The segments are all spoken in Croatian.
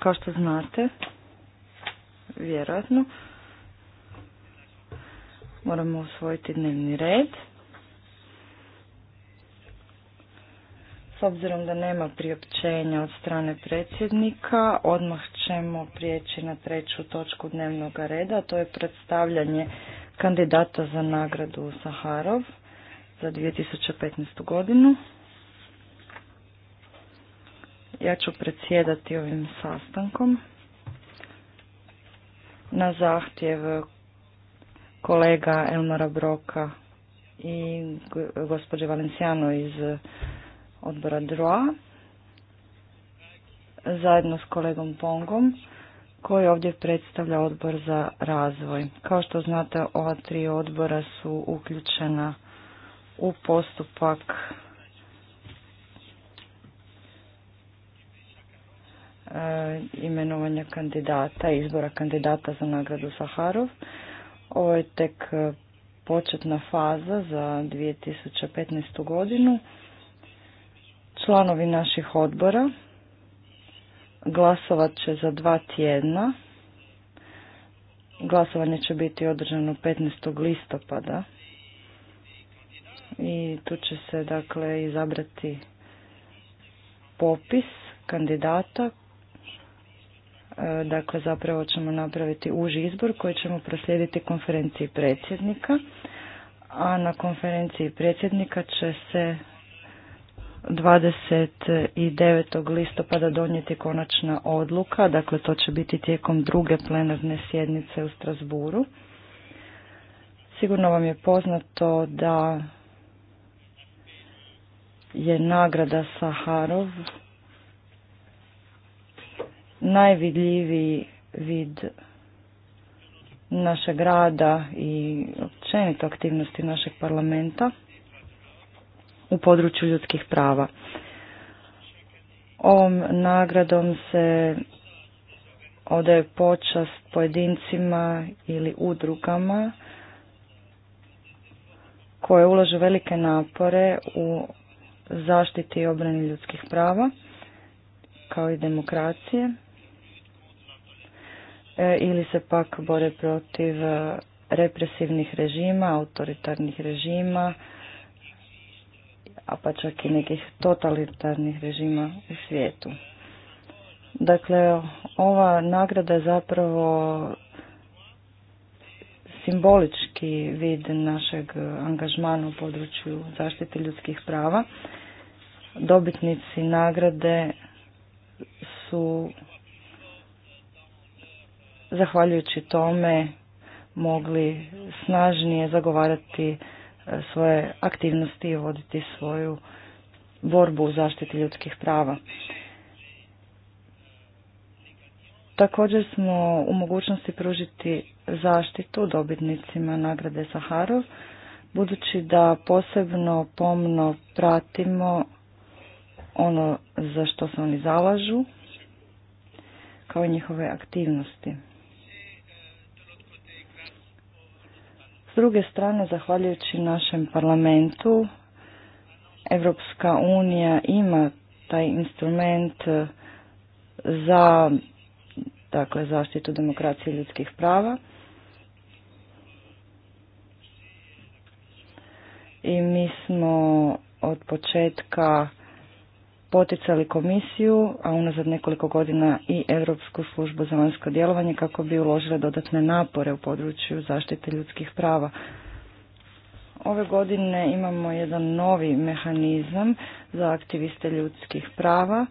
Kao što znate, vjerojatno, moramo usvojiti dnevni red. S obzirom da nema priopćenja od strane predsjednika, odmah ćemo prijeći na treću točku dnevnog reda, a to je predstavljanje kandidata za nagradu Saharov za 2015. godinu. Ja ću predsjedati ovim sastankom na zahtjev kolega Elmara Broka i gospođe Valenciano iz odbora DROA zajedno s kolegom Pongom koji ovdje predstavlja odbor za razvoj. Kao što znate, ova tri odbora su uključena u postupak E, imenovanja kandidata, izbora kandidata za nagradu Saharov. Ovo je tek e, početna faza za 2015. godinu. Članovi naših odbora glasovat će za dva tjedna. Glasovanje će biti održano 15. listopada i tu će se dakle izabrati popis kandidata E, dakle, zapravo ćemo napraviti uži izbor koji ćemo proslijediti konferenciji predsjednika, a na konferenciji predsjednika će se 29. listopada donijeti konačna odluka, dakle to će biti tijekom druge plenarne sjednice u Strasburu. Sigurno vam je poznato da je nagrada Saharov najvidljiviji vid našeg rada i općenito aktivnosti našeg parlamenta u području ljudskih prava. Ovom nagradom se odaje počast pojedincima ili udrugama koje ulažu velike napore u zaštiti i obrani ljudskih prava kao i demokracije E, ili se pak bore protiv e, represivnih režima, autoritarnih režima, a pa čak i nekih totalitarnih režima u svijetu. Dakle, ova nagrada je zapravo simbolički vid našeg angažmana u području zaštite ljudskih prava. Dobitnici nagrade su zahvaljujući tome mogli snažnije zagovarati e, svoje aktivnosti i voditi svoju borbu u zaštiti ljudskih prava. Također smo u mogućnosti pružiti zaštitu dobitnicima nagrade Saharov, budući da posebno pomno pratimo ono za što se oni zalažu, kao i njihove aktivnosti. S druge strane, zahvaljujući našem parlamentu, Evropska unija ima taj instrument e, za dakle, zaštitu demokracije i ljudskih prava. I mi smo od početka poticali komisiju, a unazad nekoliko godina i Europsku službu za vanjsko djelovanje kako bi uložile dodatne napore u području zaštite ljudskih prava. Ove godine imamo jedan novi mehanizam za aktiviste ljudskih prava.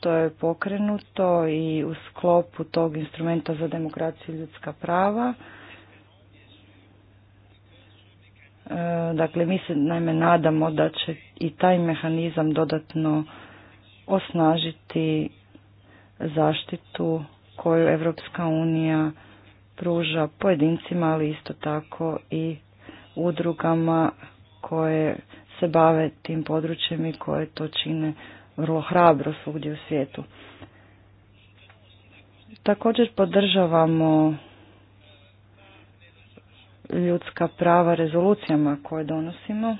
To je pokrenuto i u sklopu tog instrumenta za demokraciju i ljudska prava. E, dakle, mi se naime nadamo da će i taj mehanizam dodatno osnažiti zaštitu koju Europska unija pruža pojedincima, ali isto tako i udrugama koje se bave tim područjem i koje to čine vrlo hrabro svugdje u svijetu. Također podržavamo ljudska prava rezolucijama koje donosimo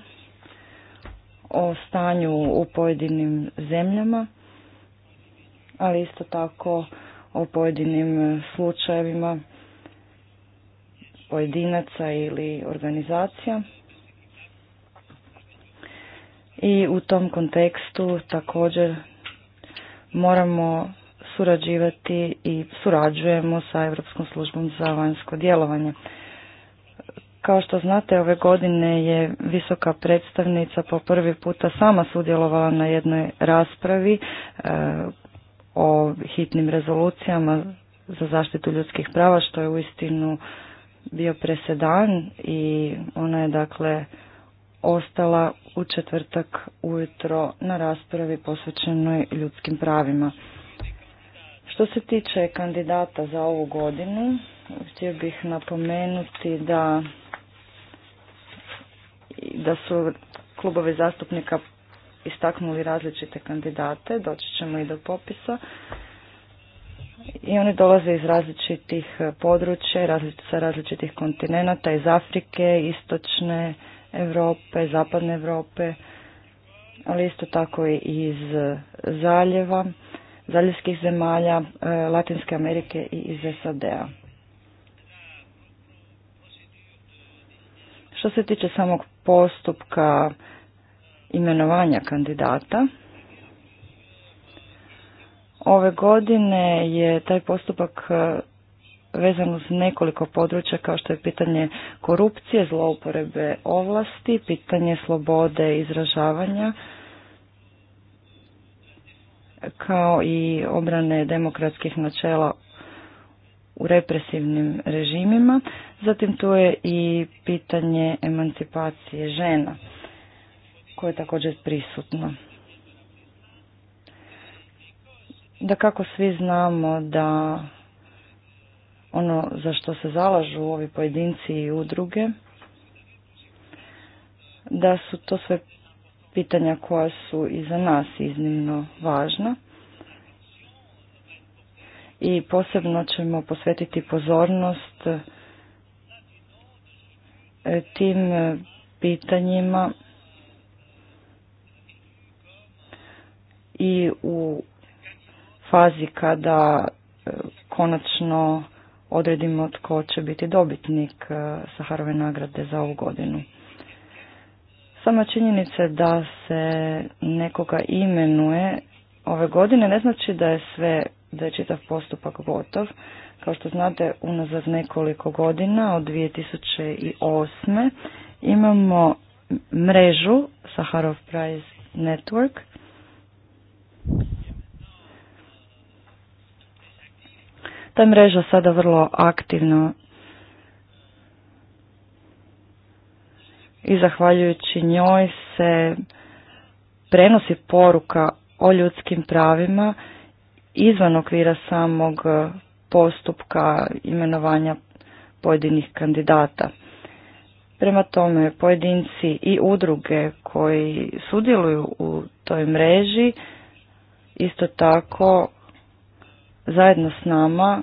o stanju u pojedinim zemljama, ali isto tako o pojedinim slučajevima pojedinaca ili organizacija. I u tom kontekstu također moramo surađivati i surađujemo sa Europskom službom za vanjsko djelovanje. Kao što znate, ove godine je visoka predstavnica po prvi puta sama sudjelovala na jednoj raspravi e, o hitnim rezolucijama za zaštitu ljudskih prava, što je uistinu bio presedan i ona je dakle ostala u četvrtak ujutro na raspravi posvećenoj ljudskim pravima. Što se tiče kandidata za ovu godinu, htio bih napomenuti da da su klubovi zastupnika istaknuli različite kandidate, doći ćemo i do popisa. I oni dolaze iz različitih e, područja, sa različitih kontinenata, iz Afrike, istočne Europe, zapadne Europe, ali isto tako i iz e, zaljeva, zaljevskih zemalja, e, Latinske Amerike i iz SAD-a. Što se tiče samog postupka imenovanja kandidata. Ove godine je taj postupak e, vezan uz nekoliko područja kao što je pitanje korupcije, zlouporebe ovlasti, pitanje slobode izražavanja, kao i obrane demokratskih načela u represivnim režimima. Zatim tu je i pitanje emancipacije žena koje je također prisutno. Da kako svi znamo da ono za što se zalažu ovi pojedinci i udruge, da su to sve pitanja koja su i za nas iznimno važna. I posebno ćemo posvetiti pozornost tim e, pitanjima i u fazi kada e, konačno odredimo tko će biti dobitnik e, Saharove nagrade za ovu godinu. Sama činjenica da se nekoga imenuje ove godine ne znači da je sve, da je čitav postupak gotov. Kao što znate, unazad nekoliko godina, od 2008. imamo mrežu Saharov Prize Network. Ta mreža sada vrlo aktivno i zahvaljujući njoj se prenosi poruka o ljudskim pravima izvan okvira samog postupka imenovanja pojedinih kandidata. Prema tome, pojedinci i udruge koji sudjeluju u toj mreži isto tako zajedno s nama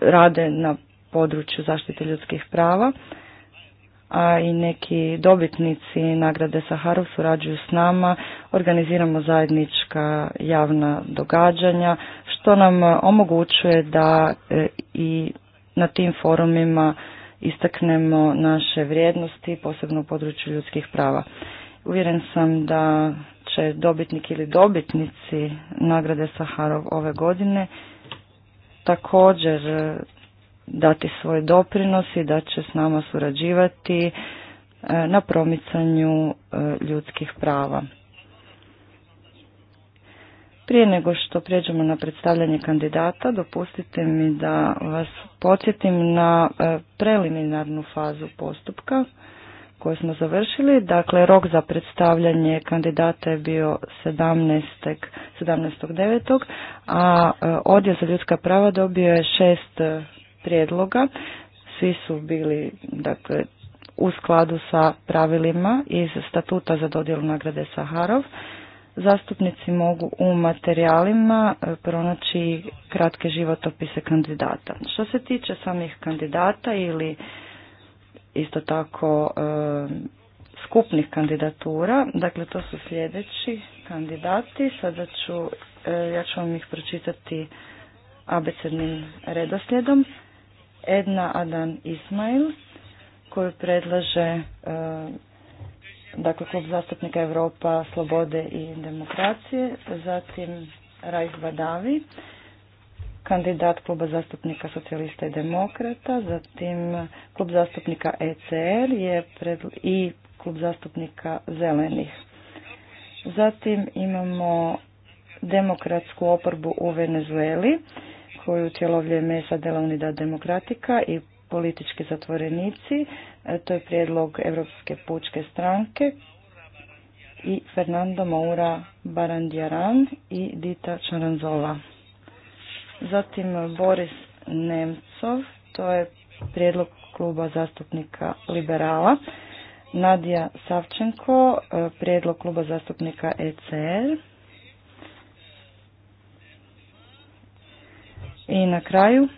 rade na području zaštite ljudskih prava, a i neki dobitnici nagrade Saharov surađuju s nama, organiziramo zajednička javna događanja, to nam e, omogućuje da e, i na tim forumima istaknemo naše vrijednosti, posebno u području ljudskih prava. Uvjeren sam da će dobitnik ili dobitnici nagrade Saharov ove godine također e, dati svoj doprinos i da će s nama surađivati na promicanju ljudskih prava. Prije nego što prijeđemo na predstavljanje kandidata, dopustite mi da vas podsjetim na e, preliminarnu fazu postupka koju smo završili. Dakle, rok za predstavljanje kandidata je bio 17.9., a e, Odjel za ljudska prava dobio je šest e, prijedloga. Svi su bili dakle, u skladu sa pravilima iz statuta za dodjelu nagrade Saharov. Zastupnici mogu u materijalima e, pronaći kratke životopise kandidata. Što se tiče samih kandidata ili isto tako e, skupnih kandidatura, dakle to su sljedeći kandidati. Sada ću, e, ja ću vam ih pročitati abecednim redoslijedom. Edna Adan Ismail koju predlaže Dakle, klub zastupnika Europa, slobode i demokracije. Zatim Rajh Badavi, kandidat kluba zastupnika socijalista i demokrata. Zatim klub zastupnika ECR je pred... i klub zastupnika zelenih. Zatim imamo demokratsku oporbu u Venezueli koju tjelovlje Mesa Unida Demokratika i politički zatvorenici. E, to je prijedlog Europske pučke stranke i Fernando Moura Barandjaran i Dita Čaranzova. Zatim Boris Nemcov, to je prijedlog kluba zastupnika Liberala. Nadija Savčenko, e, prijedlog kluba zastupnika ECR. I na kraju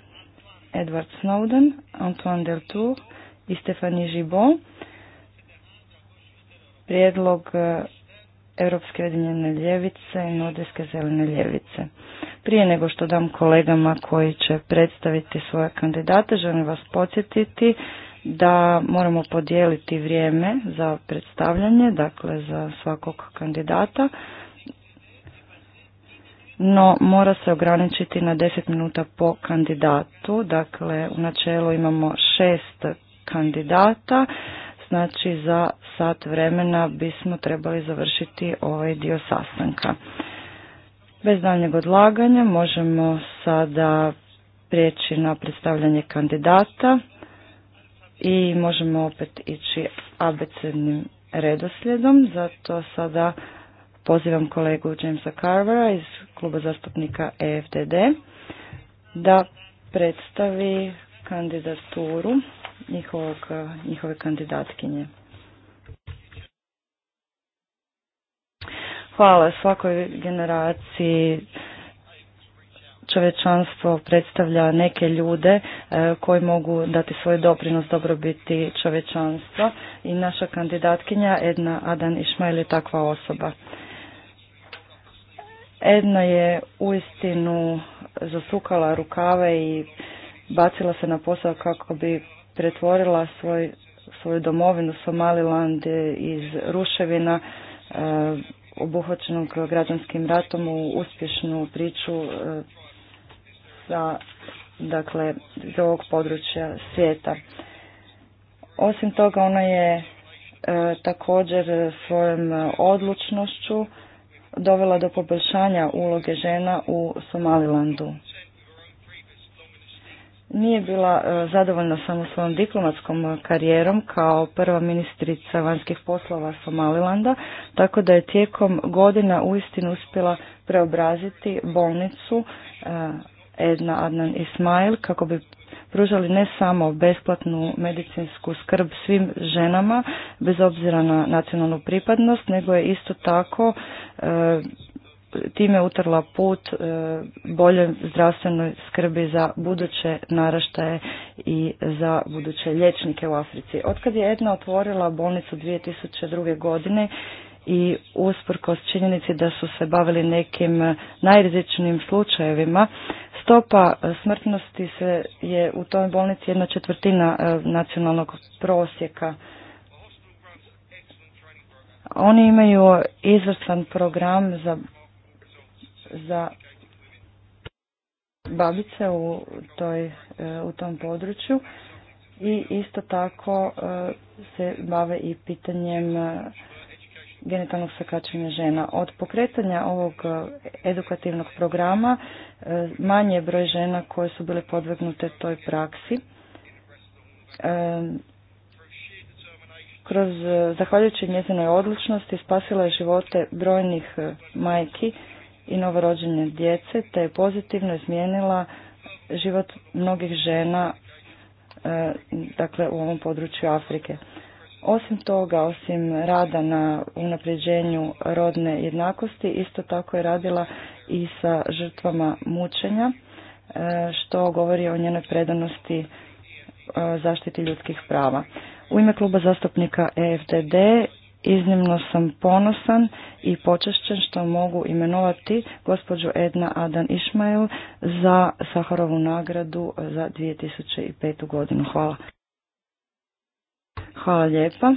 Edward Snowden, Antoine Deltour i Stefanie Gibault Prijedlog e, Europske jedinjene ljevice i Nordijske zelene ljevice. Prije nego što dam kolegama koji će predstaviti svoje kandidate, želim vas podsjetiti da moramo podijeliti vrijeme za predstavljanje, dakle za svakog kandidata no mora se ograničiti na 10 minuta po kandidatu. Dakle, u načelu imamo šest kandidata, znači za sat vremena bismo trebali završiti ovaj dio sastanka. Bez daljnjeg odlaganja možemo sada prijeći na predstavljanje kandidata i možemo opet ići abecednim redoslijedom, zato sada Pozivam kolegu Jamesa Carvera iz kluba zastupnika EFDD da predstavi kandidaturu njihovog, njihove kandidatkinje. Hvala svakoj generaciji čovečanstvo predstavlja neke ljude e, koji mogu dati svoj doprinos dobrobiti čovečanstva i naša kandidatkinja Edna Adan je takva osoba. Edna je uistinu zasukala rukave i bacila se na posao kako bi pretvorila svoj, svoju domovinu Somaliland iz ruševina e, obuhvaćenog građanskim ratom u uspješnu priču e, sa dakle iz ovog područja svijeta. Osim toga ona je e, također svojom odlučnošću dovela do poboljšanja uloge žena u Somalilandu. Nije bila e, zadovoljna samo svojom diplomatskom karijerom kao prva ministrica vanjskih poslova Somalilanda, tako da je tijekom godina uistinu uspjela preobraziti bolnicu e, Edna Adnan Ismail kako bi pružali ne samo besplatnu medicinsku skrb svim ženama, bez obzira na nacionalnu pripadnost, nego je isto tako e, time utrla put e, boljoj zdravstvenoj skrbi za buduće naraštaje i za buduće liječnike u Africi. Otkad je jedna otvorila bolnicu 2002. godine i usprkos činjenici da su se bavili nekim najrizičnijim slučajevima, Stopa e, smrtnosti se je u toj bolnici jedna četvrtina e, nacionalnog prosjeka. Oni imaju izvrstan program za, za babice u, toj, e, u tom području i isto tako se bave i pitanjem genitalnog sakačenja žena. Od pokretanja ovog e, edukativnog programa e, manje je broj žena koje su bile podvegnute toj praksi. E, kroz, zahvaljujući njezinoj odlučnosti, spasila je živote brojnih majki i novorođene djece, te je pozitivno izmijenila život mnogih žena dakle, u ovom području Afrike. Osim toga, osim rada na unapređenju rodne jednakosti, isto tako je radila i sa žrtvama mučenja, e, što govori o njenoj predanosti e, zaštiti ljudskih prava. U ime kluba zastupnika EFDD iznimno sam ponosan i počešćen što mogu imenovati gospođu Edna Adan Ismail za Saharovu nagradu za 2005. godinu. Hvala. Hvala lijepa.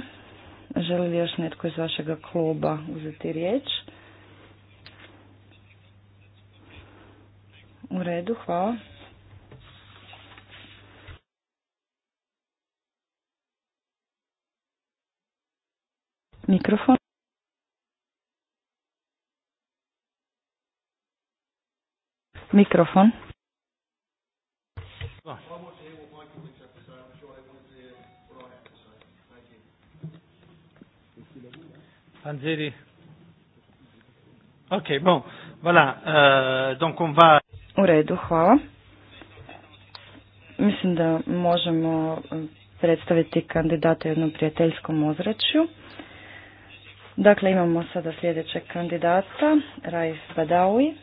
Želi li još netko iz vašega kluba uzeti riječ? U redu, hvala. Mikrofon. Mikrofon. Panzeri. Ok, bon, voilà, euh, donc on va... U redu, hvala. Mislim da možemo eh, predstaviti kandidata u jednom prijateljskom ozračju. Dakle, imamo sada sljedećeg kandidata, Raif Badawi.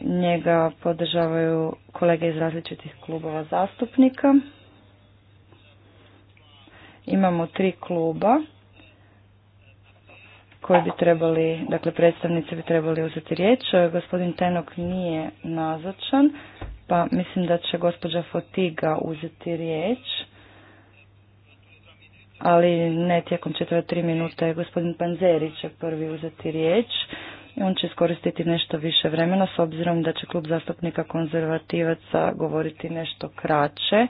Njega podržavaju kolege iz različitih klubova zastupnika. Imamo tri kluba koji bi trebali, dakle predstavnici bi trebali uzeti riječ. Gospodin Tenok nije nazočan, pa mislim da će gospođa Fotiga uzeti riječ. Ali ne tijekom četvrve tri minute. Gospodin Panzeri će prvi uzeti riječ. On će iskoristiti nešto više vremena s obzirom da će klub zastupnika konzervativaca govoriti nešto kraće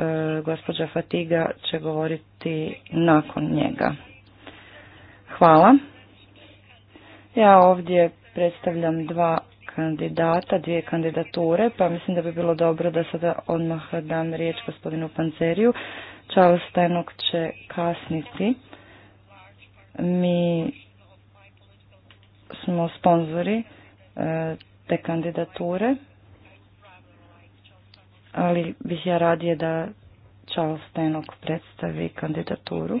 E, gospođa Fatiga će govoriti nakon njega. Hvala. Ja ovdje predstavljam dva kandidata, dvije kandidature, pa mislim da bi bilo dobro da sada odmah dam riječ gospodinu Panceriju. Charles Stenok će kasniti. Mi smo sponzori e, te kandidature ali bih ja radije da Charles Stenok predstavi kandidaturu.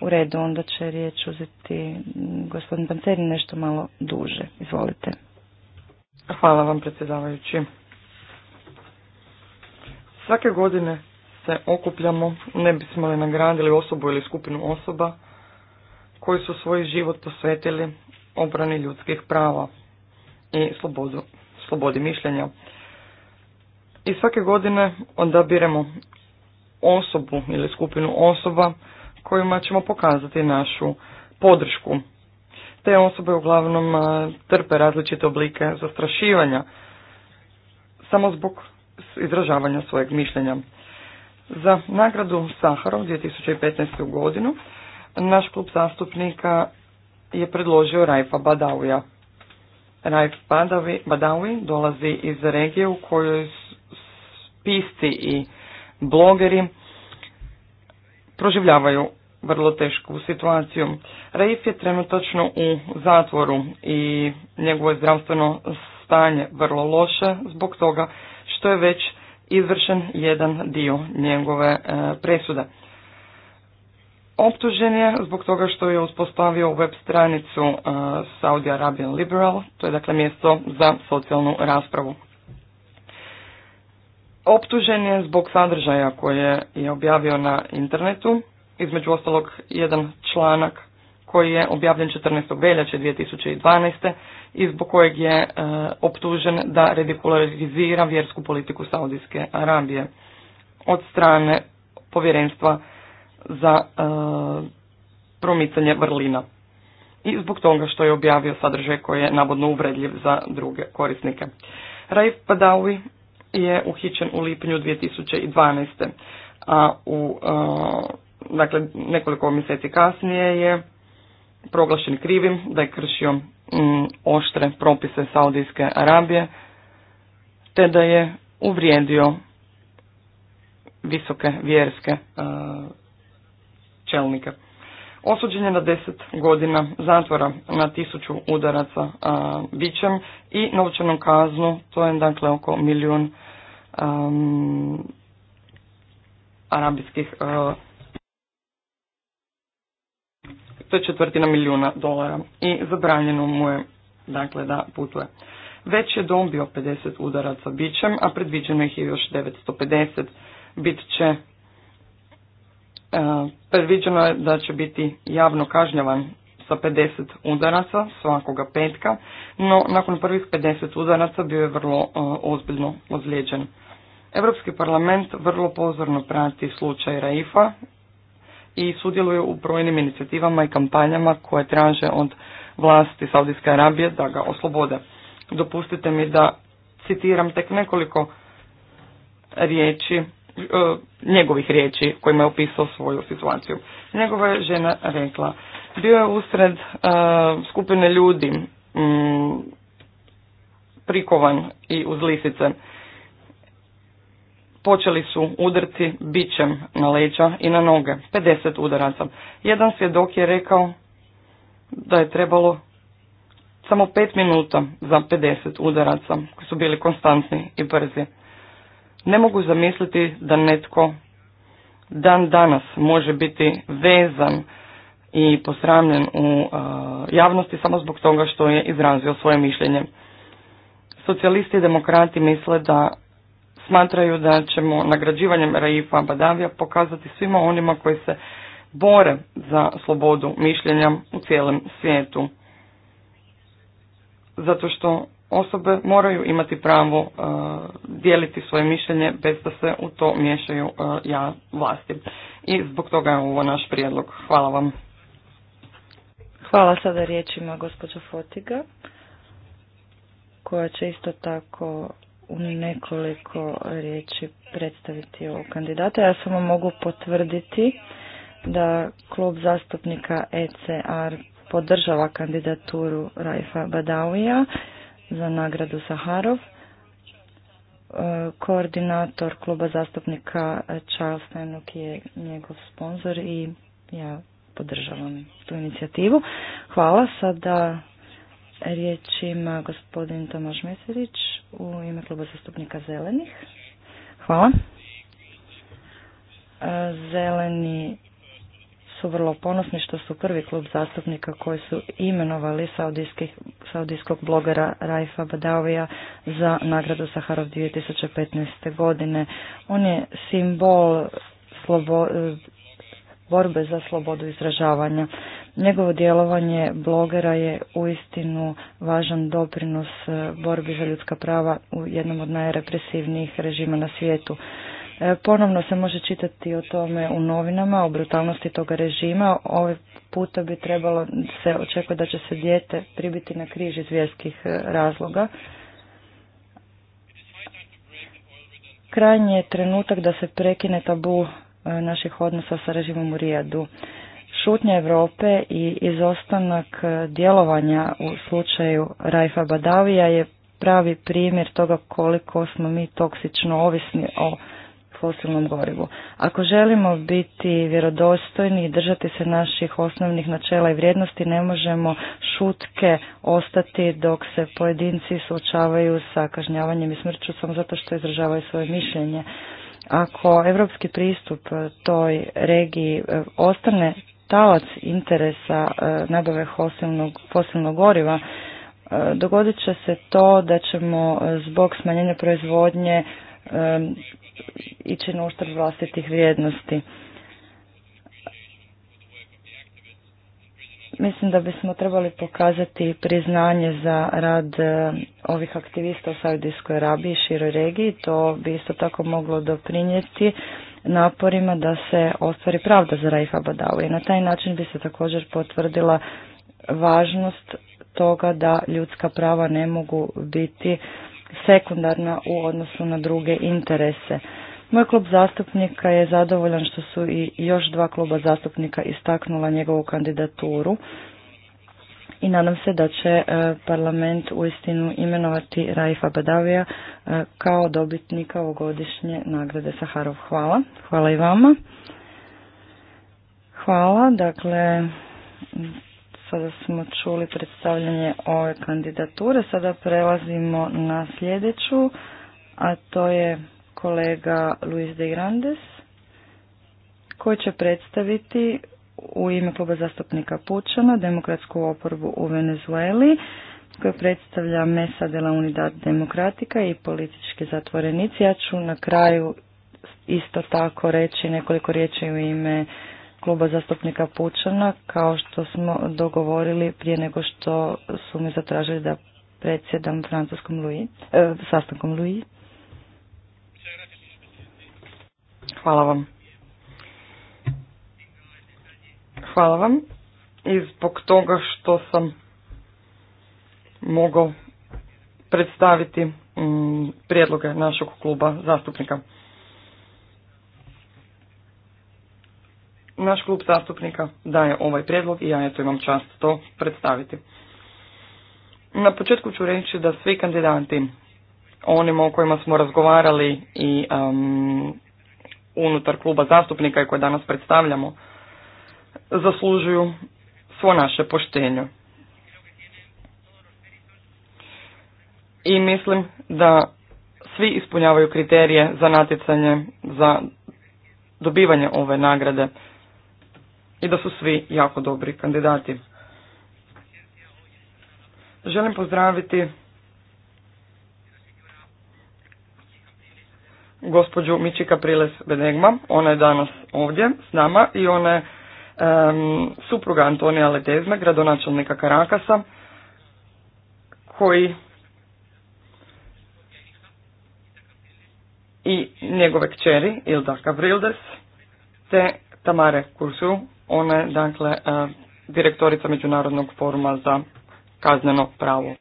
U redu, onda će riječ uzeti gospodin Panceri nešto malo duže. Izvolite. Hvala vam, predsjedavajući. Svake godine se okupljamo, ne bismo li nagradili osobu ili skupinu osoba koji su svoj život posvetili obrani ljudskih prava i slobodi mišljenja i svake godine odabiremo osobu ili skupinu osoba kojima ćemo pokazati našu podršku. Te osobe uglavnom trpe različite oblike zastrašivanja samo zbog izražavanja svojeg mišljenja. Za nagradu Saharov 2015. godinu naš klub zastupnika je predložio Rajfa Badauja. Rajf Badawi, Badawi dolazi iz regije u kojoj pisci i blogeri proživljavaju vrlo tešku situaciju. Raif je trenutačno u zatvoru i njegovo je zdravstveno stanje vrlo loše zbog toga što je već izvršen jedan dio njegove e, presude. Optužen je zbog toga što je uspostavio web stranicu e, Saudi Arabian Liberal, to je dakle mjesto za socijalnu raspravu. Optužen je zbog sadržaja koje je objavio na internetu, između ostalog jedan članak koji je objavljen 14. veljače 2012. i zbog kojeg je e, optužen da redikularizira vjersku politiku Saudijske Arabije od strane povjerenstva za e, promicanje vrlina i zbog toga što je objavio sadržaj koji je navodno uvredljiv za druge korisnike. Raif Padawi je uhićen u lipnju 2012. A u, dakle, nekoliko mjeseci kasnije je proglašen krivim da je kršio mm, oštre propise Saudijske Arabije, te da je uvrijedio visoke vjerske čelnike. Osuđen je na 10 godina zatvora na tisuću udaraca a, bićem i novčanom kaznu, to je dakle oko milijun um, arabijskih uh, to je četvrtina milijuna dolara i zabranjeno mu je dakle da putuje. Već je dom bio 50 udaraca bićem, a predviđeno ih je još 950. Bit će uh, predviđeno je da će biti javno kažnjavan sa 50 udaraca svakoga petka, no nakon prvih 50 udaraca bio je vrlo uh, ozbiljno ozlijeđen. Europski parlament vrlo pozorno prati slučaj Raifa i sudjeluje u brojnim inicijativama i kampanjama koje traže od vlasti Saudijske Arabije da ga oslobode. Dopustite mi da citiram tek nekoliko riječi, e, njegovih riječi kojima je opisao svoju situaciju. Njegova je žena rekla, bio je usred e, skupine ljudi mm, prikovan i uz lisice Počeli su udrti bićem na leđa i na noge, 50 udaraca. Jedan svjedok je rekao da je trebalo samo 5 minuta za 50 udaraca koji su bili konstantni i brzi. Ne mogu zamisliti da netko dan danas može biti vezan i posramljen u uh, javnosti samo zbog toga što je izrazio svoje mišljenje. Socijalisti i demokrati misle da Smatraju da ćemo nagrađivanjem Raifa Badavija pokazati svima onima koji se bore za slobodu mišljenja u cijelom svijetu. Zato što osobe moraju imati pravo e, dijeliti svoje mišljenje bez da se u to miješaju e, ja vlasti. I zbog toga je ovo naš prijedlog. Hvala vam. Hvala sada riječima gospođa Fotiga koja će isto tako u nekoliko riječi predstaviti ovog kandidata. Ja samo mogu potvrditi da klub zastupnika ECR podržava kandidaturu Raifa Badawija za nagradu Saharov. E, koordinator kluba zastupnika Charles Tenok je njegov sponsor i ja podržavam tu inicijativu. Hvala. Sada Riječ ima gospodin Tomaš Meserić u ime kluba zastupnika Zelenih. Hvala. E, Zeleni su vrlo ponosni što su prvi klub zastupnika koji su imenovali saudijskog blogera Raifa Badavija za nagradu Saharov 2015. godine. On je simbol slobo, borbe za slobodu izražavanja. Njegovo djelovanje blogera je uistinu važan doprinos e, borbi za ljudska prava u jednom od najrepresivnijih režima na svijetu. E, ponovno se može čitati o tome u novinama, o brutalnosti toga režima. Ove puta bi trebalo se očekuje da će se dijete pribiti na križ iz vjerskih e, razloga. Krajnji je trenutak da se prekine tabu Eh, naših odnosa sa režimom u Rijadu. Šutnja Europe i izostanak eh, djelovanja u slučaju Rajfa Badavija je pravi primjer toga koliko smo mi toksično ovisni o fosilnom gorivu. Ako želimo biti vjerodostojni i držati se naših osnovnih načela i vrijednosti, ne možemo šutke ostati dok se pojedinci suočavaju sa kažnjavanjem i smrću samo zato što izražavaju svoje mišljenje. Ako evropski pristup e, toj regiji e, ostane talac interesa e, nabave fosilnog, fosilnog goriva, dogodit će se to da ćemo zbog smanjenja proizvodnje ići na uštrb vlastitih vrijednosti. Mislim da bismo trebali pokazati priznanje za rad e, ovih aktivista u Saudijskoj Arabiji i široj regiji. To bi isto tako moglo doprinijeti naporima da se ostvari pravda za Raifa Badawi. Na taj način bi se također potvrdila važnost toga da ljudska prava ne mogu biti sekundarna u odnosu na druge interese. Moj klub zastupnika je zadovoljan što su i još dva kluba zastupnika istaknula njegovu kandidaturu i nadam se da će e, parlament uistinu imenovati Raifa Badavija e, kao dobitnika ovogodišnje nagrade Saharov. Hvala. Hvala i vama. Hvala. Dakle, sada smo čuli predstavljanje ove kandidature. Sada prelazimo na sljedeću, a to je kolega Luis de Grandes koji će predstaviti u ime kluba zastupnika Pučana demokratsku oporbu u Venezueli koju predstavlja Mesa de la Unidad Demokratika i politički zatvorenici. Ja ću na kraju isto tako reći nekoliko riječi u ime kluba zastupnika Pučana kao što smo dogovorili prije nego što su me zatražili da predsjedam francuskom Louis, eh, sastankom Louis. Hvala vam. Hvala vam. I zbog toga što sam mogao predstaviti mm, prijedloge našeg kluba zastupnika. Naš klub zastupnika daje ovaj prijedlog i ja eto imam čast to predstaviti. Na početku ću reći da svi kandidati, onima o kojima smo razgovarali i unutar kluba zastupnika i koje danas predstavljamo zaslužuju svo naše poštenje. I mislim da svi ispunjavaju kriterije za natjecanje, za dobivanje ove nagrade i da su svi jako dobri kandidati. Želim pozdraviti gospođu Mičika Priles Benegma. Ona je danas ovdje s nama i ona je supruga Antonija Letezme, gradonačelnika Karakasa, koji i njegove kćeri Ilda Kavrildes te Tamare Kursu, ona je dakle direktorica Međunarodnog foruma za kazneno pravo.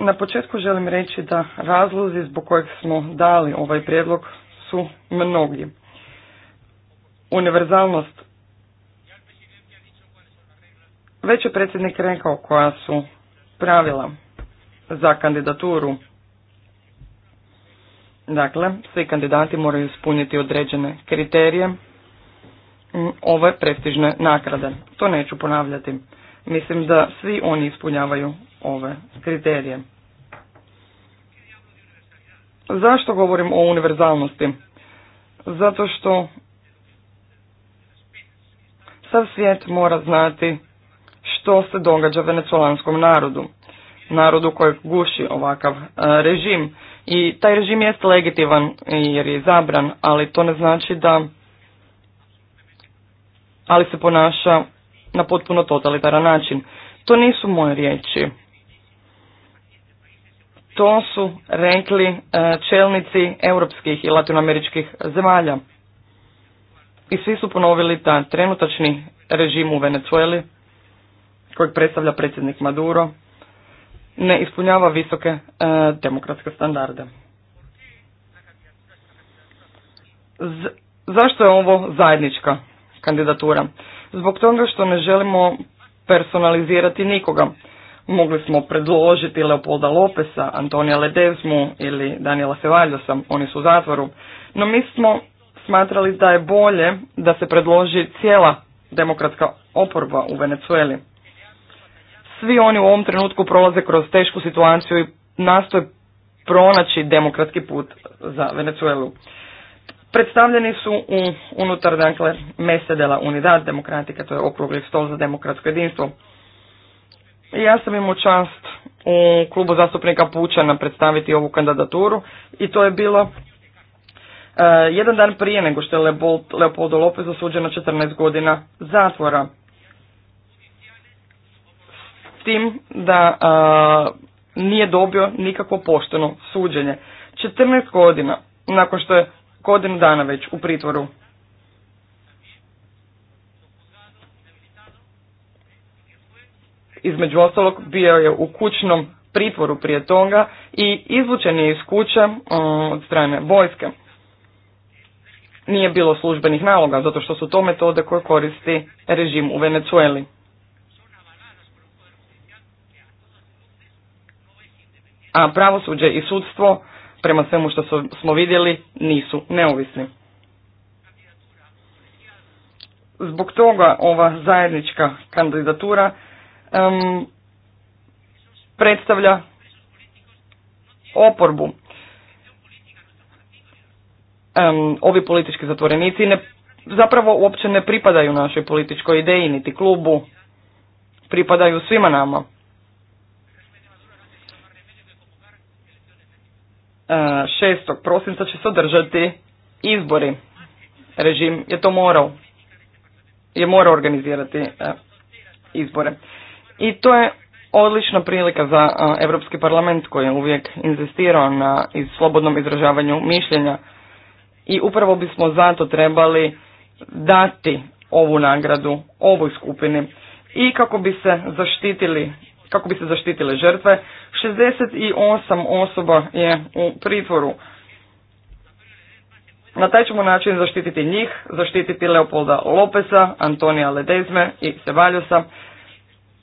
Na početku želim reći da razlozi zbog kojeg smo dali ovaj prijedlog su mnogi. Univerzalnost. Već je predsjednik rekao koja su pravila za kandidaturu. Dakle, svi kandidati moraju ispuniti određene kriterije ove prestižne nakrade. To neću ponavljati. Mislim da svi oni ispunjavaju ove kriterije. Zašto govorim o univerzalnosti? Zato što sav svijet mora znati što se događa venecolanskom narodu, narodu kojeg guši ovakav e, režim. I taj režim jest legitivan jer je zabran ali to ne znači da ali se ponaša na potpuno totalitaran način. To nisu moje riječi. To su rekli e, čelnici europskih i latinoameričkih zemalja. I svi su ponovili da trenutačni režim u Venezueli, kojeg predstavlja predsjednik Maduro, ne ispunjava visoke e, demokratske standarde. zašto je ovo zajednička kandidatura? Zbog toga što ne želimo personalizirati nikoga. Mogli smo predložiti Leopolda Lopesa, Antonija Ledezmu ili Daniela Sevaljosa, oni su u zatvoru. No mi smo smatrali da je bolje da se predloži cijela demokratska oporba u Venecueli. Svi oni u ovom trenutku prolaze kroz tešku situaciju i nastoje pronaći demokratski put za Venecuelu. Predstavljeni su u, unutar dakle, Mesedela Unidad Demokratika, to je okrugli stol za demokratsko jedinstvo. Ja sam imao čast u klubu zastupnika Pučana predstaviti ovu kandidaturu i to je bilo e, jedan dan prije nego što je Leopoldo Lopez osuđeno 14 godina zatvora. S tim da e, nije dobio nikakvo pošteno suđenje. 14 godina nakon što je godinu dana već u pritvoru. između ostalog bio je u kućnom pritvoru prije toga i izvučen je iz kuće mm, od strane vojske. Nije bilo službenih naloga, zato što su to metode koje koristi režim u Venecueli. A pravosuđe i sudstvo, prema svemu što smo vidjeli, nisu neovisni. Zbog toga ova zajednička kandidatura um, predstavlja oporbu. Um, ovi politički zatvorenici ne, zapravo uopće ne pripadaju našoj političkoj ideji, niti klubu. Pripadaju svima nama. Uh, e, 6. prosinca će se održati izbori. Režim je to morao. Je morao organizirati e, izbore. I to je odlična prilika za Europski parlament koji je uvijek inzistirao na slobodnom izražavanju mišljenja. I upravo bismo zato trebali dati ovu nagradu ovoj skupini i kako bi se zaštitili kako bi se zaštitile žrtve 68 osoba je u pritvoru na taj ćemo način zaštititi njih zaštititi Leopolda Lopesa Antonija Ledezme i Sevaljosa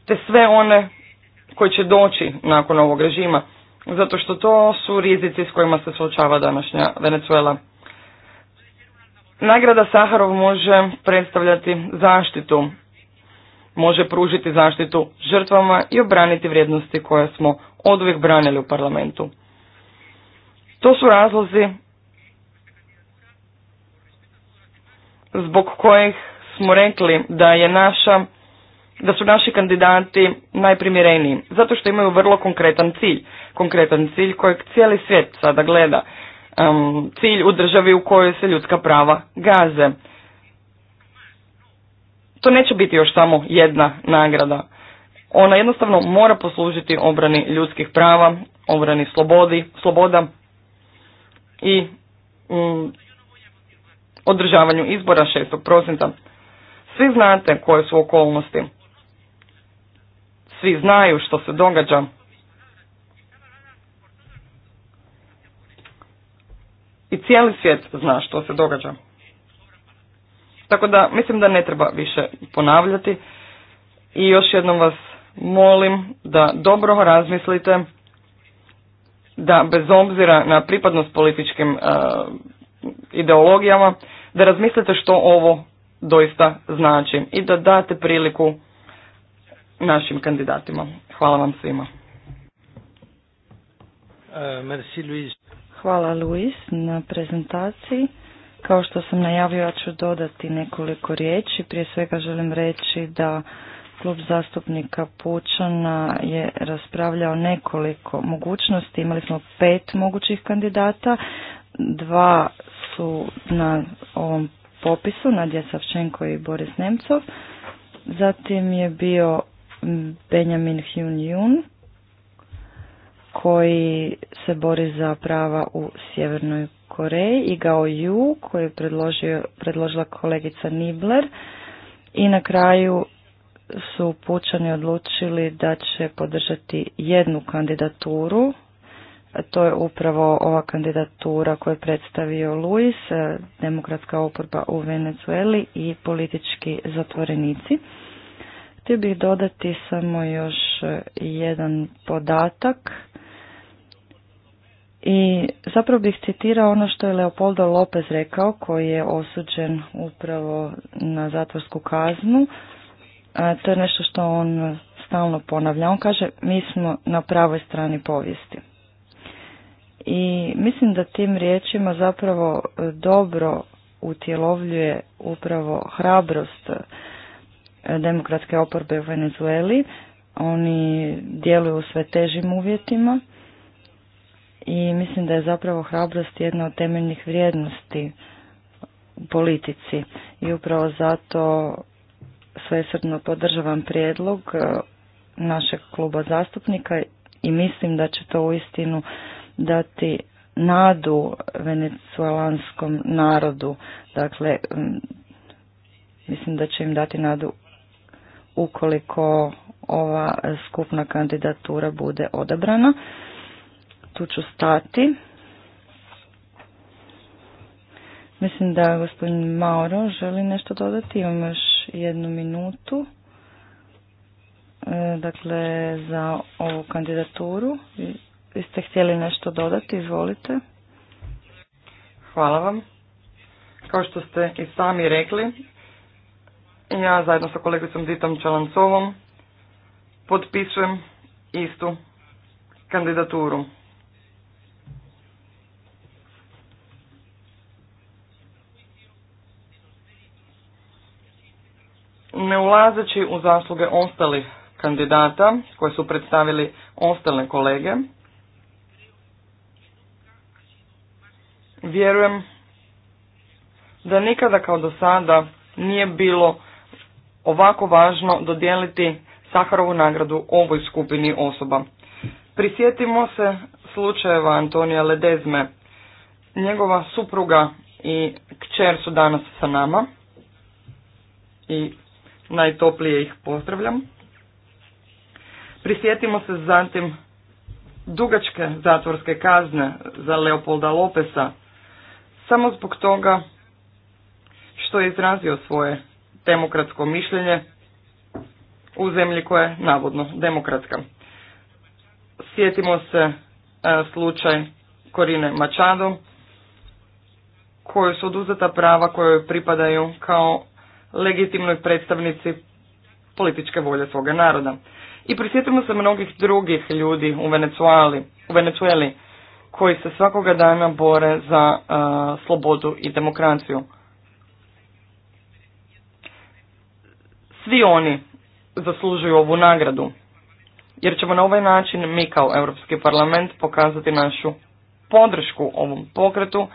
te sve one koji će doći nakon ovog režima, zato što to su rizici s kojima se suočava današnja Venezuela. Nagrada Saharov može predstavljati zaštitu, može pružiti zaštitu žrtvama i obraniti vrijednosti koje smo uvijek branili u parlamentu. To su razlozi zbog kojih smo rekli da je naša da su naši kandidati najprimjereniji, zato što imaju vrlo konkretan cilj. Konkretan cilj kojeg cijeli svijet sada gleda. cilj u državi u kojoj se ljudska prava gaze. To neće biti još samo jedna nagrada. Ona jednostavno mora poslužiti obrani ljudskih prava, obrani slobodi, sloboda i mm, održavanju izbora 6. prosinca. Svi znate koje su okolnosti svi znaju što se događa. I cijeli svijet zna što se događa. Tako da mislim da ne treba više ponavljati. I još jednom vas molim da dobro razmislite da bez obzira na pripadnost političkim e, ideologijama, da razmislite što ovo doista znači i da date priliku našim kandidatima. Hvala vam svima. E, Hvala Luis na prezentaciji. Kao što sam najavio, ja ću dodati nekoliko riječi. Prije svega želim reći da klub zastupnika Pučana je raspravljao nekoliko mogućnosti. Imali smo pet mogućih kandidata. Dva su na ovom popisu, Nadja Savčenko i Boris Nemcov. Zatim je bio Benjamin Hyun-Jun koji se bori za prava u Sjevernoj Koreji i Gao Yu koji je predložila kolegica Nibler i na kraju su pučani odlučili da će podržati jednu kandidaturu. To je upravo ova kandidatura koju je predstavio Luis, eh, demokratska oporba u Venezueli i politički zatvorenici. Htio bih dodati samo još jedan podatak i zapravo bih citirao ono što je Leopoldo Lopez rekao koji je osuđen upravo na zatvorsku kaznu. A, to je nešto što on stalno ponavlja. On kaže mi smo na pravoj strani povijesti. I mislim da tim riječima zapravo dobro utjelovljuje upravo hrabrost demokratske oporbe u Venezueli. Oni djeluju u sve težim uvjetima i mislim da je zapravo hrabrost jedna od temeljnih vrijednosti u politici i upravo zato svesrdno podržavam prijedlog e, našeg kluba zastupnika i mislim da će to uistinu dati nadu Venezuelanskom narodu. Dakle, mislim da će im dati nadu ukoliko ova skupna kandidatura bude odabrana. Tu ću stati. Mislim da gospodin Mauro želi nešto dodati. Imamo još jednu minutu. E, dakle, za ovu kandidaturu. Vi ste htjeli nešto dodati, izvolite. Hvala vam. Kao što ste i sami rekli, ja zajedno sa kolegicom Ditom Čalancovom potpisujem istu kandidaturu. Ne ulazeći u zasluge ostalih kandidata koje su predstavili ostale kolege, vjerujem da nikada kao do sada nije bilo ovako važno dodijeliti Saharovu nagradu ovoj skupini osoba. Prisjetimo se slučajeva Antonija Ledezme. Njegova supruga i kćer su danas sa nama i najtoplije ih pozdravljam. Prisjetimo se zatim dugačke zatvorske kazne za Leopolda Lopesa samo zbog toga što je izrazio svoje demokratsko mišljenje u zemlji koja je navodno demokratska. Sjetimo se e, slučaj Korine Mačado koju su oduzeta prava koje pripadaju kao legitimnoj predstavnici političke volje svoga naroda. I prisjetimo se mnogih drugih ljudi u Venezueli, u koji se svakoga dana bore za e, slobodu i demokraciju. Svi oni zaslužuju ovu nagradu, jer ćemo na ovaj način mi kao Europski parlament pokazati našu podršku ovom pokretu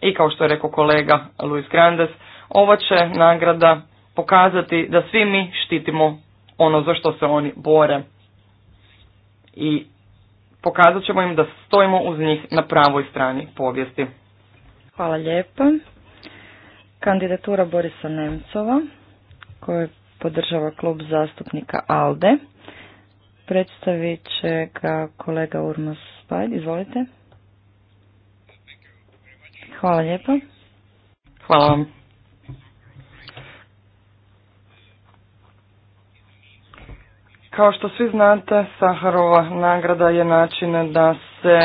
i kao što je rekao kolega Luis Grandes, ova će nagrada pokazati da svi mi štitimo ono za što se oni bore. I pokazat ćemo im da stojimo uz njih na pravoj strani povijesti. Hvala lijepo. Kandidatura Borisa Nemcova, koja je podržava klub zastupnika ALDE. Predstavit će ga kolega Urmas Spajd. Izvolite. Hvala lijepo. Hvala vam. Kao što svi znate, Saharova nagrada je način da se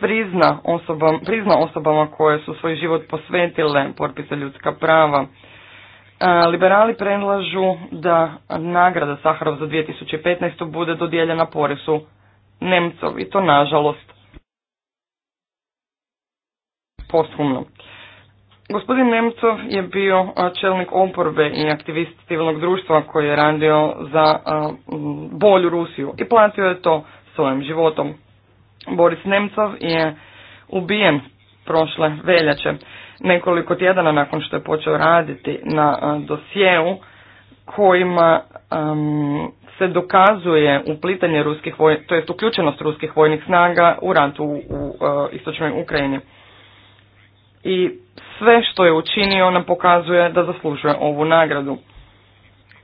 prizna osobama, prizna osobama koje su svoj život posvetile porpise ljudska prava. Liberali predlažu da nagrada Saharov za 2015. bude dodijeljena Porisu Nemcov i to nažalost posthumno. Gospodin Nemcov je bio čelnik oporbe i aktivist civilnog društva koji je radio za bolju Rusiju i platio je to svojim životom. Boris Nemcov je ubijen prošle veljače nekoliko tjedana nakon što je počeo raditi na e, dosjeu kojima se dokazuje uplitanje ruskih to jest uključenost ruskih vojnih snaga u ratu u, u e, istočnoj Ukrajini. I sve što je učinio nam pokazuje da zaslužuje ovu nagradu.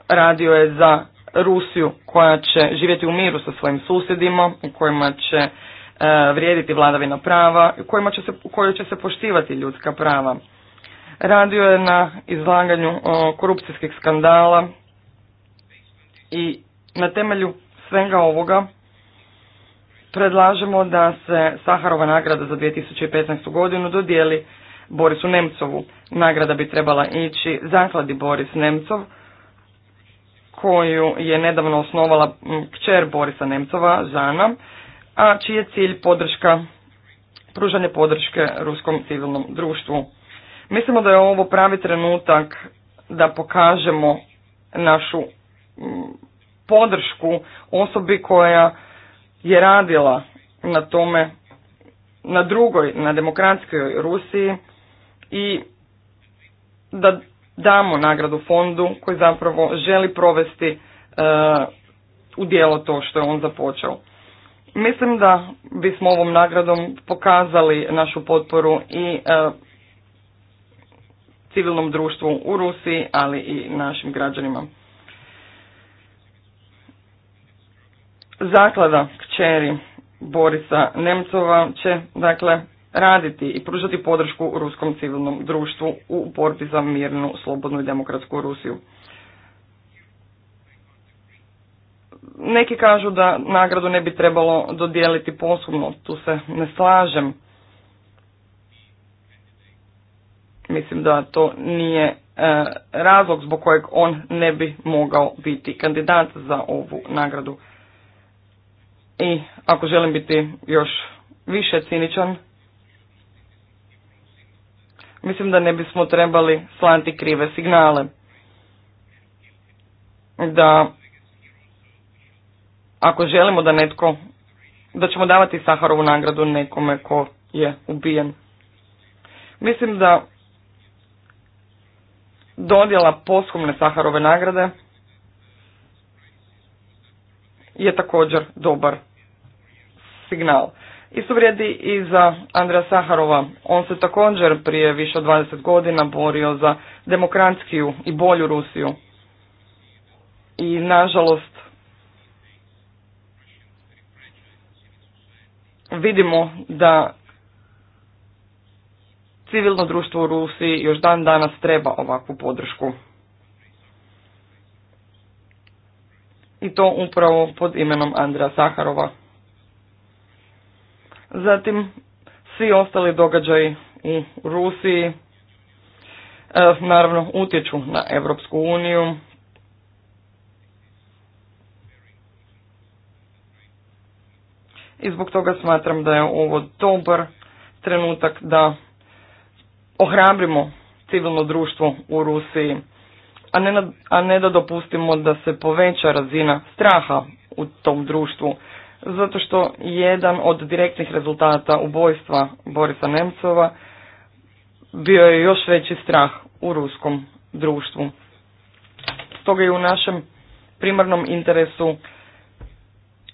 Radio je za Rusiju koja će živjeti u miru sa svojim susjedima, u kojima će E, vrijediti vladavina prava, u se, u kojoj će se poštivati ljudska prava. Radio je na izlaganju korupcijskih skandala i na temelju svega ovoga predlažemo da se Saharova nagrada za 2015. godinu dodijeli Borisu Nemcovu. Nagrada bi trebala ići zakladi Boris Nemcov, koju je nedavno osnovala kćer Borisa Nemcova, Žana, a čiji je cilj podrška, pružanje podrške ruskom civilnom društvu. Mislimo da je ovo pravi trenutak da pokažemo našu mm, podršku osobi koja je radila na tome, na drugoj, na demokratskoj Rusiji i da damo nagradu fondu koji zapravo želi provesti e, u dijelo to što je on započeo. Mislim da bismo ovom nagradom pokazali našu potporu i e, civilnom društvu u Rusiji, ali i našim građanima. Zaklada kćeri Borisa Nemcova će dakle raditi i pružati podršku ruskom civilnom društvu u borbi za mirnu, slobodnu i demokratsku Rusiju. Neki kažu da nagradu ne bi trebalo dodijeliti posebno, tu se ne slažem. Mislim da to nije e, razlog zbog kojeg on ne bi mogao biti kandidat za ovu nagradu. I ako želim biti još više ciničan, mislim da ne bismo trebali slanti krive signale. Da ako želimo da netko, da ćemo davati Saharovu nagradu nekome ko je ubijen. Mislim da dodjela poslovne Saharove nagrade je također dobar signal. Isto vrijedi i za Andreja Saharova. On se također prije više od 20 godina borio za demokratskiju i bolju Rusiju. I nažalost vidimo da civilno društvo u Rusiji još dan danas treba ovakvu podršku. I to upravo pod imenom Andreja Saharova. Zatim, svi ostali događaji u Rusiji e, naravno utječu na Europsku uniju, i zbog toga smatram da je ovo dobar trenutak da ohrabrimo civilno društvo u Rusiji, a ne, a ne da dopustimo da se poveća razina straha u tom društvu, zato što jedan od direktnih rezultata ubojstva Borisa Nemcova bio je još veći strah u ruskom društvu. Stoga je u našem primarnom interesu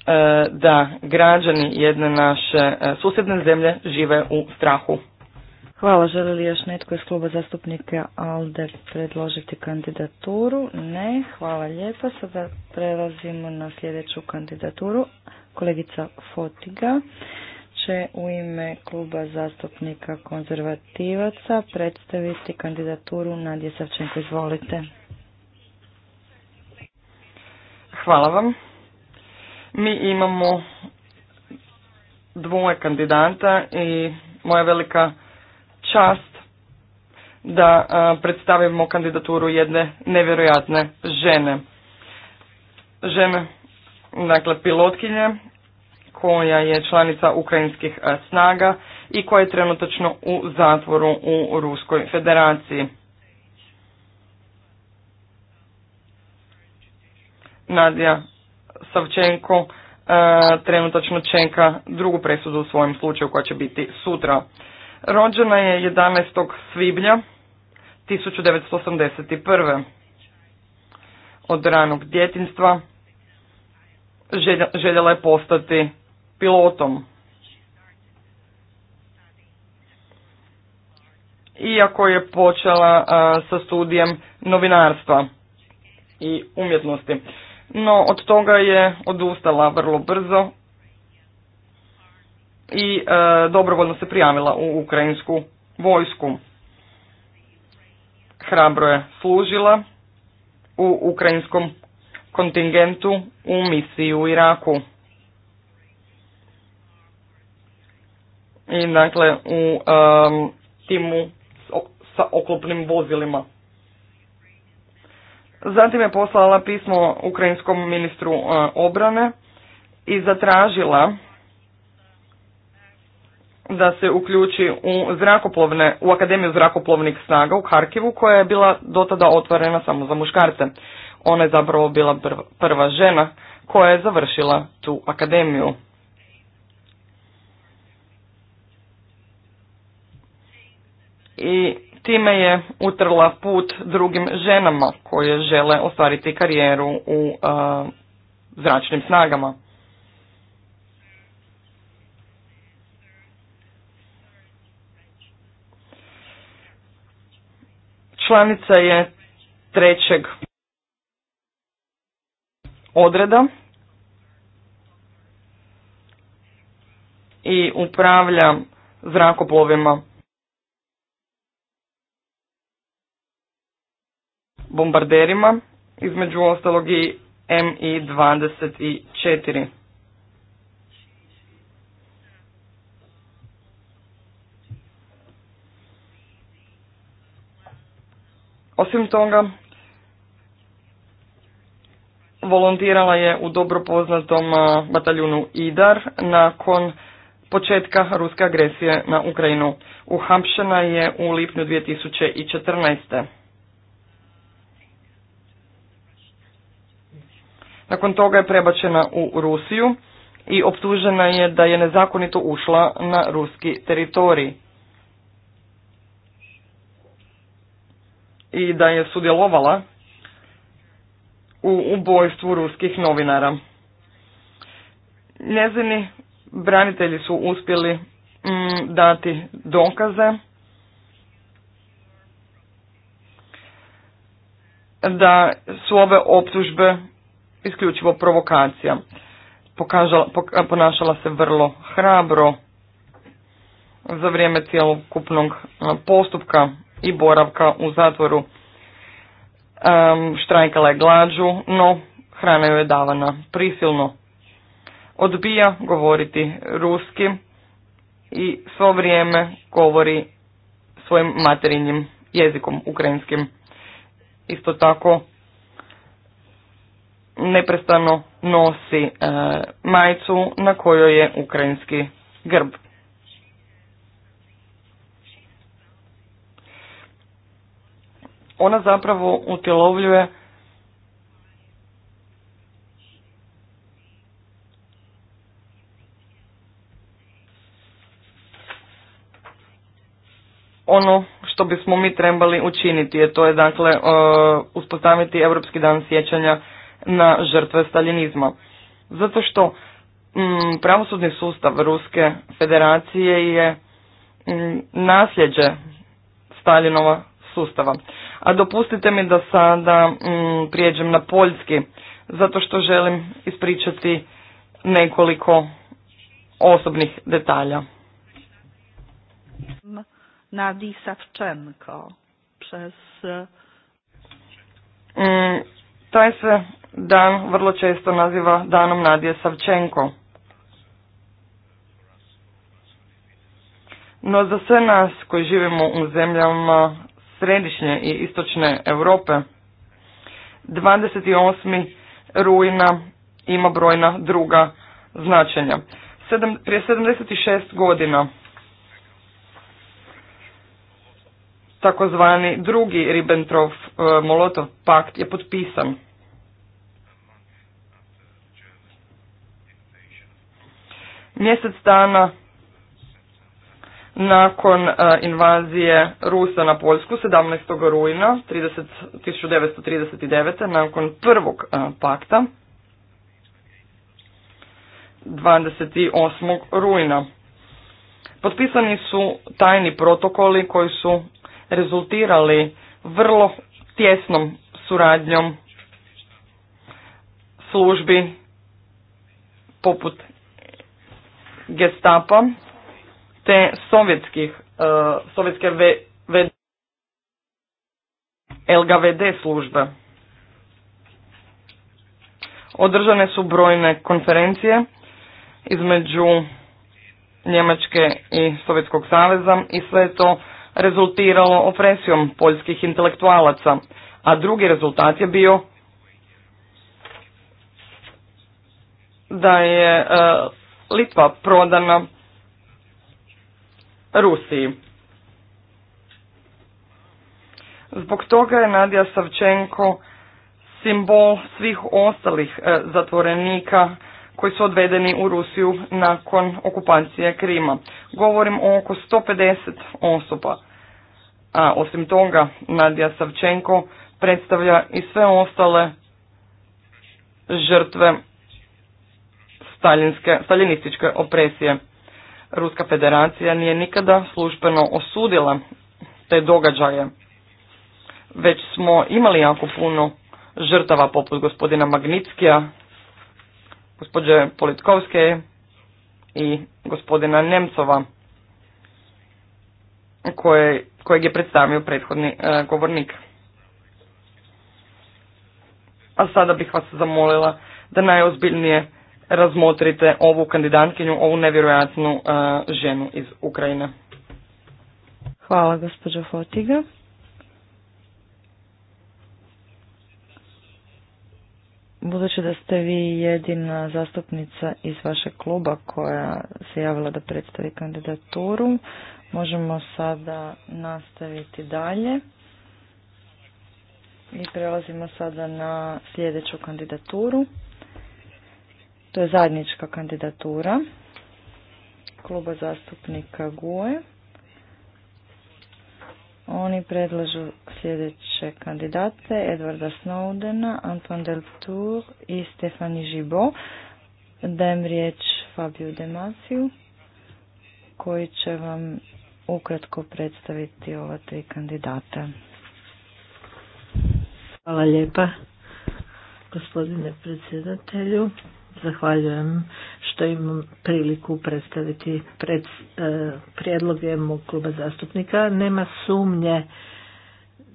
E, da građani jedne naše e, susjedne zemlje žive u strahu. Hvala. Želi li još netko iz kluba zastupnika ALDE predložiti kandidaturu? Ne. Hvala lijepa. Sada prelazimo na sljedeću kandidaturu. Kolegica Fotiga će u ime kluba zastupnika konzervativaca predstaviti kandidaturu Nadje Savčenko. Izvolite. Hvala vam. Mi imamo dvoje kandidata i moja velika čast da predstavimo kandidaturu jedne nevjerojatne žene. Žene, dakle pilotkinje koja je članica ukrajinskih snaga i koja je trenutačno u zatvoru u Ruskoj federaciji. Nadja Savčenko e, trenutačno čeka drugu presudu u svojem slučaju koja će biti sutra. Rođena je 11. svibnja 1981. Od ranog djetinstva željela je postati pilotom. Iako je počela e, sa studijem novinarstva i umjetnosti no od toga je odustala vrlo brzo i e, dobrovoljno se prijavila u ukrajinsku vojsku. Hrabro je služila u ukrajinskom kontingentu u misiji u Iraku. I dakle u timu sa oklopnim vozilima. Zatim je poslala pismo ukrajinskom ministru e, obrane i zatražila da se uključi u zrakoplovne, u Akademiju zrakoplovnih snaga u Harkivu koja je bila dotada otvorena samo za muškarce. Ona je zapravo bila prva žena koja je završila tu akademiju. I Time je utrla put drugim ženama koje žele ostvariti karijeru u uh, zračnim snagama. Članica je trećeg odreda i upravlja zrakoplovima bombarderima, između ostalog i MI-24. Osim toga, volontirala je u dobro poznatom bataljunu IDAR nakon početka ruske agresije na Ukrajinu. Uhapšena je u lipnju 2014. Nakon toga je prebačena u Rusiju i optužena je da je nezakonito ušla na ruski teritorij. I da je sudjelovala u ubojstvu ruskih novinara. Njezini branitelji su uspjeli mm, dati dokaze da su ove optužbe isključivo provokacija. ponašala se vrlo hrabro za vrijeme cjelokupnog postupka i boravka u zatvoru. Um, štrajkala je glađu, no hrana joj je davana prisilno. Odbija govoriti ruski i svo vrijeme govori svojim materinjim jezikom ukrajinskim. Isto tako neprestano nosi e, majicu na kojoj je ukrajinski grb. Ona zapravo utjelovljuje ono što bismo mi trebali učiniti, je to je dakle e, uspostaviti Europski dan sjećanja na žrtve staljinizma. Zato što mm, pravosudni sustav Ruske federacije je mm, nasljeđe Stalinova sustava. A dopustite mi da sada m, mm, prijeđem na poljski, zato što želim ispričati nekoliko osobnih detalja. Nadi Savčenko, przez... taj se dan vrlo često naziva danom Nadije Savčenko. No za sve nas koji živimo u zemljama središnje i istočne Europe, 28. rujna ima brojna druga značenja. Prije prije 76 godina takozvani drugi Ribbentrop-Molotov e, pakt je potpisan. Mjesec dana nakon e, invazije Rusa na Poljsku 17. rujna 1939. nakon prvog e, pakta 28. rujna. Potpisani su tajni protokoli koji su rezultirali vrlo tjesnom suradnjom službi poput gestapa te sovjetskih, e, sovjetske ve LGVD službe. Održane su brojne konferencije između Njemačke i Sovjetskog saveza i sve je to rezultiralo opresijom poljskih intelektualaca, a drugi rezultat je bio da je e, Litva prodana Rusiji. Zbog toga je Nadija Savčenko simbol svih ostalih e, zatvorenika koji su odvedeni u Rusiju nakon okupacije Krima. Govorim o oko 150 osoba. A osim toga, Nadija Savčenko predstavlja i sve ostale žrtve staljinističke opresije. Ruska federacija nije nikada službeno osudila te događaje. Već smo imali jako puno žrtava poput gospodina Magnitskija, gospođe Politkovske i gospodina Nemcova koje, kojeg je predstavio prethodni e, govornik. A sada bih vas zamolila da najozbiljnije razmotrite ovu kandidatkinju, ovu nevjerojatnu e, ženu iz Ukrajine. Hvala gospođo Fotiga. Budući da ste vi jedina zastupnica iz vašeg kluba koja se javila da predstavi kandidaturu, možemo sada nastaviti dalje. I prelazimo sada na sljedeću kandidaturu. To je kandidatura kluba zastupnika GUE. Oni predlažu sljedeće kandidate, Edvarda Snowdena, Antoine Deltour i Stefani Žibo. Dajem riječ Fabiju Demaciju, koji će vam ukratko predstaviti ova tri kandidata. Hvala lijepa, gospodine predsjedatelju. Zahvaljujem što imam priliku predstaviti pred, e, prijedloge mog kluba zastupnika. Nema sumnje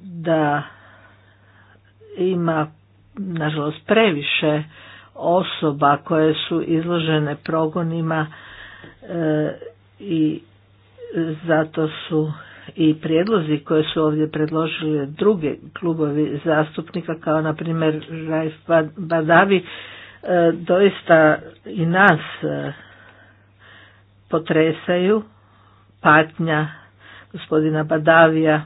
da ima, nažalost, previše osoba koje su izložene progonima e, i zato su i prijedlozi koje su ovdje predložili druge klubovi zastupnika kao na primjer Rajf Badavi E, doista i nas e, potresaju patnja gospodina Badavija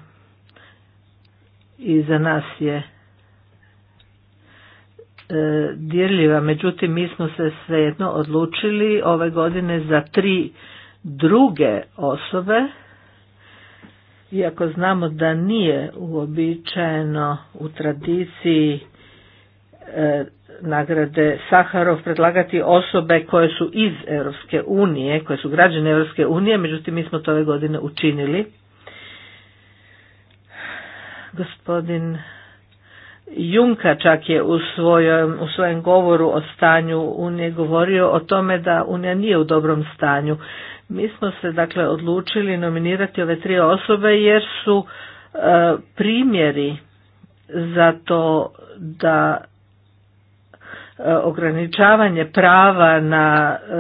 i za nas je e, dirljiva. Međutim, mi smo se svejedno odlučili ove godine za tri druge osobe, iako znamo da nije uobičajeno u tradiciji nagrade Saharov predlagati osobe koje su iz Europske unije, koje su građane Europske unije, međutim mi smo to ove godine učinili. Gospodin Junka čak je u svojem, u svojem govoru o stanju Unije govorio o tome da Unija nije u dobrom stanju. Mi smo se dakle odlučili nominirati ove tri osobe jer su e, primjeri za to da E, ograničavanje prava na e,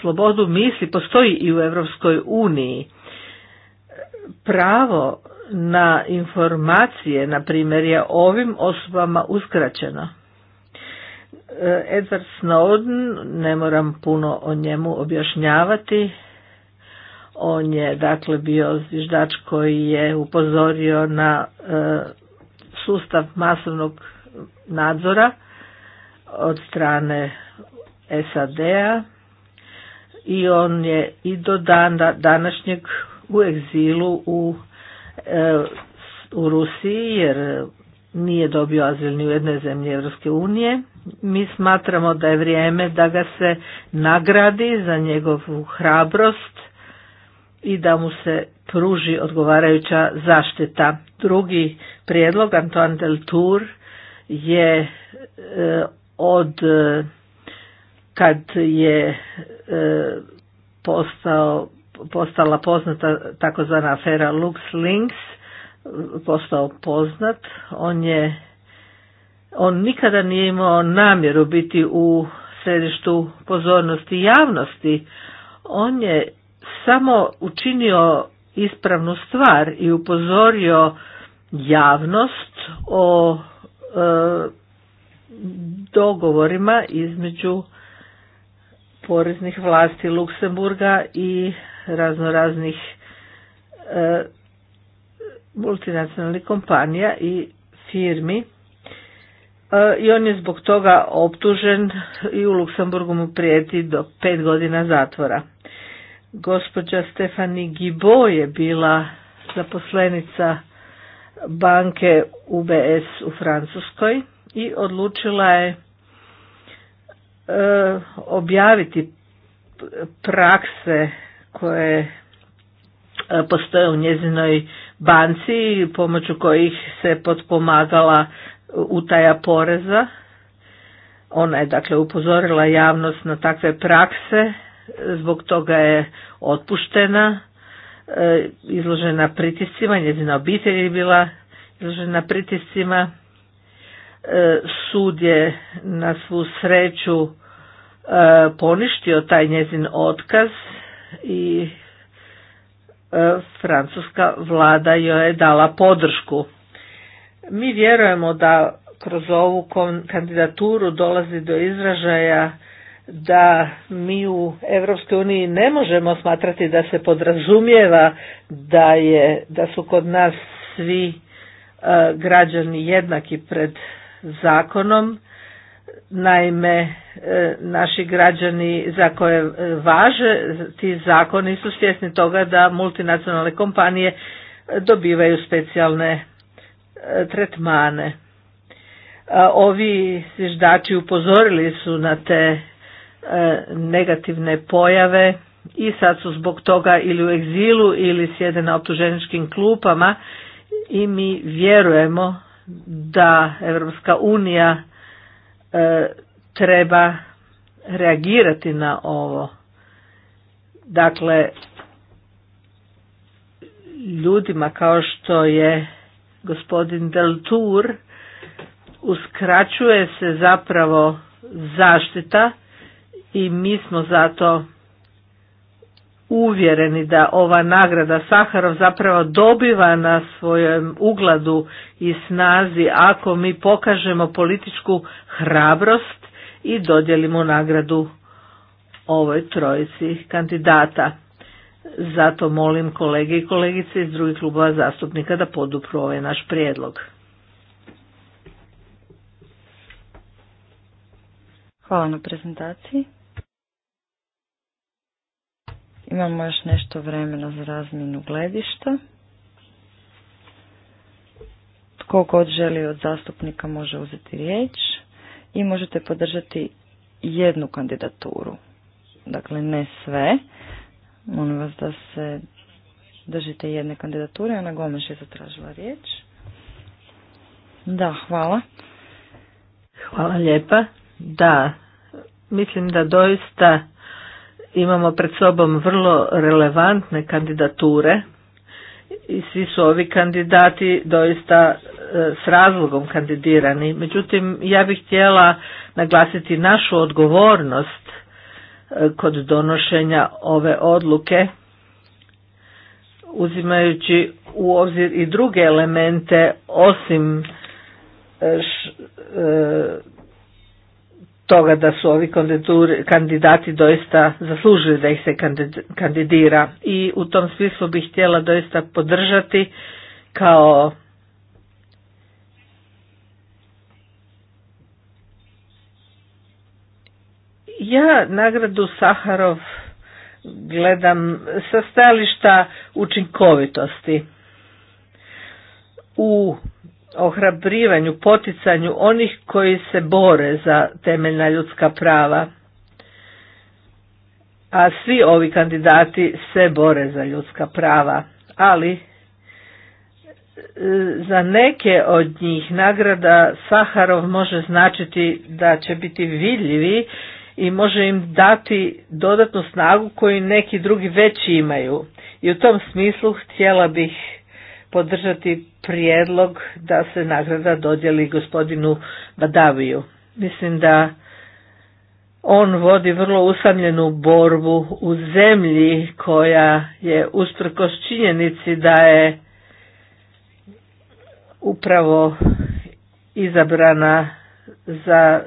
slobodu misli postoji i u Europskoj uniji. Pravo na informacije, na primjer, je ovim osobama uskraćeno. E, Edward Snowden, ne moram puno o njemu objašnjavati, on je dakle bio zviždač koji je upozorio na sustav masovnog nadzora od strane SAD-a i on je i do dana današnjeg u egzilu u, e, u Rusiji jer nije dobio azil ni u jednoj zemlji Europske unije. Mi smatramo da je vrijeme da ga se nagradi za njegovu hrabrost i da mu se pruži odgovarajuća zaštita. Drugi prijedlog Antoine Deltour je e, od e, kad je e, postao, postala poznata takozvana afera Links, postao poznat, on je on nikada nije imao namjeru biti u središtu pozornosti javnosti. On je samo učinio ispravnu stvar i upozorio javnost o e, dogovorima između poreznih vlasti Luksemburga i raznoraznih e, multinacionalnih kompanija i firmi. E, I on je zbog toga optužen i u Luksemburgu mu prijeti do pet godina zatvora. Gospođa Stefani Gibo je bila zaposlenica banke UBS u Francuskoj i odlučila je e, objaviti prakse koje e, postoje u njezinoj banci pomoću kojih se potpomagala utaja poreza. Ona je dakle upozorila javnost na takve prakse, zbog toga je otpuštena, e, izložena pritiscima, njezina obitelj je bila izložena pritiscima E, sud je na svu sreću e, poništio taj njezin otkaz i e, francuska vlada joj je dala podršku. Mi vjerujemo da kroz ovu kandidaturu dolazi do izražaja da mi u Europskoj uniji ne možemo smatrati da se podrazumijeva da je da su kod nas svi građani jednaki pred zakonom. Naime, e, naši građani za koje e, važe ti zakoni su svjesni toga da multinacionalne kompanije e, dobivaju specijalne tretmane. Ovi zviždači upozorili su na te negativne pojave i sad su zbog toga ili u egzilu ili sjede na optuženičkim klupama i mi vjerujemo da Europska unija e, treba reagirati na ovo. Dakle, ljudima kao što je gospodin Tour uskraćuje se zapravo zaštita i mi smo zato uvjereni da ova nagrada Saharov zapravo dobiva na svojem ugladu i snazi ako mi pokažemo političku hrabrost i dodjelimo nagradu ovoj trojici kandidata. Zato molim kolege i kolegice iz drugih klubova zastupnika da podupru ovaj naš prijedlog. Hvala na prezentaciji. Imamo još nešto vremena za razminu gledišta. Tko god želi od zastupnika može uzeti riječ i možete podržati jednu kandidaturu. Dakle, ne sve. Molim vas da se držite jedne kandidature. Ona Gomeš je zatražila riječ. Da, hvala. Hvala lijepa. Da, mislim da doista imamo pred sobom vrlo relevantne kandidature i svi su ovi kandidati doista e, s razlogom kandidirani. Međutim, ja bih htjela naglasiti našu odgovornost e, kod donošenja ove odluke uzimajući u obzir i druge elemente osim e, toga da su ovi kandidati doista zaslužili da ih se kandidira i u tom smislu bih htjela doista podržati kao ja nagradu Saharov gledam sa stajališta učinkovitosti u ohrabrivanju, poticanju onih koji se bore za temeljna ljudska prava. A svi ovi kandidati se bore za ljudska prava, ali e, za neke od njih nagrada Saharov može značiti da će biti vidljivi i može im dati dodatnu snagu koju neki drugi već imaju. I u tom smislu htjela bih podržati prijedlog da se nagrada dodjeli gospodinu Badaviju. Mislim da on vodi vrlo usamljenu borbu u zemlji koja je usprkos činjenici da je upravo izabrana za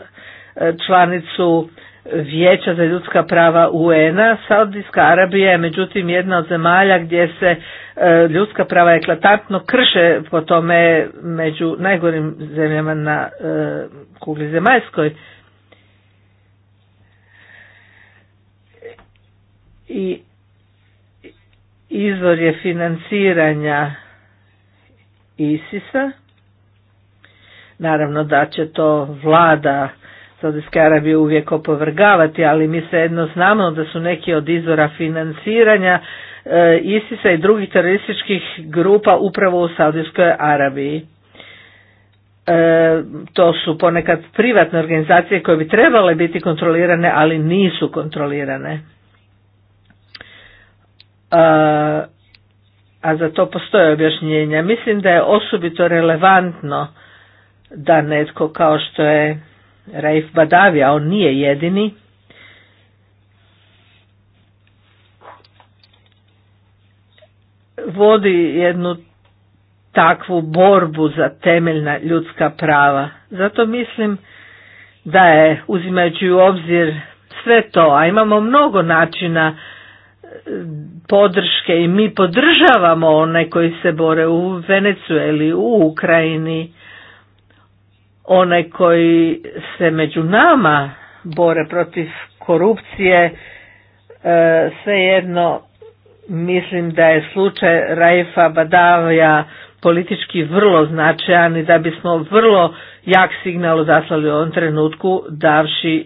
e, članicu Vijeća za ljudska prava UN-a. Saudijska Arabija je međutim jedna od zemalja gdje se E, ljudska prava eklatantno krše po tome među najgorim zemljama na e, kugli zemaljskoj. I izvor je financiranja ISIS-a. Naravno da će to vlada Saudijske Arabije uvijek opovrgavati, ali mi se jedno znamo da su neki od izvora financiranja Eh, Isisa i drugih terorističkih grupa upravo u Saudijskoj Arabiji. E, to su ponekad privatne organizacije koje bi trebale biti kontrolirane, ali nisu kontrolirane. Eh, a za to postoje objašnjenja. Mislim da je osobito relevantno da netko kao što je Raif Badavija, on nije jedini, vodi jednu takvu borbu za temeljna ljudska prava. Zato mislim da je, uzimajući u obzir sve to, a imamo mnogo načina e, podrške i mi podržavamo one koji se bore u Venecueli, u Ukrajini, one koji se među nama bore protiv korupcije, e, svejedno Mislim da je slučaj Raifa Badavija politički vrlo značajan i da bismo vrlo jak signal odaslali u ovom trenutku davši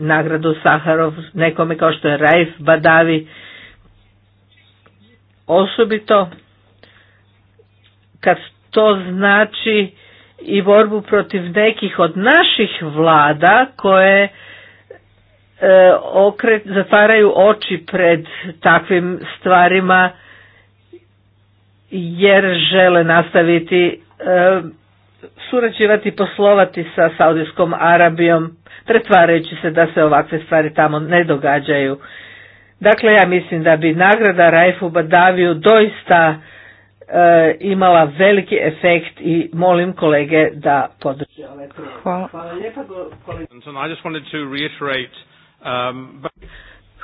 nagradu Saharov nekome kao što je Raif Badavi osobito kad to znači i borbu protiv nekih od naših vlada koje E, zatvaraju oči pred takvim stvarima jer žele nastaviti e, surađivati i poslovati sa Saudijskom Arabijom, pretvarajući se da se ovakve stvari tamo ne događaju. Dakle, ja mislim da bi nagrada Rajfu Badaviju doista e, imala veliki efekt i molim kolege da podrži ove Hvala. Hvala Um,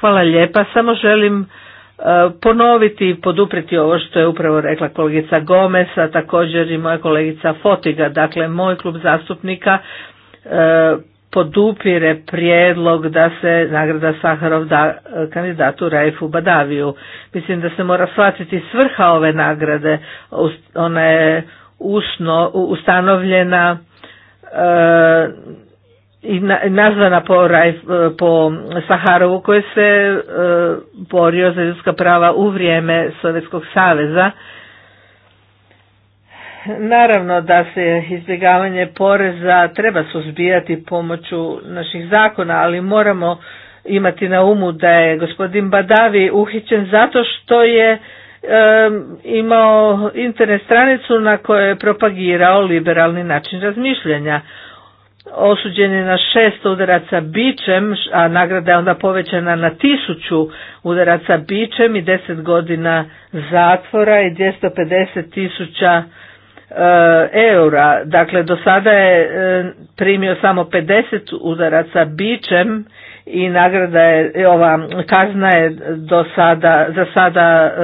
Hvala lijepa. Samo želim uh, ponoviti i podupriti ovo što je upravo rekla kolegica Gomesa, također i moja kolegica Fotiga. Dakle, moj klub zastupnika uh, podupire prijedlog da se nagrada Saharov da uh, kandidatu Raifu Badaviju. Mislim da se mora shvatiti svrha ove nagrade. Ona je usno, ustanovljena i nazvana po, eh, po Saharovu koji se e, borio za ljudska prava u vrijeme Sovjetskog saveza. Naravno da se izbjegavanje poreza treba suzbijati pomoću naših zakona, ali moramo imati na umu da je gospodin Badavi uhićen zato što je imao internet stranicu na kojoj je propagirao liberalni način razmišljanja osuđen je na šest udaraca bićem, a nagrada je onda povećana na tisuću udaraca bićem i deset godina zatvora i 250 tisuća e, eura. Dakle, do sada je e, primio samo 50 udaraca bićem i nagrada je, ova kazna je do sada, za sada e,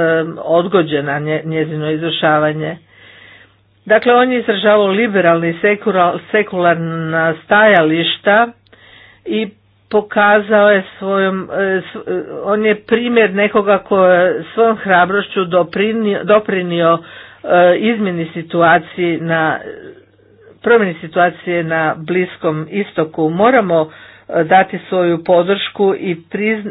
odgođena njezino izvršavanje. Dakle, on je izražavao liberalni sekularna stajališta i pokazao je svojom, e, e, on je primjer nekoga ko je svojom hrabrošću doprinio, doprinio e, izmjeni situacije na promjeni situacije na Bliskom istoku. Moramo dati svoju podršku i pri,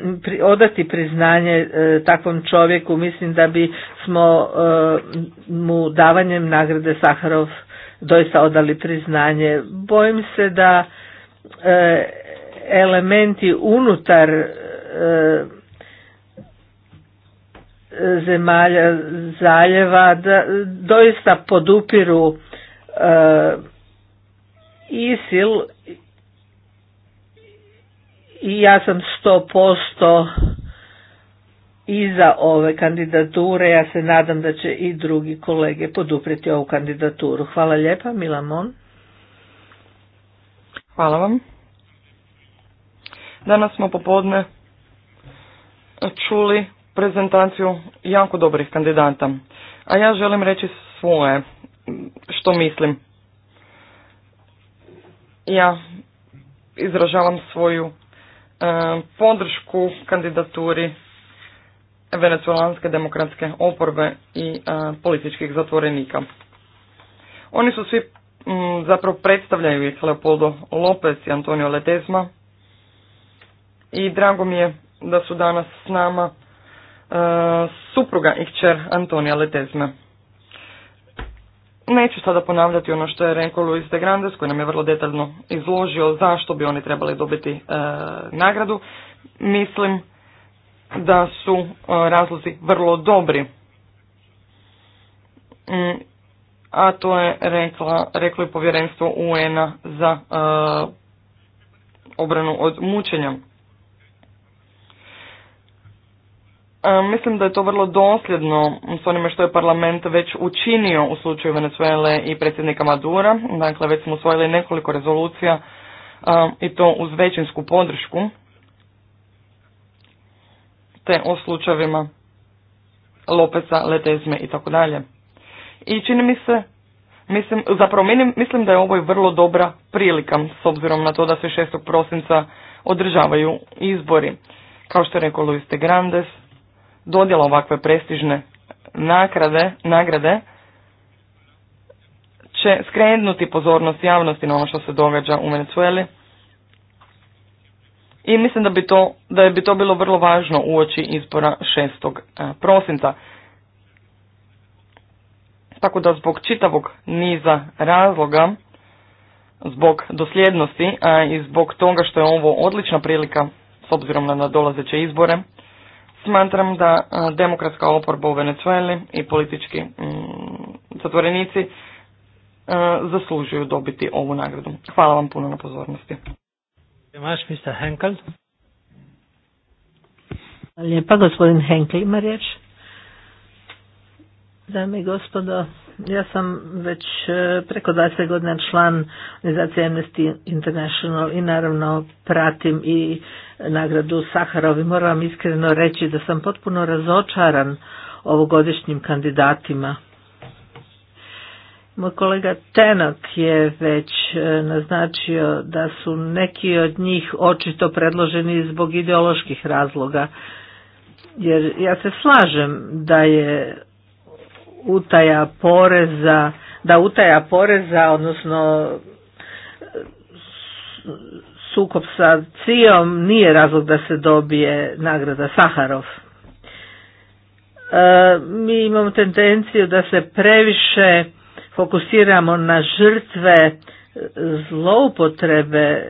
odati priznanje e, takvom čovjeku mislim da bi smo e, mu davanjem nagrade Saharov doista odali priznanje bojim se da e, elementi unutar zemalja zaljeva da doista podupiru ISIL i ja sam sto posto iza ove kandidature. Ja se nadam da će i drugi kolege poduprijeti ovu kandidaturu. Hvala lijepa, Mon. Hvala vam. Danas smo popodne čuli prezentaciju jako dobrih kandidata. A ja želim reći svoje, što mislim. Ja izražavam svoju E, podršku kandidaturi venezuelanske demokratske oporbe i e, političkih zatvorenika. Oni su svi zapravo predstavljaju ih Leopoldo Lopez i Antonio Letezma i drago mi je da su danas s nama e, supruga i kćer Antonija Letezme. Neću sada ponavljati ono što je rekao Luis de Grandes koji nam je vrlo detaljno izložio zašto bi oni trebali dobiti e, nagradu. Mislim da su e, razlozi vrlo dobri. Mm, a to je rekla, reklo i povjerenstvo UN-a za e, obranu od mučenja. E, mislim da je to vrlo dosljedno s onime što je parlament već učinio u slučaju Venezuele i predsjednika Madura. Dakle, već smo usvojili nekoliko rezolucija e, i to uz većinsku podršku te o slučajevima Lopeza, Letezme i tako dalje. I čini mi se, mislim, zapravo mislim da je ovo vrlo dobra prilika s obzirom na to da se 6. prosinca održavaju izbori. Kao što je rekao Luis de Grandes, dodjela ovakve prestižne nakrade, nagrade će skrenuti pozornost javnosti na ono što se događa u Venezueli. I mislim da bi to, da bi to bilo vrlo važno uoči izbora 6. Eh, prosinca. Tako da zbog čitavog niza razloga, zbog dosljednosti a i zbog toga što je ovo odlična prilika s obzirom na dolazeće izbore, Smatram da e, demokratska oporba u Venezueli i politički mm, zatvorenici e, zaslužuju dobiti ovu nagradu. Hvala vam puno na pozornosti. Mr. Henkel. Hvala lijepa, gospodin Henkel ima riječ. Dame i gospodo, ja sam već e, preko 20 godina član organizacije Amnesty International i naravno pratim i nagradu Saharovi moram vam iskreno reći da sam potpuno razočaran ovogodišnjim kandidatima. Moj kolega Tenok je već e, naznačio da su neki od njih očito predloženi zbog ideoloških razloga. Jer ja se slažem da je utaja poreza, da utaja poreza, odnosno sukob sa Cijom nije razlog da se dobije nagrada Saharov. E, mi imamo tendenciju da se previše fokusiramo na žrtve zloupotrebe e,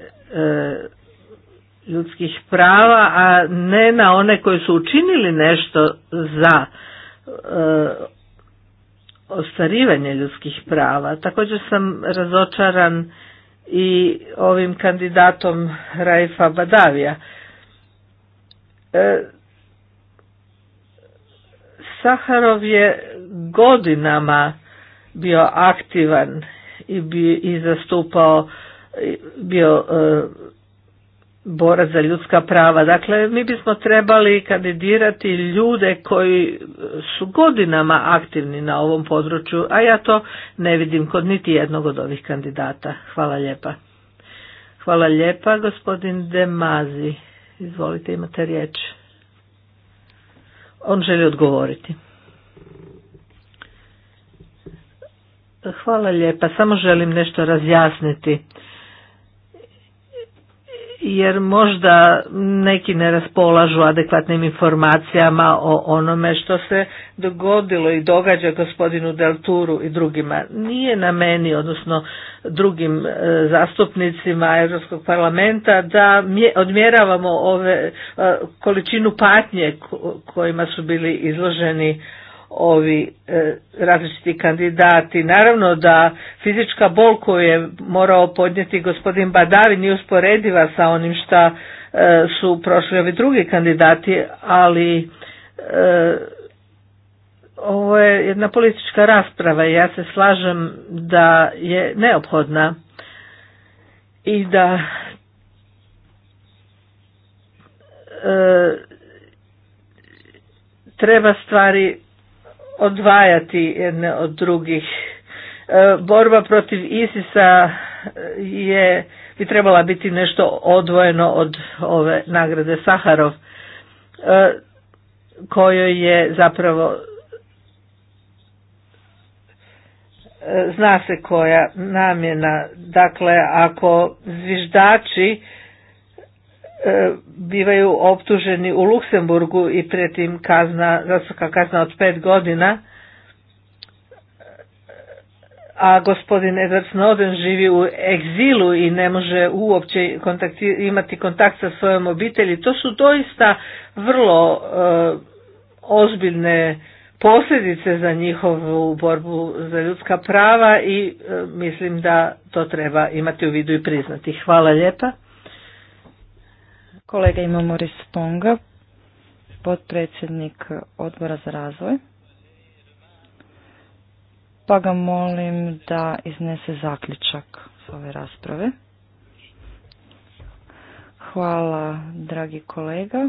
ljudskih prava, a ne na one koji su učinili nešto za e, ostvarivanje ljudskih prava. Također sam razočaran i ovim kandidatom Raifa Badavija. E, Saharov je godinama bio aktivan i, bi, i zastupao bio e, borac za ljudska prava. Dakle, mi bismo trebali kandidirati ljude koji su godinama aktivni na ovom području, a ja to ne vidim kod niti jednog od ovih kandidata. Hvala lijepa. Hvala lijepa, gospodin Demazi. Izvolite, imate riječ. On želi odgovoriti. Hvala lijepa, samo želim nešto razjasniti jer možda neki ne raspolažu adekvatnim informacijama o onome što se dogodilo i događa gospodinu Delturu i drugima. Nije na meni, odnosno drugim e, zastupnicima Europskog parlamenta da odmjeravamo ove e, količinu patnje kojima su bili izloženi ovi e, različiti kandidati. Naravno da fizička bol koju je morao podnijeti gospodin Badavi nije usporediva sa onim šta e, su prošli ovi drugi kandidati, ali e, ovo je jedna politička rasprava i ja se slažem da je neophodna i da treba stvari odvajati jedne od drugih. E, borba protiv Isisa e, je bi trebala biti nešto odvojeno od ove nagrade Saharov e, kojoj je zapravo zna se koja namjena. Dakle, ako zviždači E, bivaju optuženi u Luksemburgu i pretim kazna, zatvorska kazna od pet godina, e, a gospodin Edward Snowden živi u egzilu i ne može uopće imati kontakt sa svojom obitelji. To su doista vrlo e, ozbiljne posljedice za njihovu borbu za ljudska prava i mislim da to treba imati u vidu i priznati. Hvala lijepa. Kolega imamo Ristonga, potpredsjednik odbora za razvoj. Pa ga molim da iznese zaključak s ove rasprave. Hvala, dragi kolega.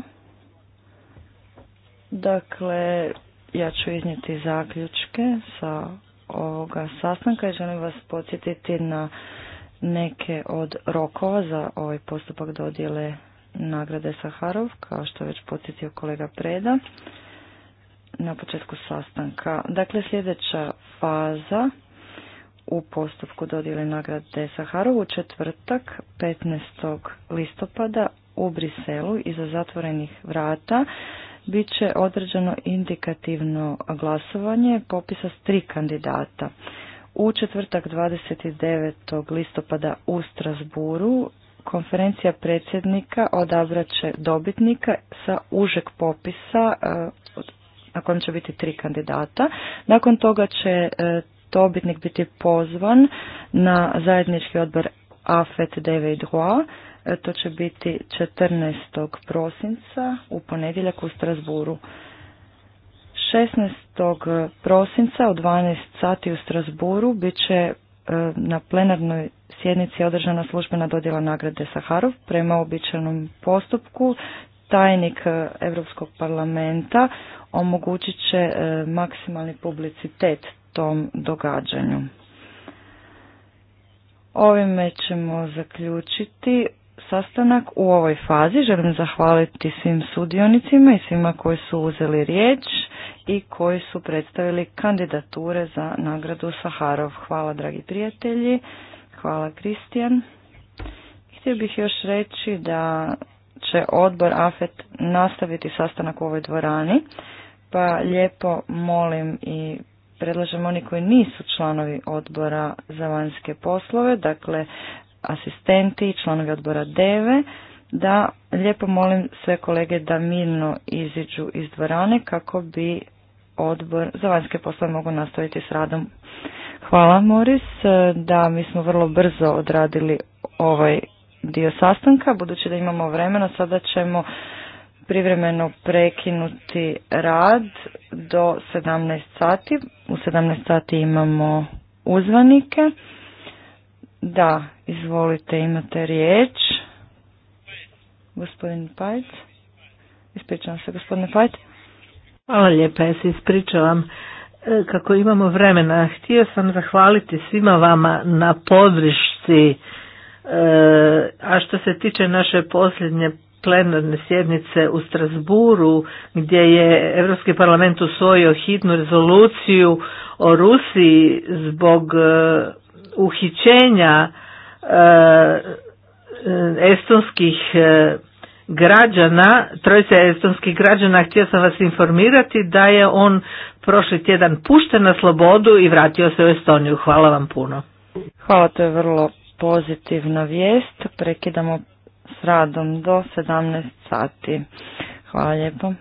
Dakle, ja ću iznijeti zaključke sa ovoga sastanka i želim vas podsjetiti na neke od rokova za ovaj postupak dodjele nagrade Saharov, kao što je već podsjetio kolega Preda na početku sastanka. Dakle, sljedeća faza u postupku dodjele nagrade Saharov. u četvrtak 15. listopada u Briselu iza zatvorenih vrata bit će određeno indikativno glasovanje popisa s tri kandidata. U četvrtak 29. listopada u Strasburu konferencija predsjednika odabrat će dobitnika sa užeg popisa e, na kojem će biti tri kandidata. Nakon toga će e, dobitnik biti pozvan na zajednički odbor AFET e 9.2. To će biti 14. prosinca u ponedjeljak u Strasburu. 16. prosinca u 12 sati u Strasburu bit će E, na plenarnoj sjednici je održana službena dodjela nagrade Saharov prema običajnom postupku. Tajnik e, Europskog parlamenta omogućit će e, maksimalni publicitet tom događanju. Ovime ćemo zaključiti sastanak u ovoj fazi. Želim zahvaliti svim sudionicima i svima koji su uzeli riječ i koji su predstavili kandidature za nagradu Saharov. Hvala dragi prijatelji, hvala Kristijan. Htio bih još reći da će odbor AFET nastaviti sastanak u ovoj dvorani, pa lijepo molim i predlažem oni koji nisu članovi odbora za vanjske poslove, dakle asistenti i članovi odbora DEVE da lijepo molim sve kolege da mirno iziđu iz dvorane kako bi odbor za vanjske poslove mogu nastaviti s radom. Hvala Moris, da mi smo vrlo brzo odradili ovaj dio sastanka, budući da imamo vremena, sada ćemo privremeno prekinuti rad do 17 sati. U 17 sati imamo uzvanike. Da, izvolite, imate riječ. Gospodin Pajc. Ispričavam se, gospodine Pajc. Hvala lijepa, ja se ispričavam. E, kako imamo vremena, htio sam zahvaliti svima vama na podršci. E, a što se tiče naše posljednje plenarne sjednice u Strasburu gdje je Europski parlament usvojio hitnu rezoluciju o Rusiji zbog e, uhićenja e, e, estonskih e, građana, trojice estonskih građana, htio sam vas informirati da je on prošli tjedan pušten na slobodu i vratio se u Estoniju. Hvala vam puno. Hvala, to je vrlo pozitivna vijest. Prekidamo s radom do 17 sati. Hvala lijepo.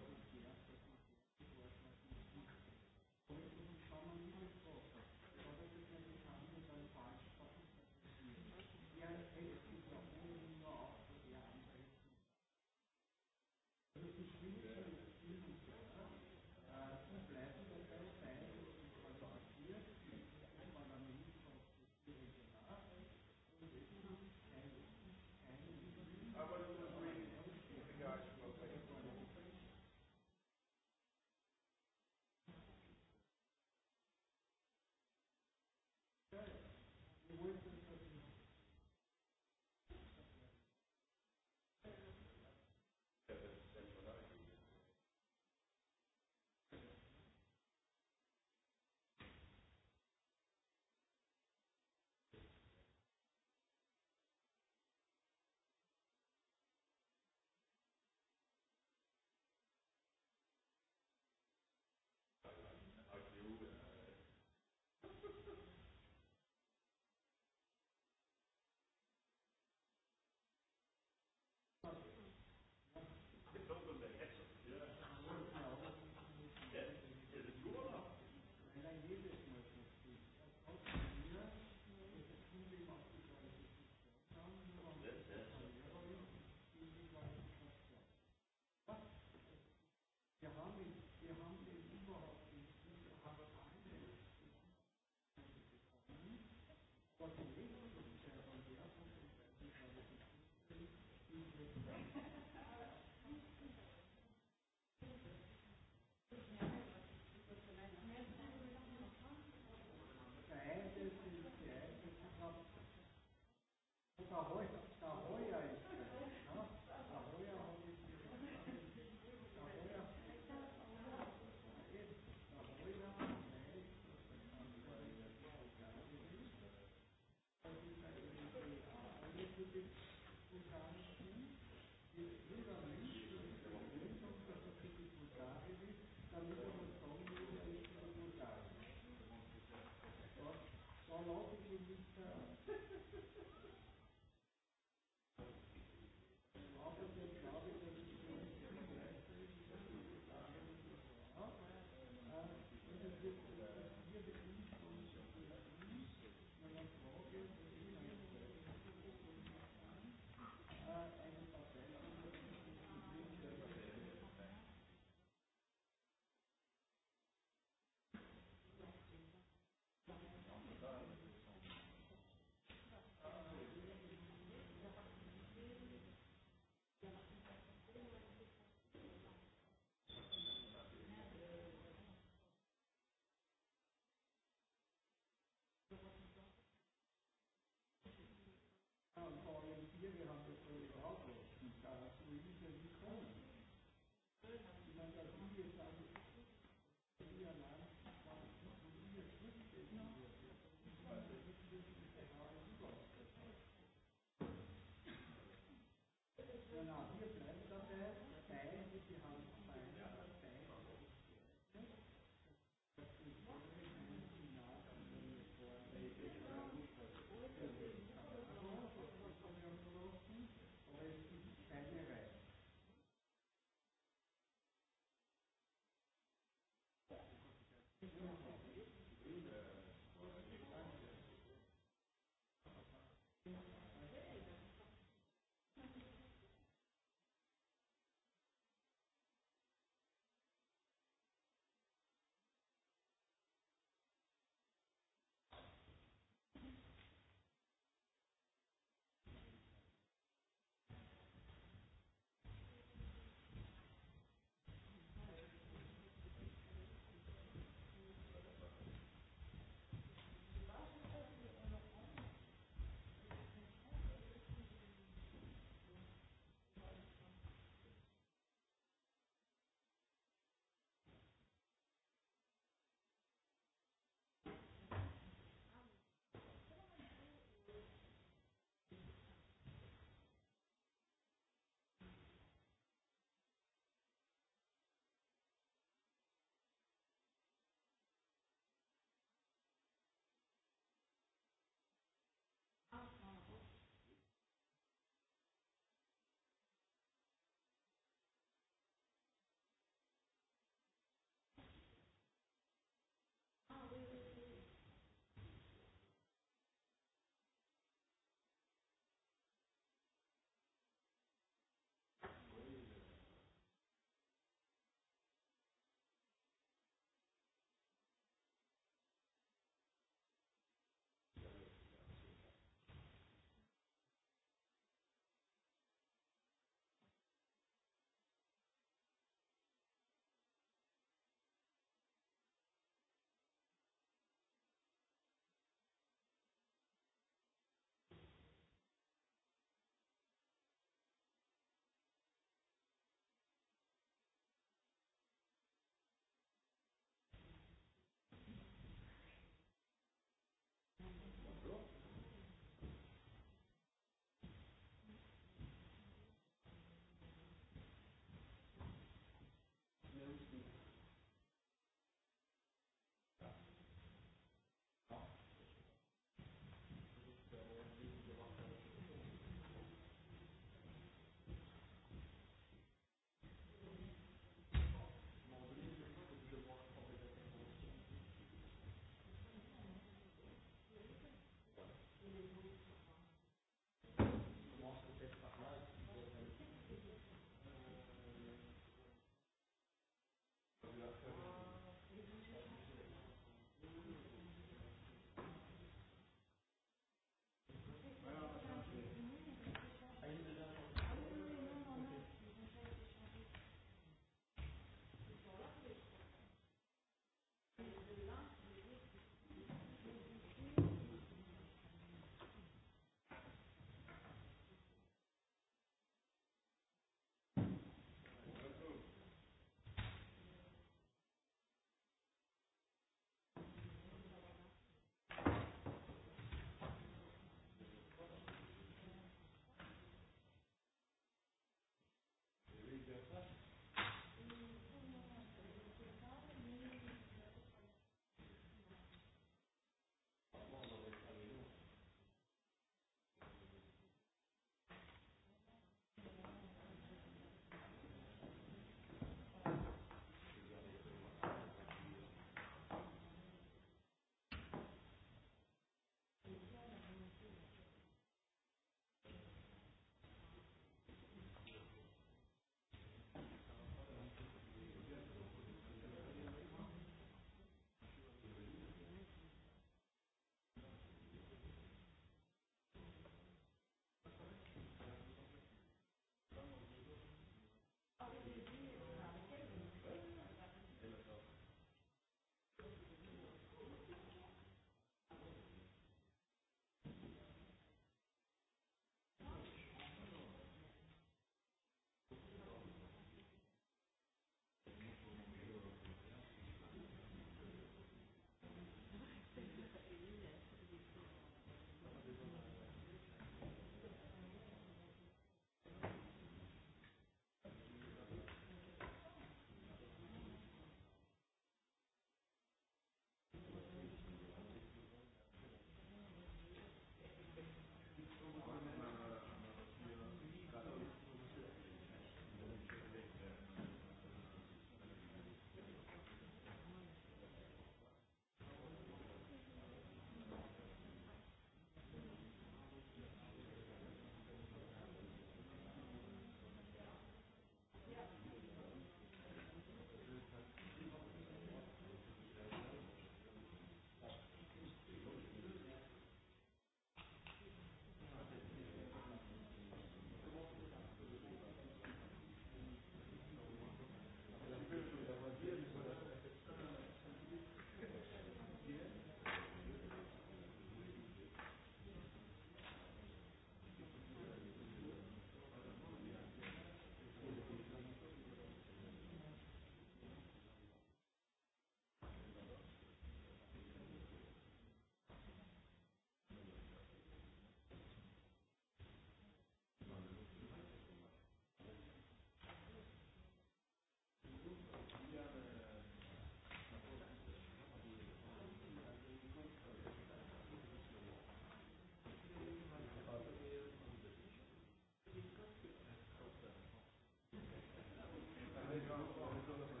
jedan od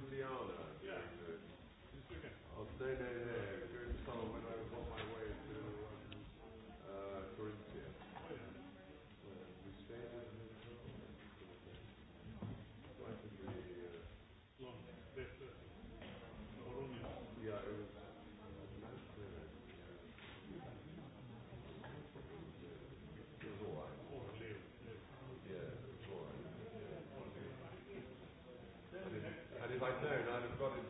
Ljubljana. Ja. Ne, ne, I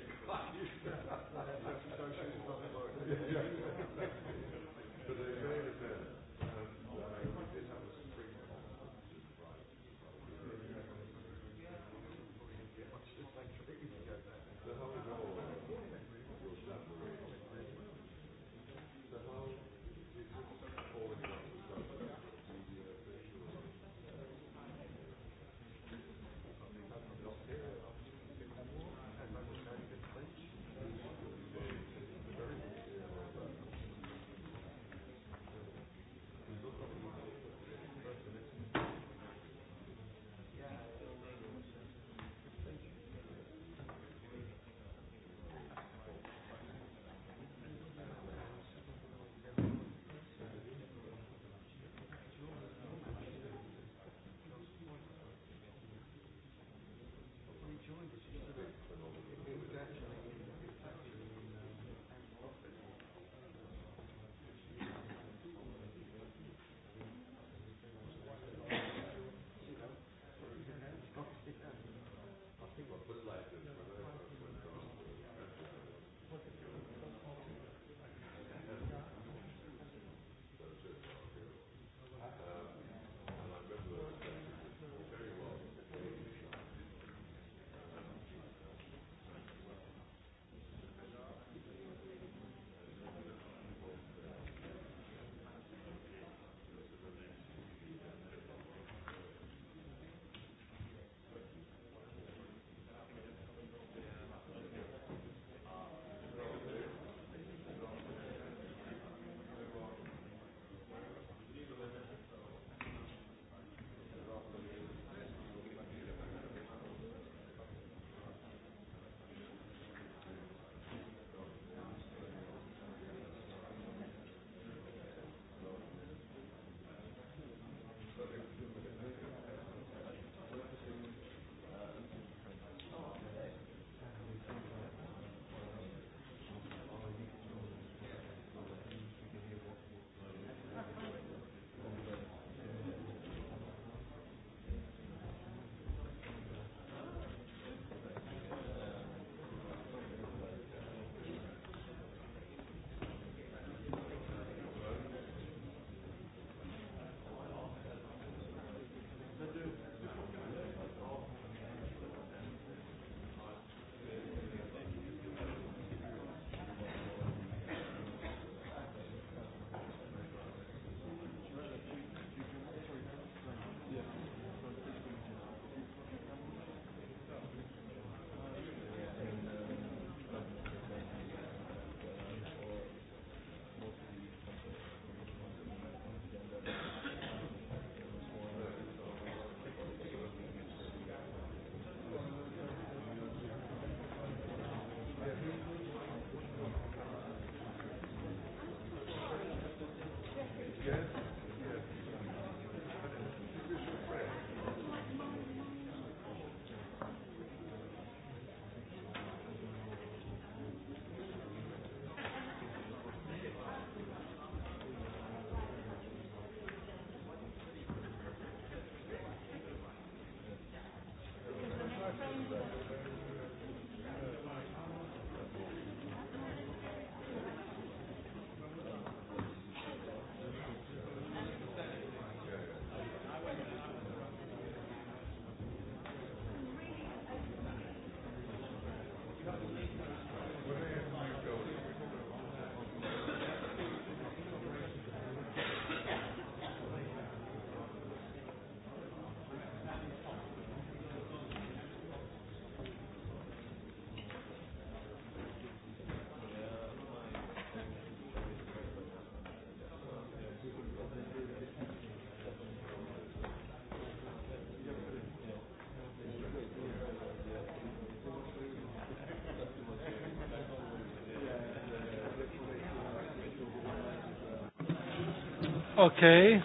Okay.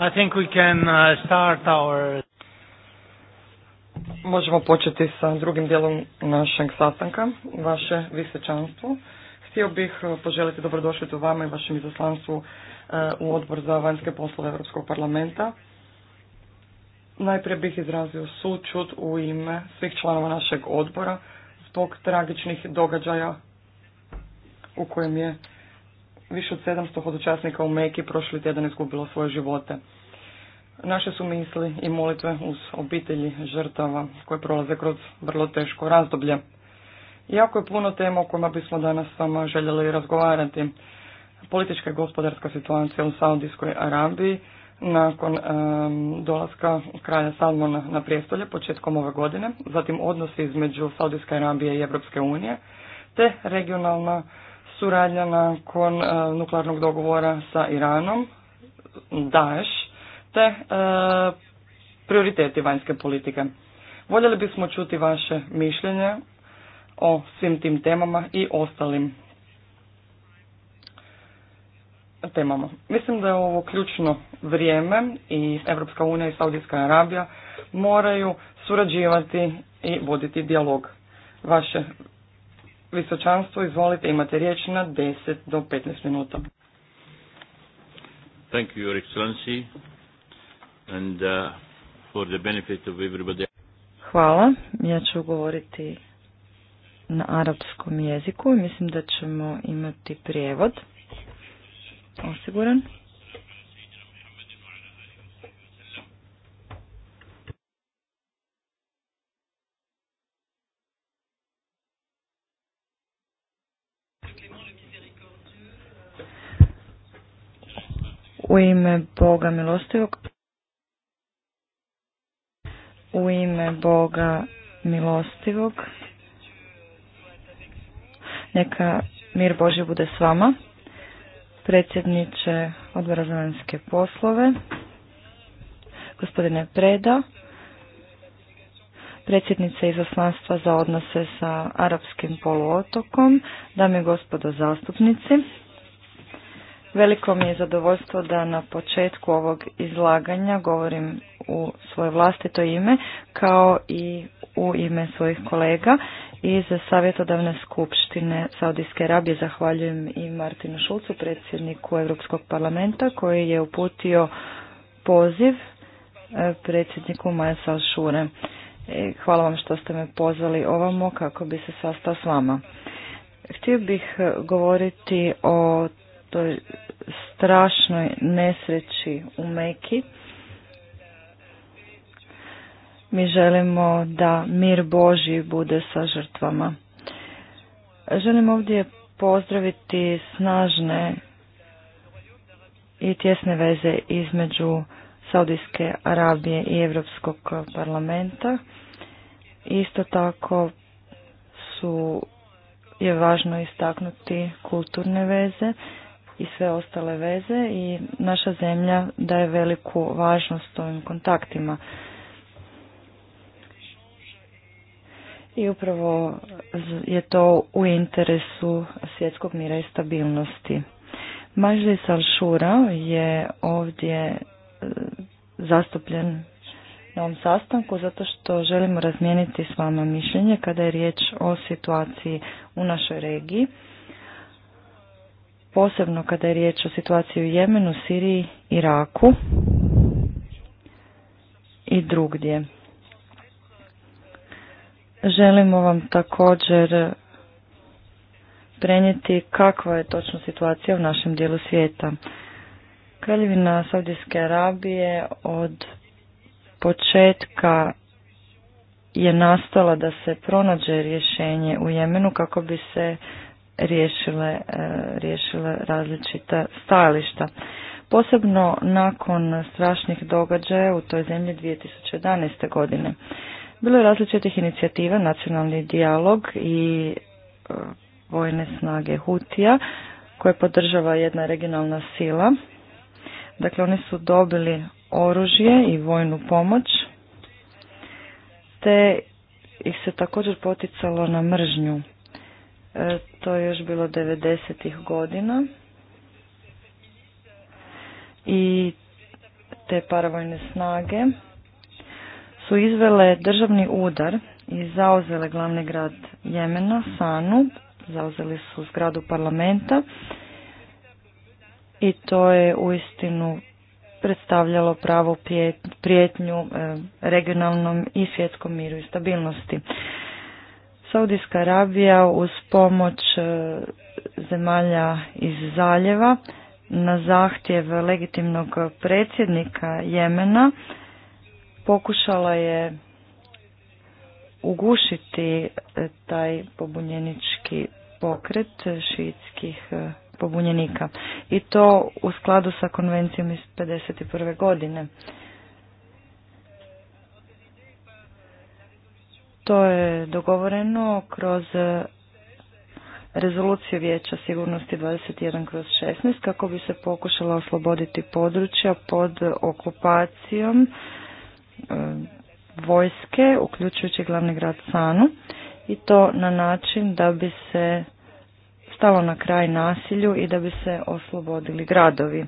I think we can uh, start our... Možemo početi sa drugim dijelom našeg sastanka, vaše visečanstvo. Htio bih uh, poželiti dobrodošlicu vama i vašem izaslanstvu uh, u odbor za vanjske poslove Europskog parlamenta. Najprije bih izrazio sučut u ime svih članova našeg odbora zbog tragičnih događaja u kojem je više od 700 hodočasnika u Meki prošli tjedan izgubilo svoje živote. Naše su misli i molitve uz obitelji žrtava koje prolaze kroz vrlo teško razdoblje. Jako je puno tema o kojima bismo danas s vama željeli razgovarati. Politička i gospodarska situacija u Saudijskoj Arabiji nakon dolaska kraja Salmona na prijestolje početkom ove godine, zatim odnosi između Saudijske Arabije i Europske unije, te regionalna suradnja nakon e, nuklearnog dogovora sa Iranom, Daesh, te e, prioriteti vanjske politike. Voljeli bismo čuti vaše mišljenje o svim tim temama i ostalim temama. Mislim da je ovo ključno vrijeme i Evropska unija i Saudijska Arabija moraju surađivati i voditi dijalog. Vaše Visočanstvo, izvolite, imate riječ na 10 do 15 minuta. Thank you, Your Excellency, and uh, for the benefit of everybody. Hvala, ja ću govoriti na arapskom jeziku i mislim da ćemo imati prijevod osiguran. U ime Boga milostivog. U ime Boga milostivog. Neka mir Boži bude s vama. Predsjedniče odbora za vanjske poslove. Gospodine Preda. Predsjednice izoslanstva za odnose sa arapskim poluotokom. Dame i gospodo zastupnici. Veliko mi je zadovoljstvo da na početku ovog izlaganja govorim u svoje vlastito ime kao i u ime svojih kolega iz Savjetodavne skupštine Saudijske Arabije. Zahvaljujem i Martinu Šulcu, predsjedniku Europskog parlamenta, koji je uputio poziv e, predsjedniku Maja Salšure. E, hvala vam što ste me pozvali ovamo kako bi se sastao s vama. Htio bih e, govoriti o toj strašnoj nesreći u Meki. Mi želimo da mir Boži bude sa žrtvama. Želim ovdje pozdraviti snažne i tjesne veze između Saudijske Arabije i Europskog parlamenta. Isto tako su je važno istaknuti kulturne veze i sve ostale veze i naša zemlja daje veliku važnost ovim kontaktima. I upravo je to u interesu svjetskog mira i stabilnosti. Mažli Salšura je ovdje e, zastupljen na ovom sastanku zato što želimo razmijeniti s vama mišljenje kada je riječ o situaciji u našoj regiji posebno kada je riječ o situaciji u Jemenu, Siriji, Iraku i drugdje. Želimo vam također prenijeti kakva je točno situacija u našem dijelu svijeta. Kraljevina Saudijske Arabije od početka je nastala da se pronađe rješenje u Jemenu kako bi se riješile, e, riješile različita stajališta. Posebno nakon strašnih događaja u toj zemlji 2011. godine. Bilo je različitih inicijativa, nacionalni dijalog i e, vojne snage Hutija koje podržava jedna regionalna sila. Dakle, oni su dobili oružje i vojnu pomoć te ih se također poticalo na mržnju E, to je još bilo 90. godina i te paravojne snage su izvele državni udar i zauzele glavni grad Jemena, Sanu, zauzeli su zgradu parlamenta i to je uistinu predstavljalo pravo prijetnju e, regionalnom i svjetskom miru i stabilnosti. Saudijska Arabija uz pomoć e, zemalja iz zaljeva na zahtjev legitimnog predsjednika Jemena pokušala je ugušiti e, taj pobunjenički pokret šiitskih e, pobunjenika i to u skladu sa konvencijom iz 51. godine. To je dogovoreno kroz rezoluciju Vijeća sigurnosti 21 kroz 16 kako bi se pokušala osloboditi područja pod okupacijom e, vojske, uključujući glavni grad Sanu, i to na način da bi se stalo na kraj nasilju i da bi se oslobodili gradovi.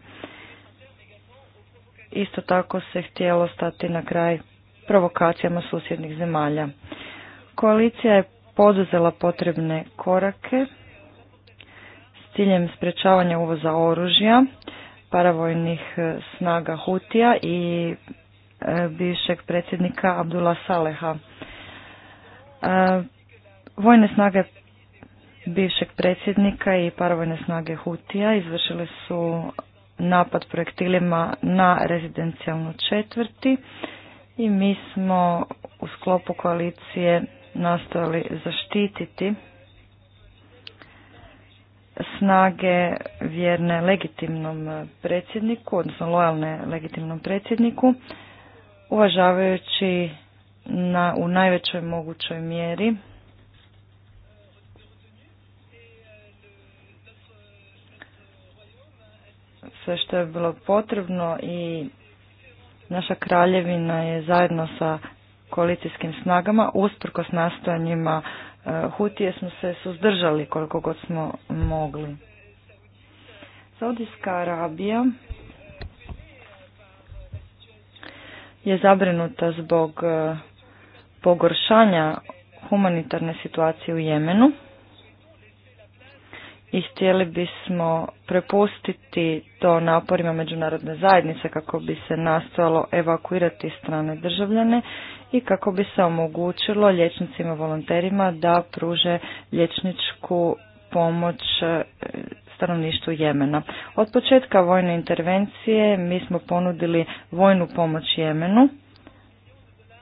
Isto tako se htjelo stati na kraj provokacijama susjednih zemalja. Koalicija je poduzela potrebne korake s ciljem sprečavanja uvoza oružja, paravojnih e, snaga Hutija i e, bivšeg predsjednika Abdullah Saleha. E, vojne snage bivšeg predsjednika i paravojne snage Hutija izvršile su napad projektilima na rezidencijalnu četvrti i mi smo u sklopu koalicije nastojali zaštititi snage vjerne legitimnom predsjedniku, odnosno lojalne legitimnom predsjedniku, uvažavajući na, u najvećoj mogućoj mjeri sve što je bilo potrebno i Naša kraljevina je zajedno sa koalicijskim snagama, s nastojanjima e, Hutije smo se suzdržali koliko god smo mogli. Saudijska Arabija je zabrinuta zbog e, pogoršanja humanitarne situacije u Jemenu i htjeli bismo prepustiti to naporima međunarodne zajednice kako bi se nastojalo evakuirati strane državljane i kako bi se omogućilo liječnicima volonterima da pruže liječničku pomoć e, stanovništvu Jemena. Od početka vojne intervencije mi smo ponudili vojnu pomoć Jemenu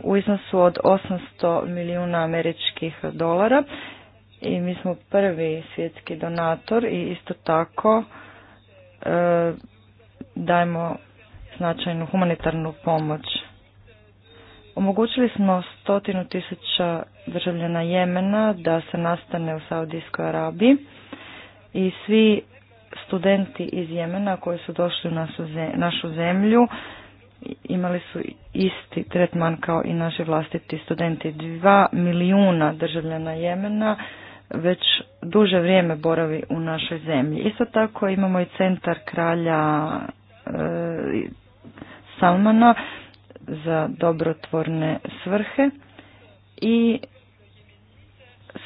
u iznosu od 800 milijuna američkih dolara i mi smo prvi svjetski donator i isto tako e, dajemo značajnu humanitarnu pomoć. Omogućili smo stotinu tisuća državljana Jemena da se nastane u Saudijskoj Arabiji i svi studenti iz Jemena koji su došli u našu zemlju imali su isti tretman kao i naši vlastiti studenti. Dva milijuna državljana Jemena već duže vrijeme boravi u našoj zemlji. Isto tako imamo i centar kralja e, Salmana za dobrotvorne svrhe i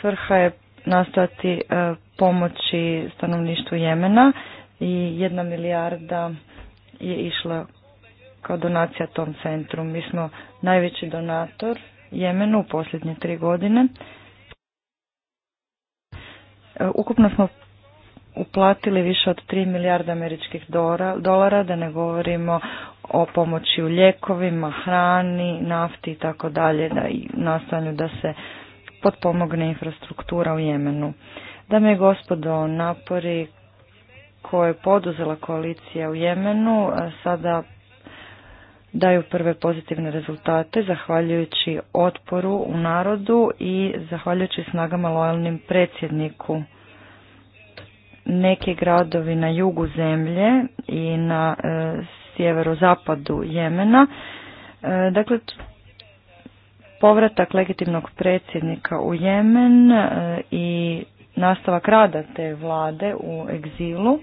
svrha je nastati e, pomoći stanovništvu Jemena i jedna milijarda je išla kao donacija tom centru. Mi smo najveći donator Jemenu u posljednje tri godine. Ukupno smo uplatili više od 3 milijarda američkih dolara, da ne govorimo o pomoći u ljekovima, hrani, nafti i tako dalje, da i nastanju da se potpomogne infrastruktura u Jemenu. Dame i gospodo, napori koje je poduzela koalicija u Jemenu sada daju prve pozitivne rezultate zahvaljujući otporu u narodu i zahvaljujući snagama lojalnim predsjedniku. Neki gradovi na jugu zemlje i na e, sjeverozapadu Jemena, e, dakle povratak legitimnog predsjednika u Jemen e, i nastavak rada te vlade u egzilu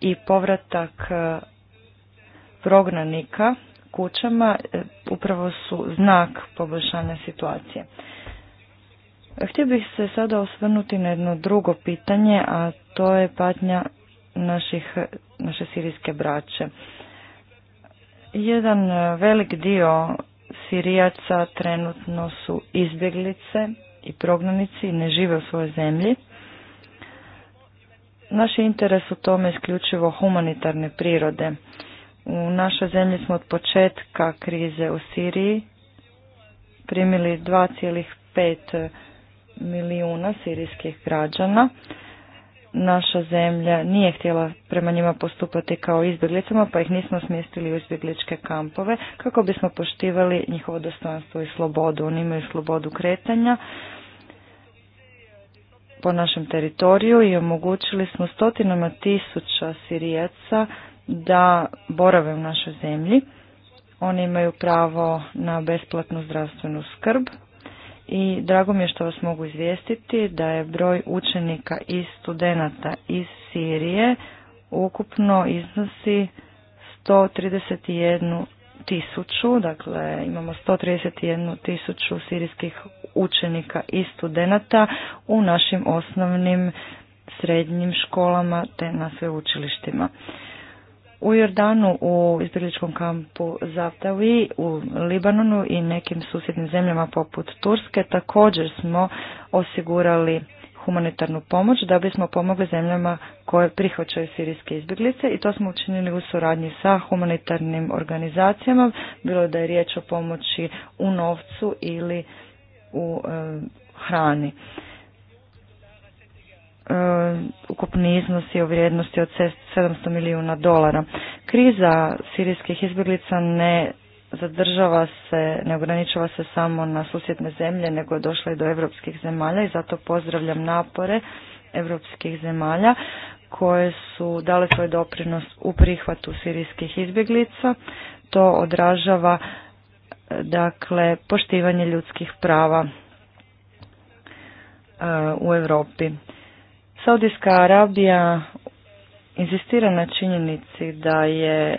i povratak e, prognanika kućama e, upravo su znak poboljšanja situacije. Htio bih se sada osvrnuti na jedno drugo pitanje, a to je patnja naših, naše sirijske braće. Jedan e, velik dio sirijaca trenutno su izbjeglice i prognanici i ne žive u svojoj zemlji. Naš interes u tome je isključivo humanitarne prirode u našoj zemlji smo od početka krize u Siriji primili 2,5 milijuna sirijskih građana. Naša zemlja nije htjela prema njima postupati kao izbjeglicama, pa ih nismo smjestili u izbjegličke kampove kako bismo poštivali njihovo dostojanstvo i slobodu. Oni imaju slobodu kretanja po našem teritoriju i omogućili smo stotinama tisuća sirijaca da borave u našoj zemlji. Oni imaju pravo na besplatnu zdravstvenu skrb i drago mi je što vas mogu izvijestiti da je broj učenika i studenata iz Sirije ukupno iznosi 131 tisuću, dakle imamo 131 tisuću sirijskih učenika i studenata u našim osnovnim srednjim školama te na sveučilištima. U Jordanu, u izbjegličkom kampu Zaptavi, u Libanonu i nekim susjednim zemljama poput Turske također smo osigurali humanitarnu pomoć da bismo pomogli zemljama koje prihvaćaju sirijske izbjeglice i to smo učinili u suradnji sa humanitarnim organizacijama, bilo da je riječ o pomoći u novcu ili u e, hrani. E, ukupni iznos je u vrijednosti od 700 milijuna dolara. Kriza sirijskih izbjeglica ne zadržava se, ne ograničava se samo na susjedne zemlje, nego je došla i do evropskih zemalja i zato pozdravljam napore evropskih zemalja koje su dale svoj doprinos u prihvatu sirijskih izbjeglica. To odražava dakle poštivanje ljudskih prava e, u Europi. Saudijska Arabija inzistira na činjenici da je e,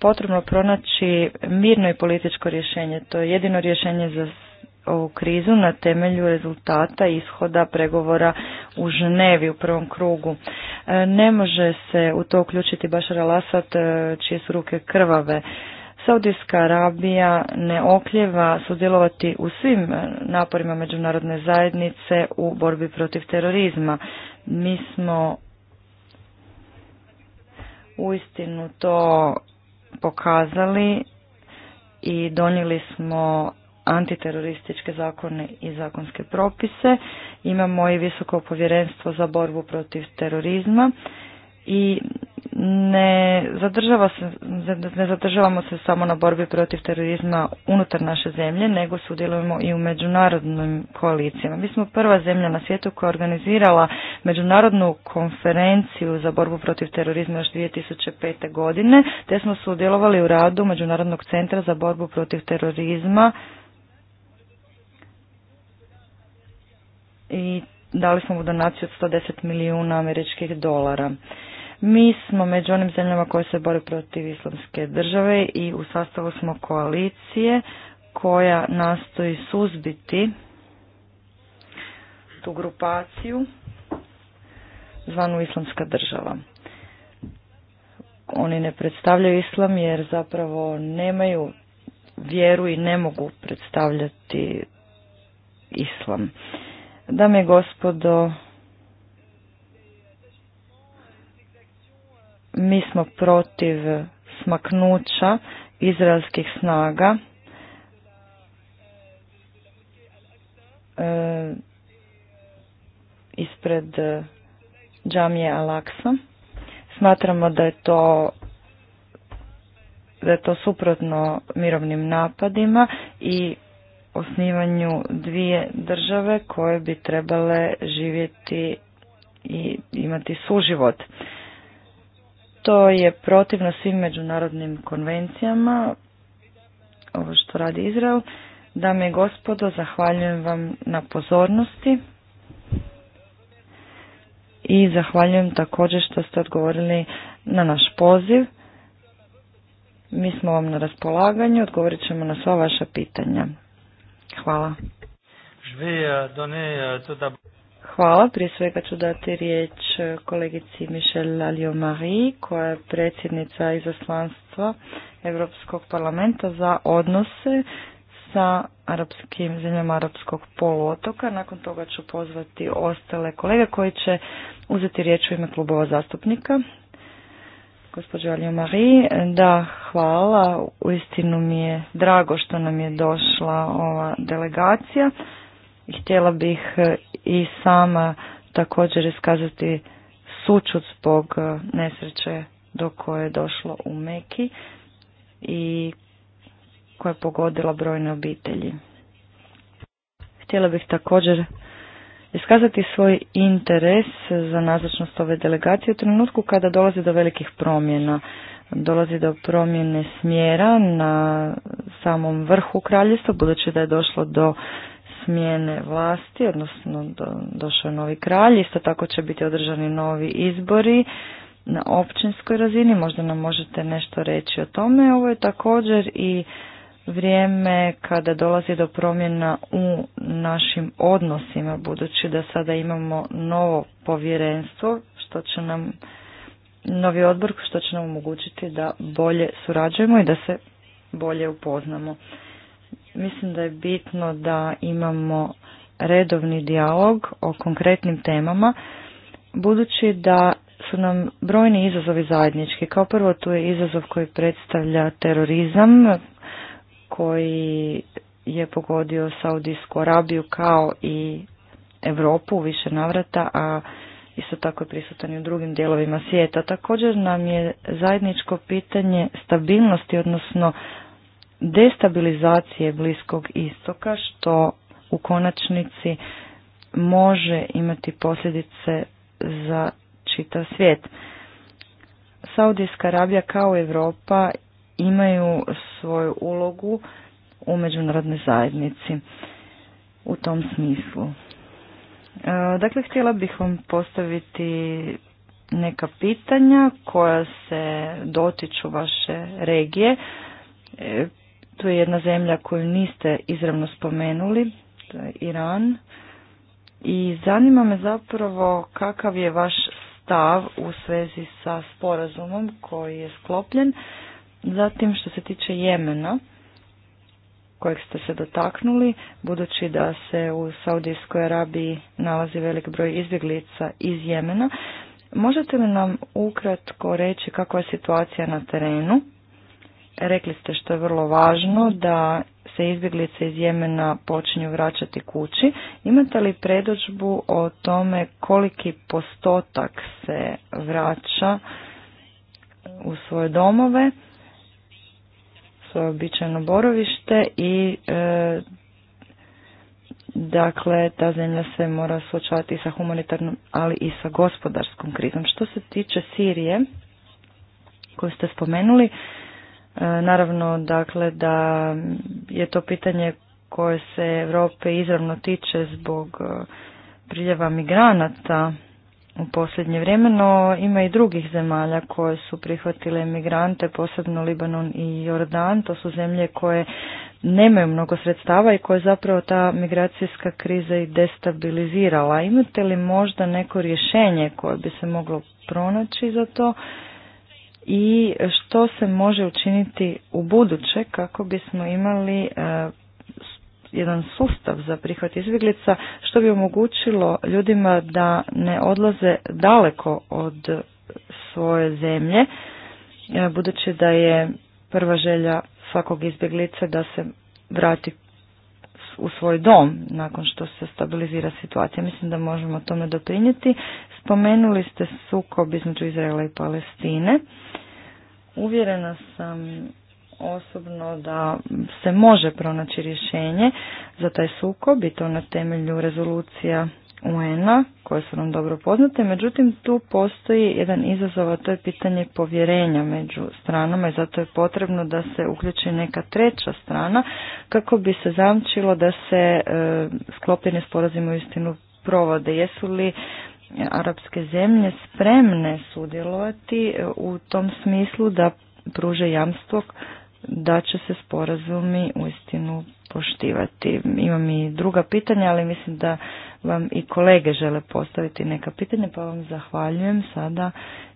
potrebno pronaći mirno i političko rješenje. To je jedino rješenje za ovu krizu na temelju rezultata ishoda pregovora u Ženevi u prvom krugu. E, ne može se u to uključiti Bašar Alasat e, čije su ruke krvave. Saudijska Arabija ne okljeva sudjelovati u svim naporima međunarodne zajednice u borbi protiv terorizma. Mi smo uistinu to pokazali i donijeli smo antiterorističke zakone i zakonske propise. Imamo i visoko povjerenstvo za borbu protiv terorizma i ne, zadržava se, ne zadržavamo se samo na borbi protiv terorizma unutar naše zemlje, nego sudjelujemo i u međunarodnim koalicijama. Mi smo prva zemlja na svijetu koja je organizirala međunarodnu konferenciju za borbu protiv terorizma još 2005. godine, te smo sudjelovali u radu Međunarodnog centra za borbu protiv terorizma i dali smo mu donaciju od 110 milijuna američkih dolara. Mi smo među onim zemljama koje se bore protiv islamske države i u sastavu smo koalicije koja nastoji suzbiti tu grupaciju zvanu islamska država. Oni ne predstavljaju islam jer zapravo nemaju vjeru i ne mogu predstavljati islam. Dame i gospodo, Mi smo protiv smaknuća izraelskih snaga e, ispred džamije Alaksa. Smatramo da je to da je to suprotno mirovnim napadima i osnivanju dvije države koje bi trebale živjeti i imati suživot. To je protivno svim međunarodnim konvencijama, ovo što radi Izrael. Dame i gospodo, zahvaljujem vam na pozornosti i zahvaljujem također što ste odgovorili na naš poziv. Mi smo vam na raspolaganju, odgovorit ćemo na sva vaša pitanja. Hvala. Euh, euh, Hvala. Prije svega ću dati riječ e, kolegici Michelle marie koja je predsjednica izaslanstva Europskog parlamenta za odnose sa arapskim zemljama arapskog poluotoka. Nakon toga ću pozvati ostale kolege koji će uzeti riječ u ime klubova zastupnika. Gospođo marie da, hvala. Uistinu mi je drago što nam je došla ova delegacija. Htjela bih e, i sama također iskazati sučut zbog e, nesreće do koje je došlo u Meki i koja je pogodila brojne obitelji. Htjela bih također iskazati svoj interes za nazočnost ove delegacije u trenutku kada dolazi do velikih promjena. Dolazi do promjene smjera na samom vrhu kraljevstva, budući da je došlo do smjene vlasti, odnosno došao je novi kralj, isto tako će biti održani novi izbori na općinskoj razini, možda nam možete nešto reći o tome. Ovo je također i vrijeme kada dolazi do promjena u našim odnosima, budući da sada imamo novo povjerenstvo, što će nam novi odbor što će nam omogućiti da bolje surađujemo i da se bolje upoznamo. Mislim da je bitno da imamo redovni dijalog o konkretnim temama, budući da su nam brojni izazovi zajednički. Kao prvo tu je izazov koji predstavlja terorizam, koji je pogodio Saudijsku Arabiju kao i Europu u više navrata, a isto tako je prisutan i u drugim dijelovima svijeta. Također nam je zajedničko pitanje stabilnosti, odnosno destabilizacije Bliskog istoka što u konačnici može imati posljedice za čitav svijet. Saudijska Arabija kao Europa imaju svoju ulogu u međunarodnoj zajednici u tom smislu. E, dakle, htjela bih vam postaviti neka pitanja koja se dotiču vaše regije. E, to je jedna zemlja koju niste izravno spomenuli, to je Iran. I zanima me zapravo kakav je vaš stav u svezi sa sporazumom koji je sklopljen. Zatim što se tiče Jemena, kojeg ste se dotaknuli, budući da se u Saudijskoj Arabiji nalazi velik broj izbjeglica iz Jemena, možete li nam ukratko reći kakva je situacija na terenu? Rekli ste što je vrlo važno da se izbjeglice iz Jemena počinju vraćati kući. Imate li predođbu o tome koliki postotak se vraća u svoje domove, svoje običajno borovište i e, dakle ta zemlja se mora suočavati sa humanitarnom, ali i sa gospodarskom krizom. Što se tiče Sirije koju ste spomenuli, E, naravno, dakle, da je to pitanje koje se Europe izravno tiče zbog e, priljeva migranata u posljednje vrijeme, no ima i drugih zemalja koje su prihvatile migrante, posebno Libanon i Jordan. To su zemlje koje nemaju mnogo sredstava i koje zapravo ta migracijska kriza i destabilizirala. Imate li možda neko rješenje koje bi se moglo pronaći za to? i što se može učiniti u buduće kako bismo imali e, jedan sustav za prihvat izbjeglica što bi omogućilo ljudima da ne odlaze daleko od svoje zemlje e, budući da je prva želja svakog izbjeglica da se vrati u svoj dom nakon što se stabilizira situacija. Mislim da možemo tome doprinijeti. Spomenuli ste sukob između Izraela i Palestine. Uvjerena sam osobno da se može pronaći rješenje za taj sukob i to na temelju rezolucija UN-a koje su nam dobro poznate, međutim tu postoji jedan izazov, a to je pitanje povjerenja među stranama i zato je potrebno da se uključi neka treća strana kako bi se zamčilo da se e, sklopljeni sporazumi u istinu provode. Jesu li arapske zemlje spremne sudjelovati e, u tom smislu da pruže jamstvo da će se sporazumi u istinu poštivati. Imam i druga pitanja, ali mislim da vam i kolege žele postaviti neka pitanja, pa vam zahvaljujem sada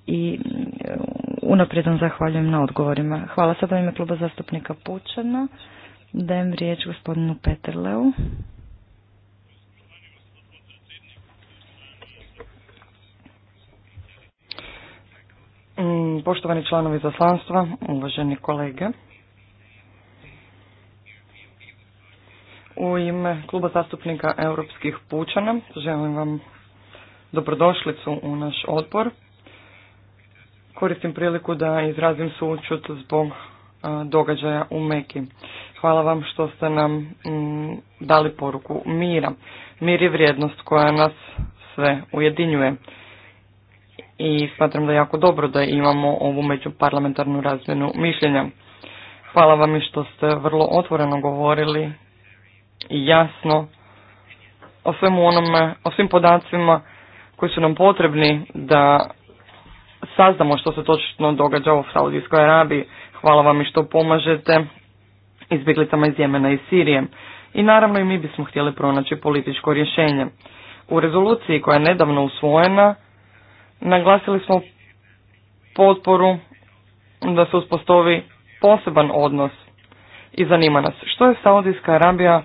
i e, unaprijed vam zahvaljujem na odgovorima. Hvala sada ime kluba zastupnika Pučana. Dajem riječ gospodinu Peterleu. Mm, poštovani članovi zaslanstva, uvaženi kolege, U ime Kluba zastupnika Europskih pučana želim vam dobrodošlicu u naš odbor. Koristim priliku da izrazim sučut zbog događaja u Meki. Hvala vam što ste nam mm, dali poruku mira. Mir je vrijednost koja nas sve ujedinjuje. I smatram da je jako dobro da imamo ovu međuparlamentarnu razmjenu mišljenja. Hvala vam i što ste vrlo otvoreno govorili jasno o svemu onome, o svim podacima koji su nam potrebni da saznamo što se točno događa u Saudijskoj Arabiji. Hvala vam i što pomažete izbjeglicama iz Jemena i Sirije. I naravno i mi bismo htjeli pronaći političko rješenje. U rezoluciji koja je nedavno usvojena naglasili smo potporu da se uspostavi poseban odnos i zanima nas što je Saudijska Arabija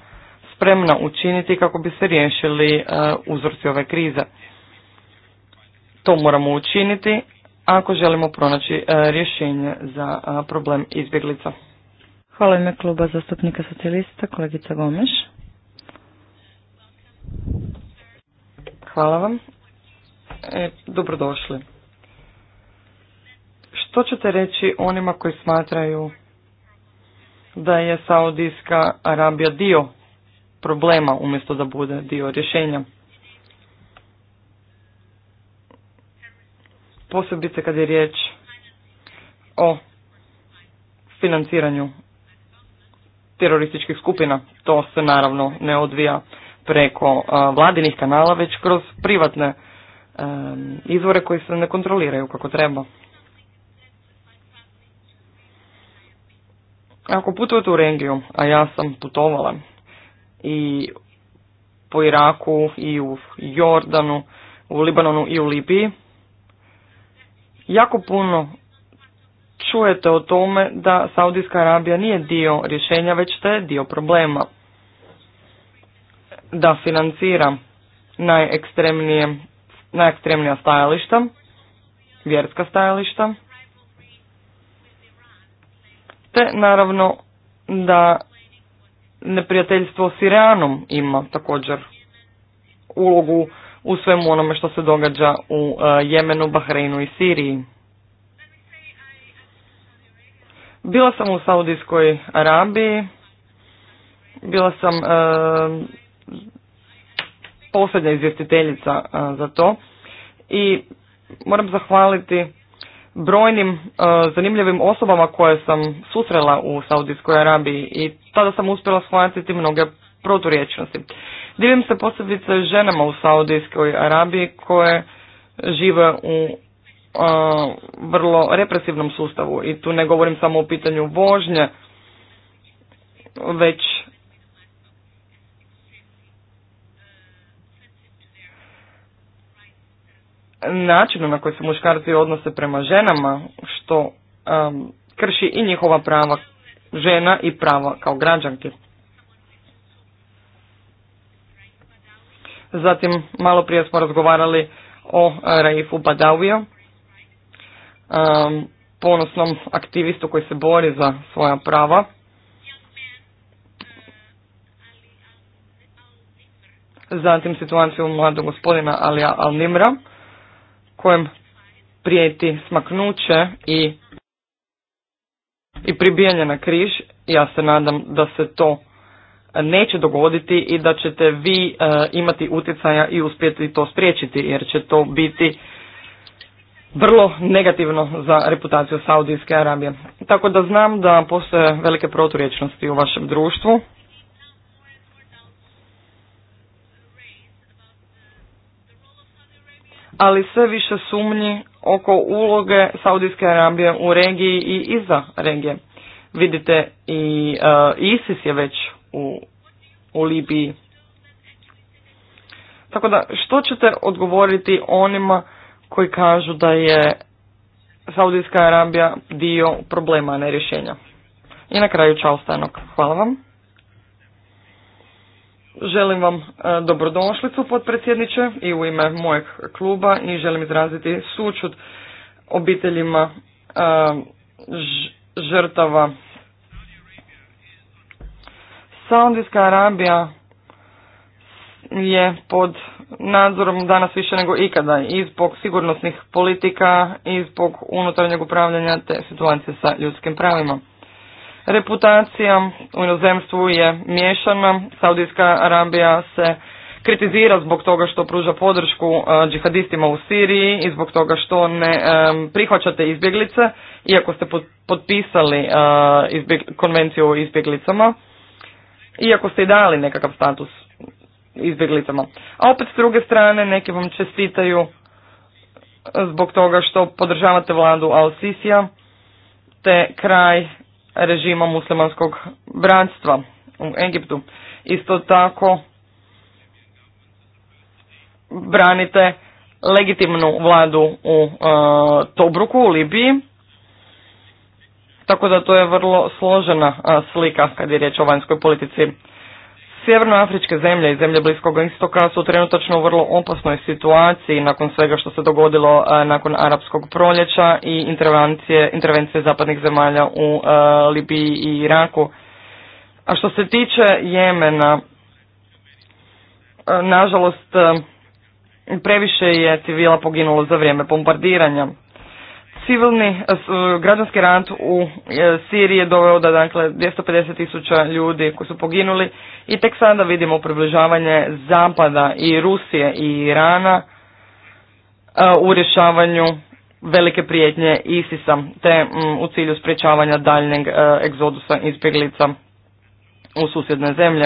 spremna učiniti kako bi se riješili e, uzorci ove krize. To moramo učiniti ako želimo pronaći e, rješenje za e, problem izbjeglica. Hvala ime kluba zastupnika socijalista, kolegica Gomeš. Hvala vam. dobrodošli. Što ćete reći onima koji smatraju da je Saudijska Arabija dio problema umjesto da bude dio rješenja. Posebice kad je riječ o financiranju terorističkih skupina. To se naravno ne odvija preko e, vladinih kanala, već kroz privatne e, izvore koji se ne kontroliraju kako treba. Ako putujete u regiju, a ja sam putovala i po Iraku i u Jordanu, u Libanonu i u Libiji. Jako puno čujete o tome da Saudijska Arabija nije dio rješenja, već da je dio problema. Da financira najekstremnije, najekstremnija stajališta, vjerska stajališta, te naravno da neprijateljstvo s Iranom ima također ulogu u svemu onome što se događa u e, Jemenu, Bahreinu i Siriji. Bila sam u Saudijskoj Arabiji, bila sam e, posljednja izvjestiteljica e, za to i moram zahvaliti brojnim e, zanimljivim osobama koje sam susrela u Saudijskoj Arabiji i tada sam uspjela shvatiti mnoge proturječnosti. Divim se posebice ženama u Saudijskoj Arabiji koje žive u e, vrlo represivnom sustavu i tu ne govorim samo o pitanju vožnje, već načinu na koji se muškarci odnose prema ženama, što krši i njihova prava žena i prava kao građanke. Zatim, malo prije smo razgovarali o Raifu Badawiju, um, ponosnom aktivistu koji se bori za svoja prava. Zatim situaciju mladog gospodina Alija Al-Nimra, kojem prijeti smaknuće i, i pribijanje na križ. Ja se nadam da se to neće dogoditi i da ćete vi e, imati utjecaja i uspjeti to spriječiti jer će to biti vrlo negativno za reputaciju Saudijske Arabije. Tako da znam da postoje velike proturječnosti u vašem društvu ali sve više sumnji oko uloge Saudijske Arabije u regiji i iza regije. Vidite i uh, ISIS je već u, u Libiji. Tako da, što ćete odgovoriti onima koji kažu da je Saudijska Arabija dio problema, a ne rješenja? I na kraju, čao Stanok. Hvala vam. Želim vam e, dobrodošlicu, potpredsjedniče, i u ime mojeg kluba i želim izraziti sučut obiteljima e, žrtava. Saudijska Arabija je pod nadzorom danas više nego ikada i zbog sigurnosnih politika i zbog unutarnjeg upravljanja te situacije sa ljudskim pravima. Reputacija u inozemstvu je miješana. Saudijska Arabija se kritizira zbog toga što pruža podršku e, džihadistima u Siriji i zbog toga što ne e, prihvaćate izbjeglice, iako ste potpisali e, konvenciju o izbjeglicama, iako ste i dali nekakav status izbjeglicama. A opet s druge strane neki vam čestitaju zbog toga što podržavate vladu Al-Sisija te kraj režima muslimanskog branstva u Egiptu. Isto tako branite legitimnu vladu u e, Tobruku u Libiji. Tako da to je vrlo složena e, slika kad je riječ o vanjskoj politici Sjevernoafričke zemlje i zemlje Bliskog istoka su trenutačno u vrlo opasnoj situaciji nakon svega što se dogodilo e, nakon arapskog proljeća i intervencije, intervencije zapadnih zemalja u e, Libiji i Iraku. A što se tiče Jemena, e, nažalost, previše je civila poginulo za vrijeme bombardiranja civilni e, e, građanski rat u e, Siriji je doveo da dakle 250 tisuća ljudi koji su poginuli i tek sada vidimo približavanje Zapada i Rusije i Irana u rješavanju velike prijetnje ISIS-a te u cilju sprječavanja daljnjeg egzodusa izbjeglica u susjedne zemlje.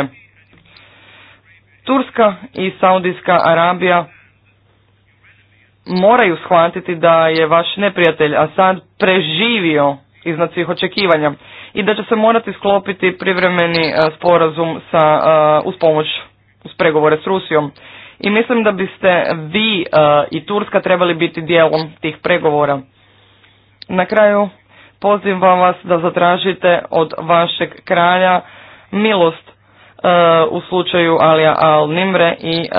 Turska i Saudijska Arabija moraju shvatiti da je vaš neprijatelj Asad preživio iznad svih očekivanja i da će se morati sklopiti privremeni e, sporazum sa, e, uz pomoć, uz pregovore s Rusijom. I mislim da biste vi e, i Turska trebali biti dijelom tih pregovora. Na kraju pozivam vas da zatražite od vašeg kralja milost u slučaju Alija Al-Nimre i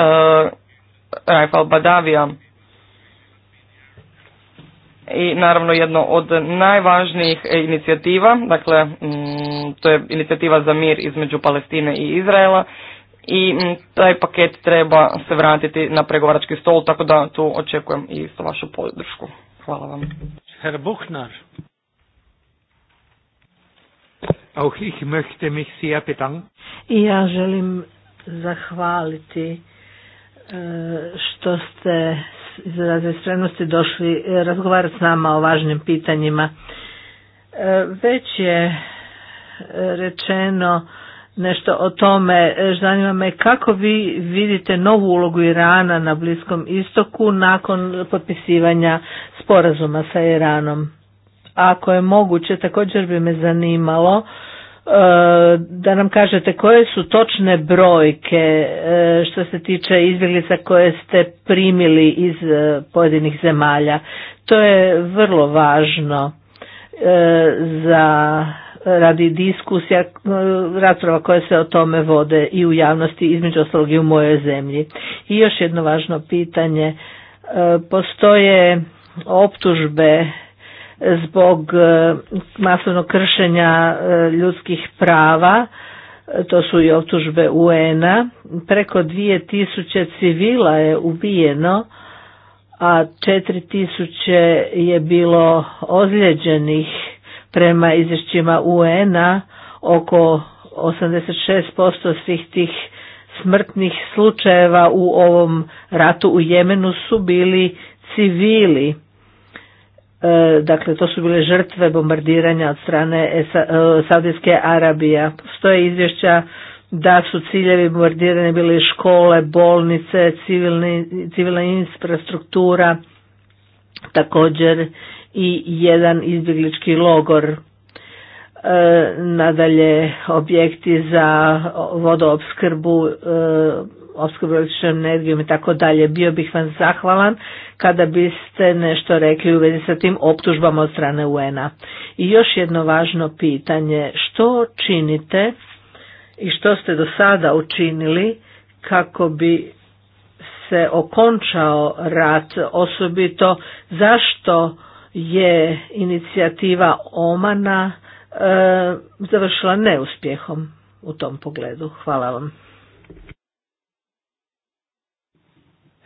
Rajfal Badavija i naravno jedno od najvažnijih inicijativa, dakle mm, to je inicijativa za mir između Palestine i Izraela i mm, taj paket treba se vratiti na pregovarački stol, tako da tu očekujem i isto vašu podršku. Hvala vam. Herr Buchner. Auch ich möchte mich sehr bedanken. Ja želim zahvaliti e, što ste iz spremnosti došli e, razgovarati s nama o važnim pitanjima. E, već je e, rečeno nešto o tome. Zanima me kako vi vidite novu ulogu Irana na Bliskom istoku nakon potpisivanja sporazuma sa Iranom. Ako je moguće, također bi me zanimalo da nam kažete koje su točne brojke e, što se tiče izbjeglica koje ste primili iz e, pojedinih zemalja. To je vrlo važno e, za radi diskusija, rasprava koje se o tome vode i u javnosti, između ostalog i u mojoj zemlji. I još jedno važno pitanje, postoje optužbe zbog e, masovnog kršenja e, ljudskih prava, e, to su i optužbe UN-a, preko 2000 civila je ubijeno, a 4000 je bilo ozlijeđenih prema izvješćima UN-a, oko 86% svih tih smrtnih slučajeva u ovom ratu u Jemenu su bili civili E, dakle to su bile žrtve bombardiranja od strane e, Saudijske Arabije. Postoje izvješća da su ciljevi bombardirane bili škole, bolnice, civilna infrastruktura, također i jedan izbjeglički logor. E, nadalje objekti za vodoopskrbu opskrbu električnom energijom i tako dalje. Bio bih vam zahvalan kada biste nešto rekli u vezi sa tim optužbama od strane UN-a. I još jedno važno pitanje, što činite i što ste do sada učinili kako bi se okončao rat, osobito zašto je inicijativa Omana e, završila neuspjehom u tom pogledu. Hvala vam.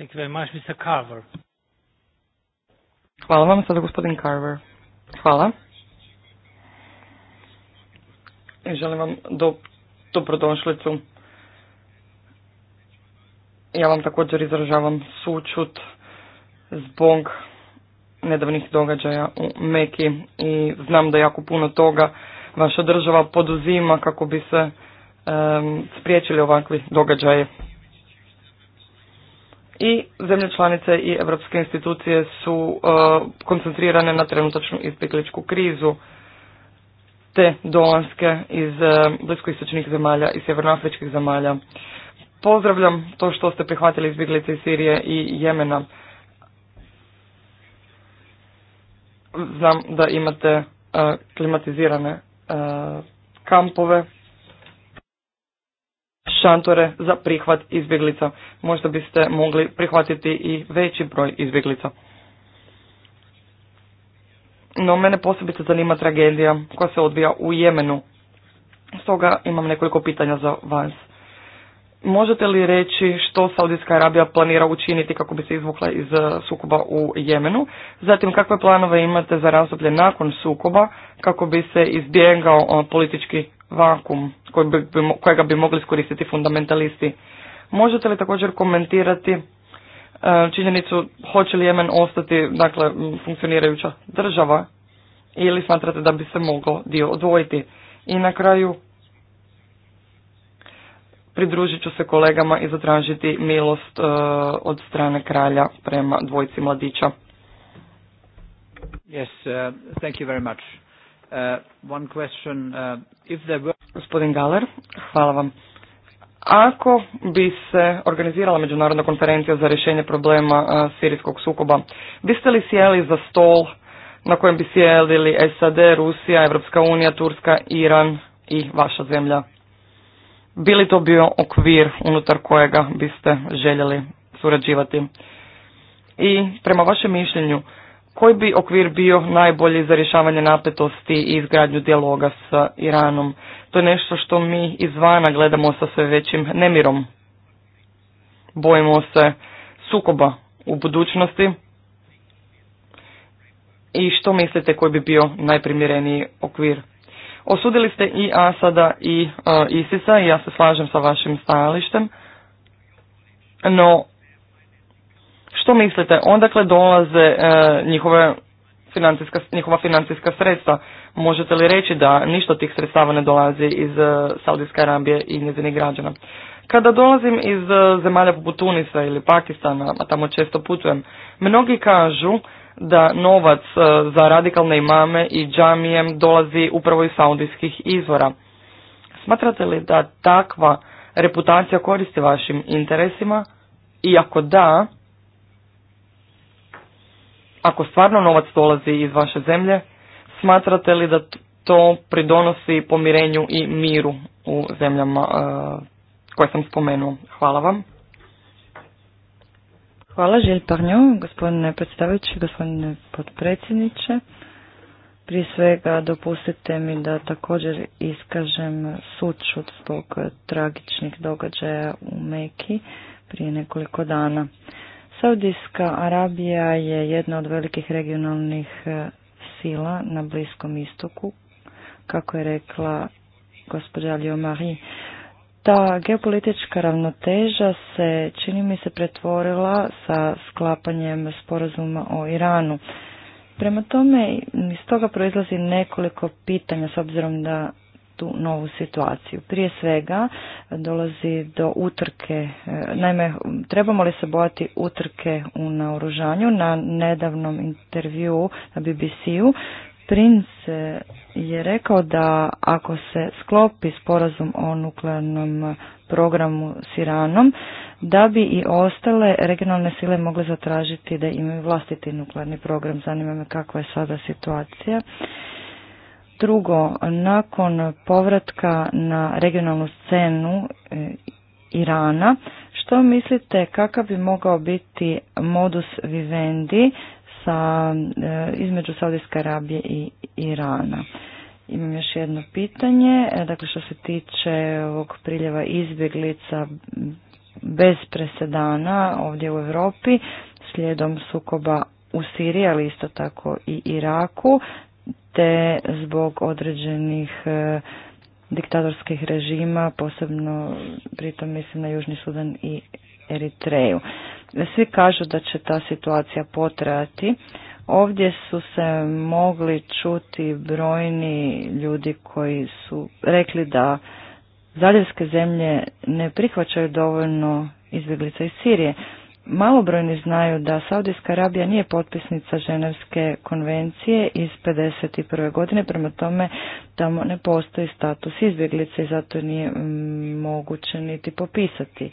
Thank you very Carver. Hvala vam sada gospodin Carver. Hvala. I želim vam do, dobrodošlicu. Ja vam također izražavam sučut zbog nedavnih događaja u Meki i znam da jako puno toga vaša država poduzima kako bi se um, spriječili ovakvi događaje i zemlje članice i europske institucije su e, koncentrirane na trenutačnu izbjegličku krizu te dolanske iz uh, bliskoistočnih zemalja i sjevernoafričkih zemalja. Pozdravljam to što ste prihvatili izbjeglice iz Sirije i Jemena. Znam da imate e, klimatizirane kampove šantore za prihvat izbjeglica. Možda biste mogli prihvatiti i veći broj izbjeglica. No, mene posebice zanima tragedija koja se odvija u Jemenu. Stoga imam nekoliko pitanja za vas. Možete li reći što Saudijska Arabija planira učiniti kako bi se izvukla iz eh, sukoba u Jemenu? Zatim kakve planove imate za razdoblje nakon sukoba kako bi se izbjegao eh, politički vakum koji bi, kojega bi mogli iskoristiti fundamentalisti. Možete li također komentirati e, činjenicu hoće li Jemen ostati dakle, funkcionirajuća država ili smatrate da bi se moglo dio odvojiti. I na kraju pridružit ću se kolegama i zatražiti milost e, od strane kralja prema dvojci mladića. Yes, uh, thank you very much. Uh, one question, uh, Gospodin Galer, hvala vam. Ako bi se organizirala međunarodna konferencija za rješenje problema uh, sirijskog sukoba, biste li sjeli za stol na kojem bi sjedili SAD, Rusija, Evropska unija, Turska, Iran i vaša zemlja? Bili to bio okvir unutar kojega biste željeli surađivati? I prema vašem mišljenju, koji bi okvir bio najbolji za rješavanje napetosti i izgradnju dijaloga s Iranom. To je nešto što mi izvana gledamo sa sve većim nemirom. Bojimo se sukoba u budućnosti. I što mislite koji bi bio najprimjereniji okvir? Osudili ste i Asada i uh, Isisa i ja se slažem sa vašim stajalištem. No, što mislite? Ondakle dolaze e, njihove financijska, njihova financijska sredstva. Možete li reći da ništa tih sredstava ne dolazi iz e, Saudijske Arabije i njezinih građana? Kada dolazim iz e, zemalja poput Tunisa ili Pakistana, a tamo često putujem, mnogi kažu da novac za radikalne imame i džamijem dolazi upravo iz saudijskih izvora. Smatrate li da takva reputacija koristi vašim interesima? I ako da, ako stvarno novac dolazi iz vaše zemlje, smatrate li da to pridonosi pomirenju i miru u zemljama e, koje sam spomenuo? Hvala vam. Hvala, Žilj Parnjo, gospodine predstavajući, gospodine potpredsjedniče. Prije svega dopustite mi da također iskažem sučut zbog tragičnih događaja u Meki prije nekoliko dana. Saudijska Arabija je jedna od velikih regionalnih e, sila na Bliskom istoku, kako je rekla gospođa Lio-Marie. Ta geopolitička ravnoteža se, čini mi se, pretvorila sa sklapanjem sporazuma o Iranu. Prema tome, iz toga proizlazi nekoliko pitanja, s obzirom da tu novu situaciju. Prije svega dolazi do utrke, e, naime trebamo li se bojati utrke u naoružanju? Na nedavnom intervju na BBC-u Princ e, je rekao da ako se sklopi sporazum o nuklearnom programu s Iranom, da bi i ostale regionalne sile mogle zatražiti da imaju vlastiti nuklearni program. Zanima me kakva je sada situacija. Drugo, nakon povratka na regionalnu scenu e, Irana, što mislite kakav bi mogao biti modus vivendi sa, e, između Saudijske Arabije i Irana? Imam još jedno pitanje, e, dakle što se tiče ovog priljeva izbjeglica bez presedana ovdje u Europi slijedom sukoba u Siriji, ali isto tako i Iraku te zbog određenih e, diktatorskih režima, posebno pritom mislim na Južni Sudan i Eritreju. Svi kažu da će ta situacija potrajati. Ovdje su se mogli čuti brojni ljudi koji su rekli da zaljevske zemlje ne prihvaćaju dovoljno izbjeglica iz Sirije malobrojni znaju da Saudijska Arabija nije potpisnica Ženevske konvencije iz 51. godine, prema tome tamo ne postoji status izbjeglice i zato nije mm, moguće niti popisati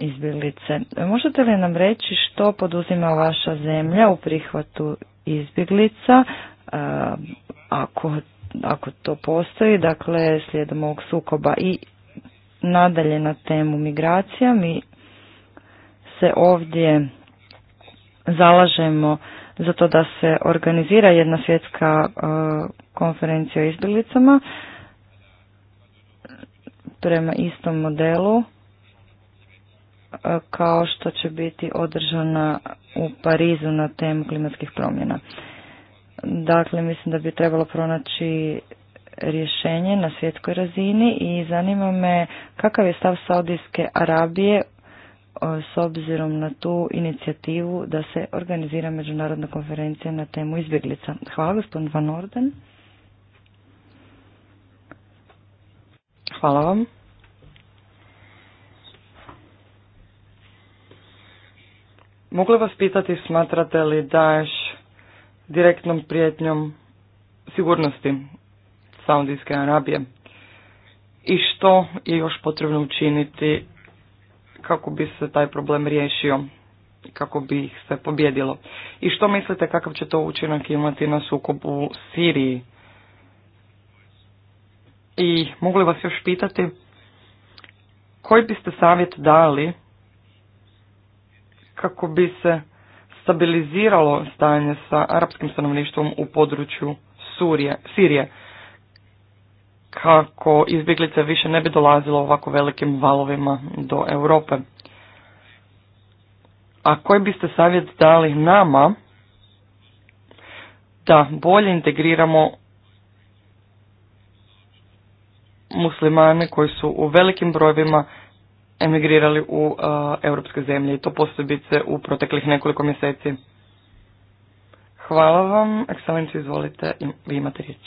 izbjeglice. Možete li nam reći što poduzima vaša zemlja u prihvatu izbjeglica, ako, ako to postoji, dakle slijedom ovog sukoba i nadalje na temu migracija, mi se ovdje zalažemo za to da se organizira jedna svjetska e, konferencija o izbjeglicama prema istom modelu e, kao što će biti održana u Parizu na temu klimatskih promjena. Dakle, mislim da bi trebalo pronaći rješenje na svjetskoj razini i zanima me kakav je stav Saudijske Arabije s obzirom na tu inicijativu da se organizira međunarodna konferencija na temu izbjeglica. Hvala gospodin Van Orden. Hvala vam. Mogu li vas pitati smatrate li ješ direktnom prijetnjom sigurnosti Saudijske Arabije i što je još potrebno učiniti kako bi se taj problem riješio kako bi ih se pobjedilo. I što mislite kakav će to učinak imati na sukob u Siriji? I mogu li vas još pitati koji biste savjet dali kako bi se stabiliziralo stanje sa arapskim stanovništvom u području Surije, Sirije? kako izbjeglice više ne bi dolazilo ovako velikim valovima do Europe. A koji biste savjet dali nama da bolje integriramo muslimane koji su u velikim brojevima emigrirali u uh, europske zemlje i to posebice u proteklih nekoliko mjeseci. Hvala vam, ekscelenciju izvolite, vi imate riječ.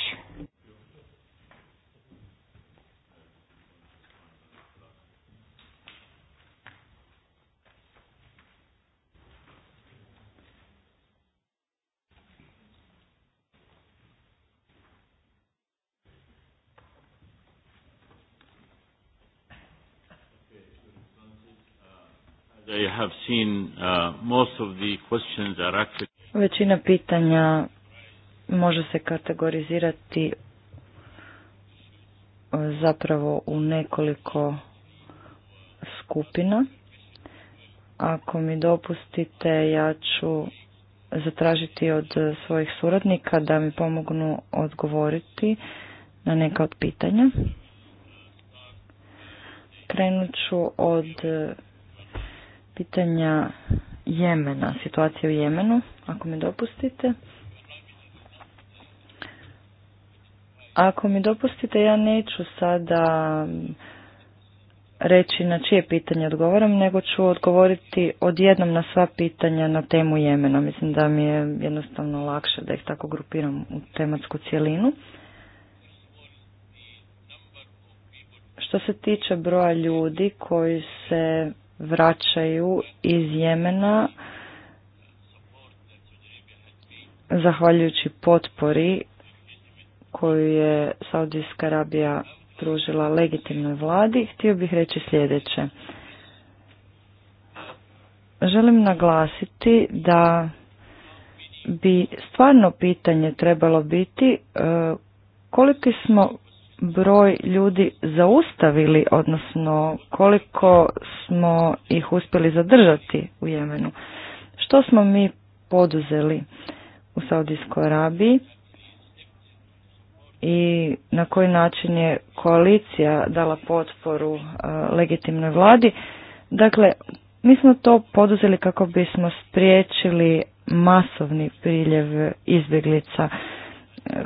Uh, Većina pitanja može se kategorizirati uh, zapravo u nekoliko skupina. Ako mi dopustite, ja ću zatražiti od svojih suradnika da mi pomognu odgovoriti na neka od pitanja. Krenut ću od pitanja Jemena, situacije u Jemenu, ako mi dopustite. Ako mi dopustite, ja neću sada reći na čije pitanje odgovaram, nego ću odgovoriti odjednom na sva pitanja na temu Jemena. Mislim da mi je jednostavno lakše da ih tako grupiram u tematsku cjelinu. Što se tiče broja ljudi koji se vraćaju iz Jemena zahvaljujući potpori koju je Saudijska Arabija pružila legitimnoj vladi, htio bih reći sljedeće. Želim naglasiti da bi stvarno pitanje trebalo biti e, koliki smo broj ljudi zaustavili, odnosno koliko smo ih uspjeli zadržati u Jemenu. Što smo mi poduzeli u Saudijskoj Arabiji i na koji način je koalicija dala potporu e, legitimnoj vladi. Dakle, mi smo to poduzeli kako bismo spriječili masovni priljev izbjeglica e,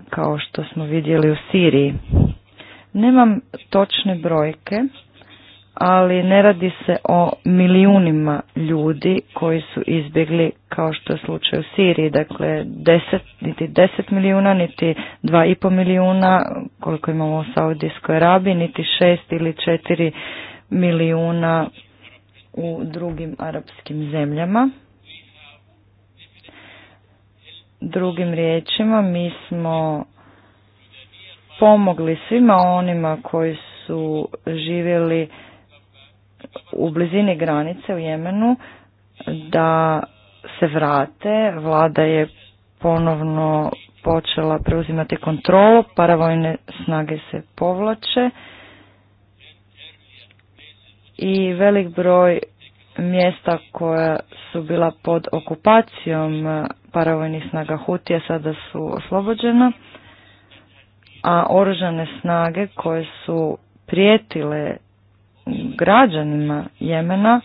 kao što smo vidjeli u Siriji. Nemam točne brojke, ali ne radi se o milijunima ljudi koji su izbjegli kao što je slučaj u Siriji. Dakle, deset niti 10 milijuna, niti 2,5 milijuna koliko imamo u Saudijskoj Arabiji, niti 6 ili 4 milijuna u drugim arapskim zemljama. Drugim riječima, mi smo pomogli svima onima koji su živjeli u blizini granice u Jemenu da se vrate. Vlada je ponovno počela preuzimati kontrolu, paravojne snage se povlače i velik broj mjesta koja su bila pod okupacijom paravojnih snaga Hutija sada su oslobođena a oružane snage koje su prijetile građanima Jemena,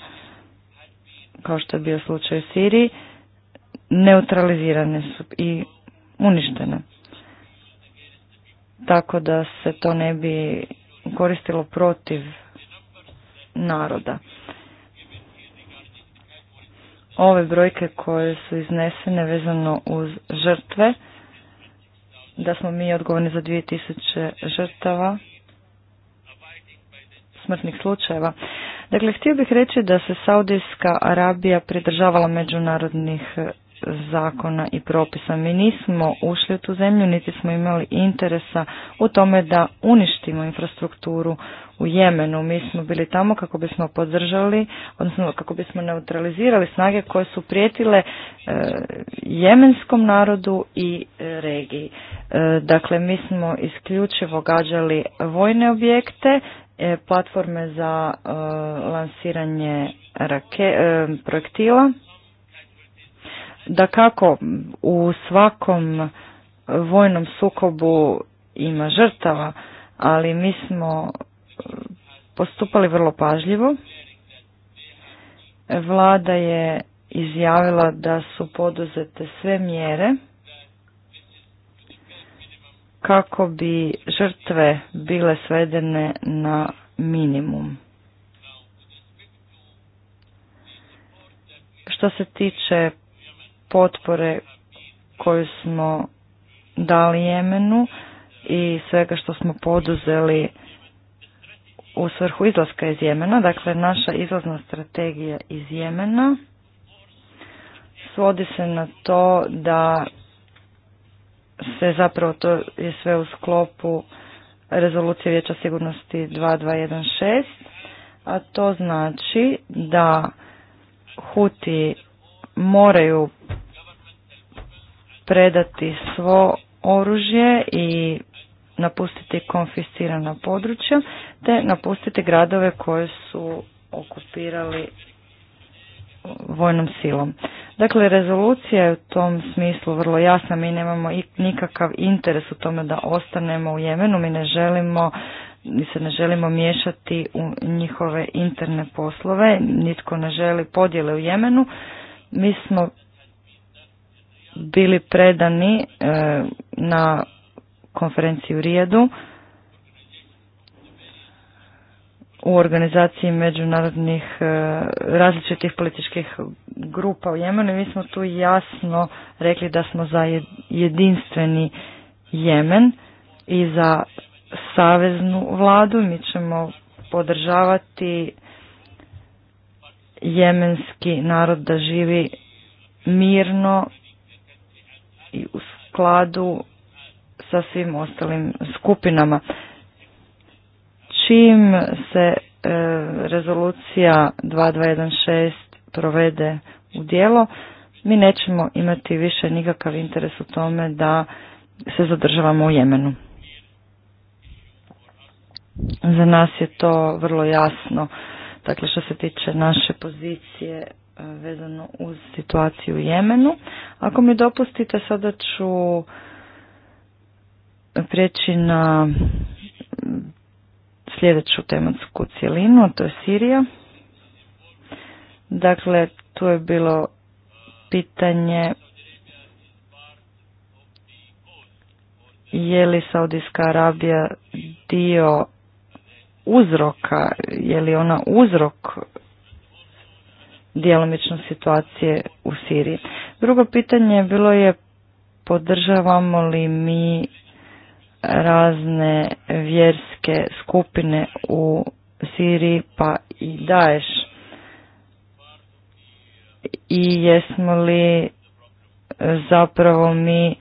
kao što je bio slučaj u Siriji, neutralizirane su i uništene. Tako da se to ne bi koristilo protiv naroda. Ove brojke koje su iznesene vezano uz žrtve da smo mi odgovorni za 2000 žrtava smrtnih slučajeva. Dakle, htio bih reći da se Saudijska Arabija pridržavala međunarodnih e, zakona i propisa. Mi nismo ušli u tu zemlju, niti smo imali interesa u tome da uništimo infrastrukturu u Jemenu. Mi smo bili tamo kako bismo podržali, odnosno kako bismo neutralizirali snage koje su prijetile e, jemenskom narodu i e, regiji. E, dakle, mi smo isključivo gađali vojne objekte, platforme za lansiranje rake, projektila. Da kako u svakom vojnom sukobu ima žrtava, ali mi smo postupali vrlo pažljivo. Vlada je izjavila da su poduzete sve mjere kako bi žrtve bile svedene na minimum. Što se tiče potpore koju smo dali Jemenu i svega što smo poduzeli u svrhu izlaska iz Jemena, dakle naša izlazna strategija iz Jemena svodi se na to da se zapravo to je sve u sklopu rezolucije Vijeća sigurnosti 2216, a to znači da Huti moraju predati svo oružje i napustiti konfiscirana područja te napustiti gradove koje su okupirali vojnom silom. Dakle, rezolucija je u tom smislu vrlo jasna. Mi nemamo nikakav interes u tome da ostanemo u Jemenu. Mi ne želimo mi se ne želimo miješati u njihove interne poslove, nitko ne želi podjele u Jemenu. Mi smo bili predani e, na konferenciji u Rijedu u organizaciji međunarodnih e, različitih političkih grupa u Jemenu i mi smo tu jasno rekli da smo za jedinstveni Jemen i za saveznu vladu. Mi ćemo podržavati jemenski narod da živi mirno i u skladu sa svim ostalim skupinama. Čim se e, rezolucija 2216 provede u dijelo, mi nećemo imati više nikakav interes u tome da se zadržavamo u Jemenu. Za nas je to vrlo jasno. Dakle, što se tiče naše pozicije e, vezano uz situaciju u Jemenu. Ako mi dopustite, sada ću prijeći na sljedeću tematsku cijelinu, a to je Sirija. Dakle, tu je bilo pitanje je li Saudijska Arabija dio uzroka, je li ona uzrok djelomično situacije u Siriji. Drugo pitanje bilo je podržavamo li mi razne vjerske skupine u Siriji pa i Daesh i jesmo li e, zapravo mi e,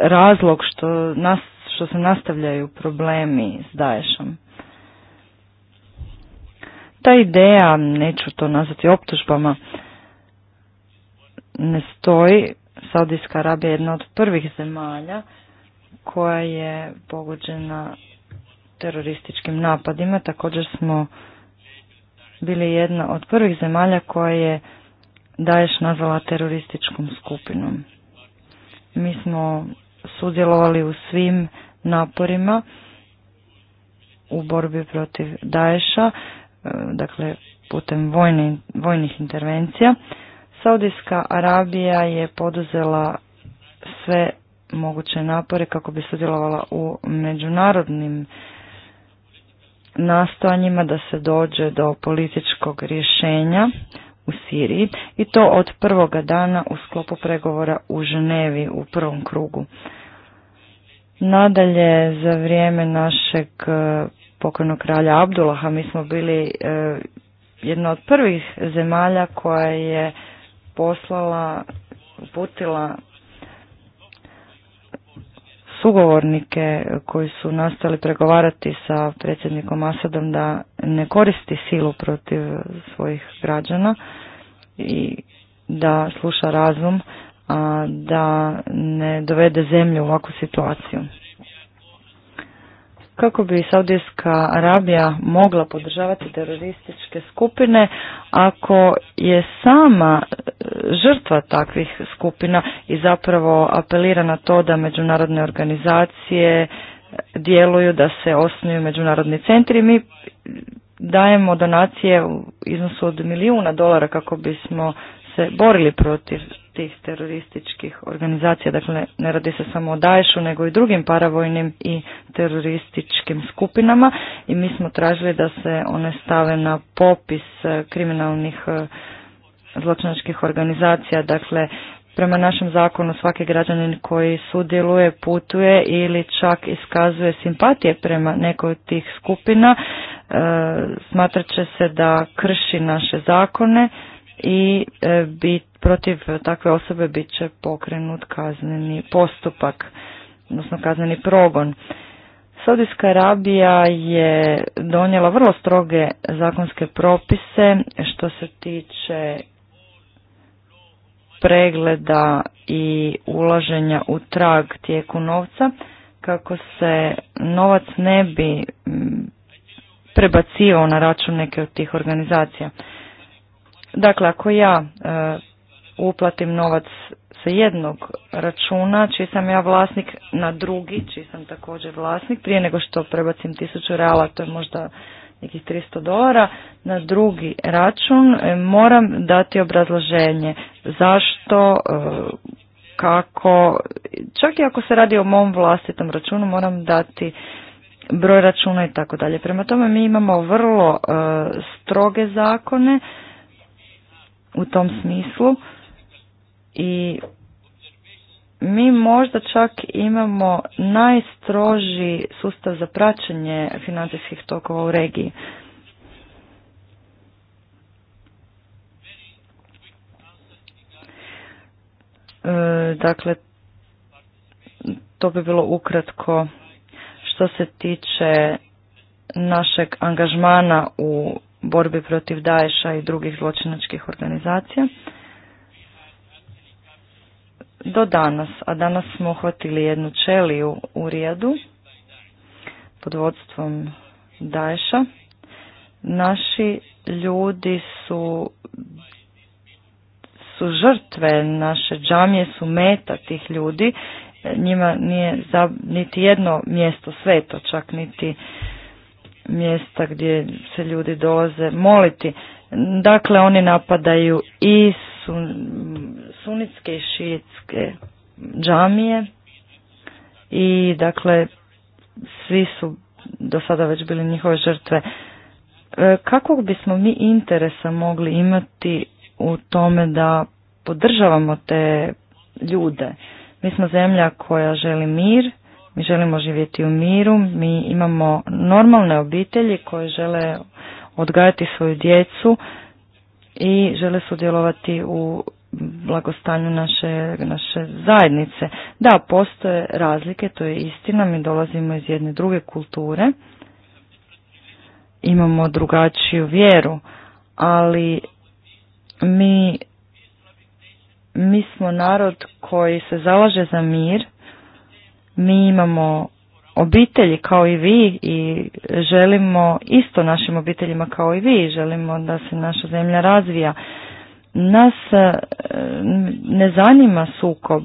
razlog što, nas, što se nastavljaju problemi s Daješom. Ta ideja, neću to nazvati optužbama, ne stoji. Saudijska Arabija je jedna od prvih zemalja koja je pogođena terorističkim napadima. Također smo bili jedna od prvih zemalja koja je Daješ nazvala terorističkom skupinom. Mi smo sudjelovali u svim naporima u borbi protiv Daješa, e, dakle putem vojnih intervencija. Saudijska Arabija je poduzela sve moguće napore kako bi sudjelovala u međunarodnim nastojanjima da se dođe do političkog rješenja u Siriji i to od prvoga dana u sklopu pregovora u Ženevi u prvom krugu. Nadalje, za vrijeme našeg e, pokojnog kralja Abdullaha mi smo bili e, jedna od prvih zemalja koja je poslala, uputila sugovornike koji su nastali pregovarati sa predsjednikom Asadom da ne koristi silu protiv svojih građana i da sluša razum, a da ne dovede zemlju u ovakvu situaciju kako bi Saudijska Arabija mogla podržavati terorističke skupine ako je sama e, žrtva takvih skupina i zapravo apelira na to da međunarodne organizacije e, djeluju, da se osnuju međunarodni centri. Mi dajemo donacije u iznosu od milijuna dolara kako bismo se borili protiv tih terorističkih organizacija. Dakle, ne radi se samo o Daješu, nego i drugim paravojnim i terorističkim skupinama. I mi smo tražili da se one stave na popis e, kriminalnih e, zločinačkih organizacija. Dakle, prema našem zakonu svaki građanin koji sudjeluje, putuje ili čak iskazuje simpatije prema nekoj od tih skupina, e, smatrat će se da krši naše zakone i e, protiv takve osobe bit će pokrenut kazneni postupak, odnosno kazneni progon. Saudijska Arabija je donijela vrlo stroge zakonske propise što se tiče pregleda i ulaženja u trag tijeku novca kako se novac ne bi prebacivao na račun neke od tih organizacija. Dakle, ako ja e, uplatim novac sa jednog računa, čiji sam ja vlasnik, na drugi, čiji sam također vlasnik, prije nego što prebacim tisuću reala, to je možda nekih 300 dolara, na drugi račun e, moram dati obrazloženje zašto, e, kako, čak i ako se radi o mom vlastitom računu, moram dati broj računa i tako dalje. Prema tome mi imamo vrlo stroge zakone u tom smislu i mi možda čak imamo najstroži sustav za praćenje financijskih tokova u regiji. E, dakle, to bi bilo ukratko što se tiče našeg angažmana u borbi protiv Daesha i drugih zločinačkih organizacija do danas, a danas smo uhvatili jednu čeliju u Rijadu pod vodstvom Daesha. Naši ljudi su su žrtve, naše džamije su meta tih ljudi, njima nije za, niti jedno mjesto sveto, čak niti mjesta gdje se ljudi dolaze moliti. Dakle, oni napadaju i sun, sunitske i šijetske džamije i dakle, svi su do sada već bili njihove žrtve. E, kakvog bismo mi interesa mogli imati u tome da podržavamo te ljude? Mi smo zemlja koja želi mir, mi želimo živjeti u miru, mi imamo normalne obitelji koje žele odgajati svoju djecu i žele sudjelovati u blagostanju naše, naše zajednice. Da, postoje razlike, to je istina, mi dolazimo iz jedne druge kulture, imamo drugačiju vjeru, ali mi, mi smo narod koji se zalaže za mir mi imamo obitelji kao i vi i želimo isto našim obiteljima kao i vi, želimo da se naša zemlja razvija. Nas e, ne zanima sukob.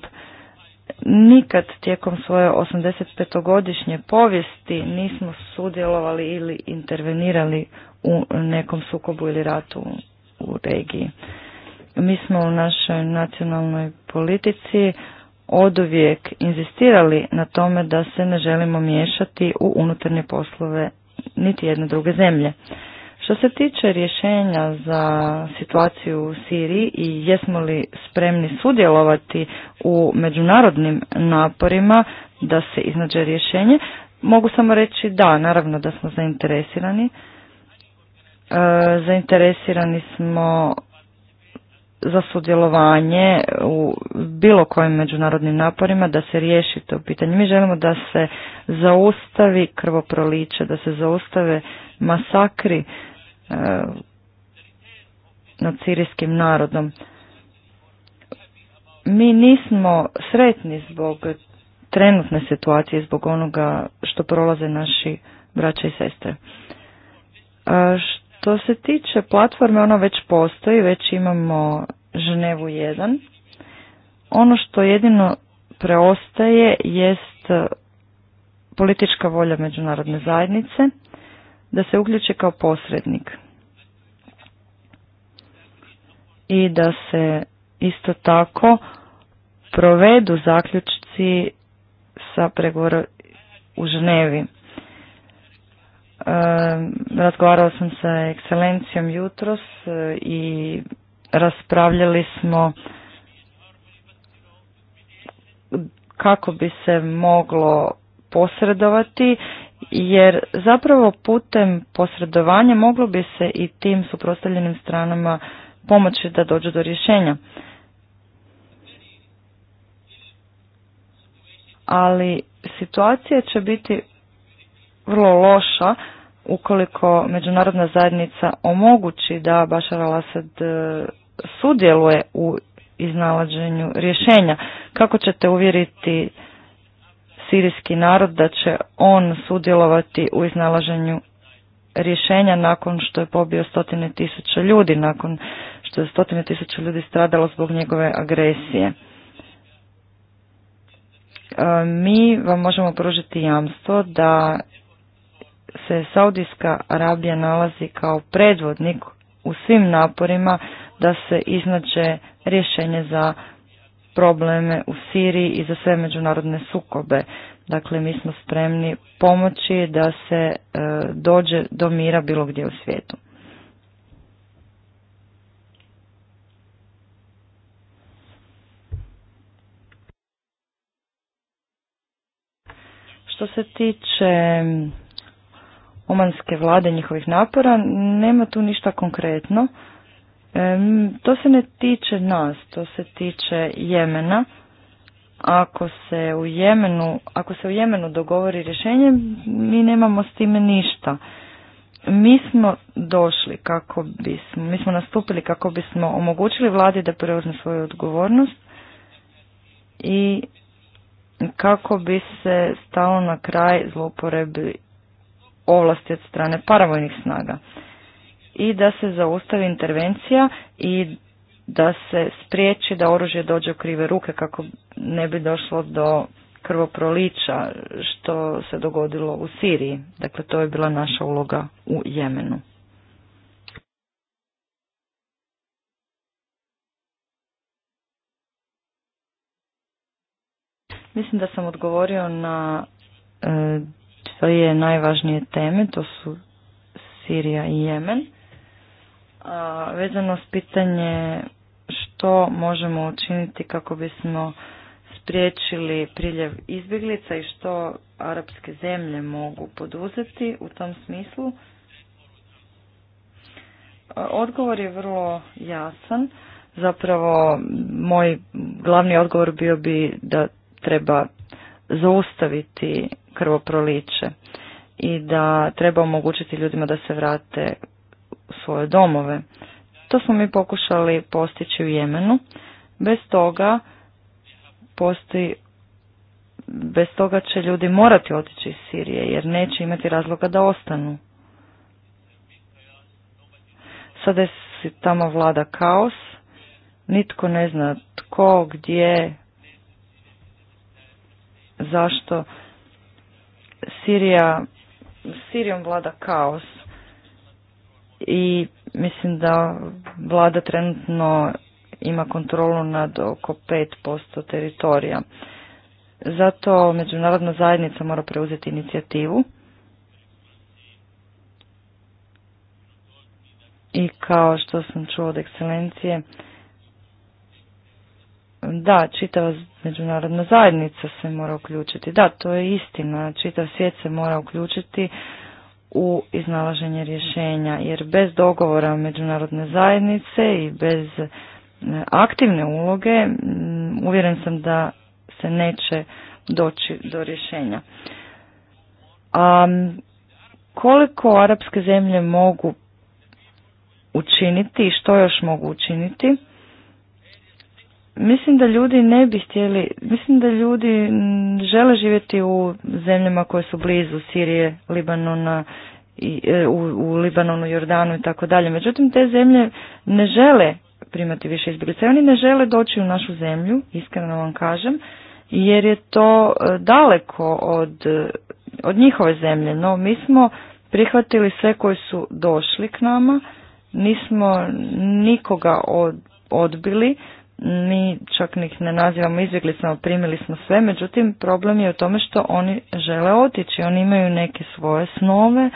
Nikad tijekom svoje 85-godišnje povijesti nismo sudjelovali ili intervenirali u nekom sukobu ili ratu u regiji. Mi smo u našoj nacionalnoj politici oduvijek inzistirali na tome da se ne želimo miješati u unutarnje poslove niti jedne druge zemlje. Što se tiče rješenja za situaciju u Siriji i jesmo li spremni sudjelovati u međunarodnim naporima da se iznađe rješenje, mogu samo reći da, naravno da smo zainteresirani. E, zainteresirani smo za sudjelovanje u bilo kojim međunarodnim naporima da se riješi to pitanje. Mi želimo da se zaustavi krvoproliće, da se zaustave masakri e, nad sirijskim narodom. Mi nismo sretni zbog trenutne situacije, zbog onoga što prolaze naši braća i sestre. Što se tiče platforme, ona već postoji, već imamo Ženevu 1. Ono što jedino preostaje jest e, politička volja međunarodne zajednice da se uključe kao posrednik i da se isto tako provedu zaključci sa pregovora u Ženevi. Ehm, razgovarao sam sa ekscelencijom jutros eh, i raspravljali smo kako bi se moglo posredovati jer zapravo putem posredovanja moglo bi se i tim suprotstavljenim stranama pomoći da dođu do rješenja. Ali situacija će biti vrlo loša ukoliko međunarodna zajednica omogući da Bašar al-Assad e, sudjeluje u iznalaženju rješenja. Kako ćete uvjeriti sirijski narod da će on sudjelovati u iznalaženju rješenja nakon što je pobio stotine tisuća ljudi, nakon što je stotine tisuća ljudi stradalo zbog njegove agresije. E, mi vam možemo pružiti jamstvo da se Saudijska Arabija nalazi kao predvodnik u svim naporima da se iznađe rješenje za probleme u Siriji i za sve međunarodne sukobe. Dakle, mi smo spremni pomoći da se e, dođe do mira bilo gdje u svijetu. Što se tiče omanske vlade njihovih napora, nema tu ništa konkretno. to se ne tiče nas, to se tiče Jemena. Ako se u Jemenu, ako se u Jemenu dogovori rješenje, mi nemamo s time ništa. Mi smo došli kako bismo, mi smo nastupili kako bismo omogućili vladi da preuzme svoju odgovornost i kako bi se stalo na kraj zloporebi ovlasti od strane paravojnih snaga i da se zaustavi intervencija i da se spriječi da oružje dođe u krive ruke kako ne bi došlo do krvoprolića što se dogodilo u Siriji. Dakle, to je bila naša uloga u Jemenu. Mislim da sam odgovorio na e, dvije najvažnije teme, to su Sirija i Jemen. A, vezano s pitanje što možemo učiniti kako bismo spriječili priljev izbjeglica i što arapske zemlje mogu poduzeti u tom smislu. Odgovor je vrlo jasan. Zapravo, moj glavni odgovor bio bi da treba zaustaviti proliče i da treba omogućiti ljudima da se vrate u svoje domove. To smo mi pokušali postići u Jemenu. Bez toga postoji bez toga će ljudi morati otići iz Sirije jer neće imati razloga da ostanu. Sada je tamo vlada kaos, nitko ne zna tko, gdje, zašto. Sirija, Sirijom vlada kaos i mislim da vlada trenutno ima kontrolu nad oko 5% teritorija. Zato međunarodna zajednica mora preuzeti inicijativu i kao što sam čuo od ekscelencije, da, čitava međunarodna zajednica se mora uključiti. Da, to je istina. Čitav svijet se mora uključiti u iznalaženje rješenja, jer bez dogovora međunarodne zajednice i bez e, aktivne uloge uvjeren sam da se neće doći do rješenja. A koliko arapske zemlje mogu učiniti i što još mogu učiniti? Mislim da ljudi ne bi htjeli, mislim da ljudi žele živjeti u zemljama koje su blizu Sirije, Libanona, i, e, u, Libanonu, Jordanu i tako dalje. Međutim, te zemlje ne žele primati više izbjeglice. Oni ne žele doći u našu zemlju, iskreno vam kažem, jer je to e, daleko od, e, od njihove zemlje. No, mi smo prihvatili sve koji su došli k nama, nismo nikoga odbili, mi čak ih ne nazivamo izbjeglicama, primili smo sve, međutim problem je u tome što oni žele otići, oni imaju neke svoje snove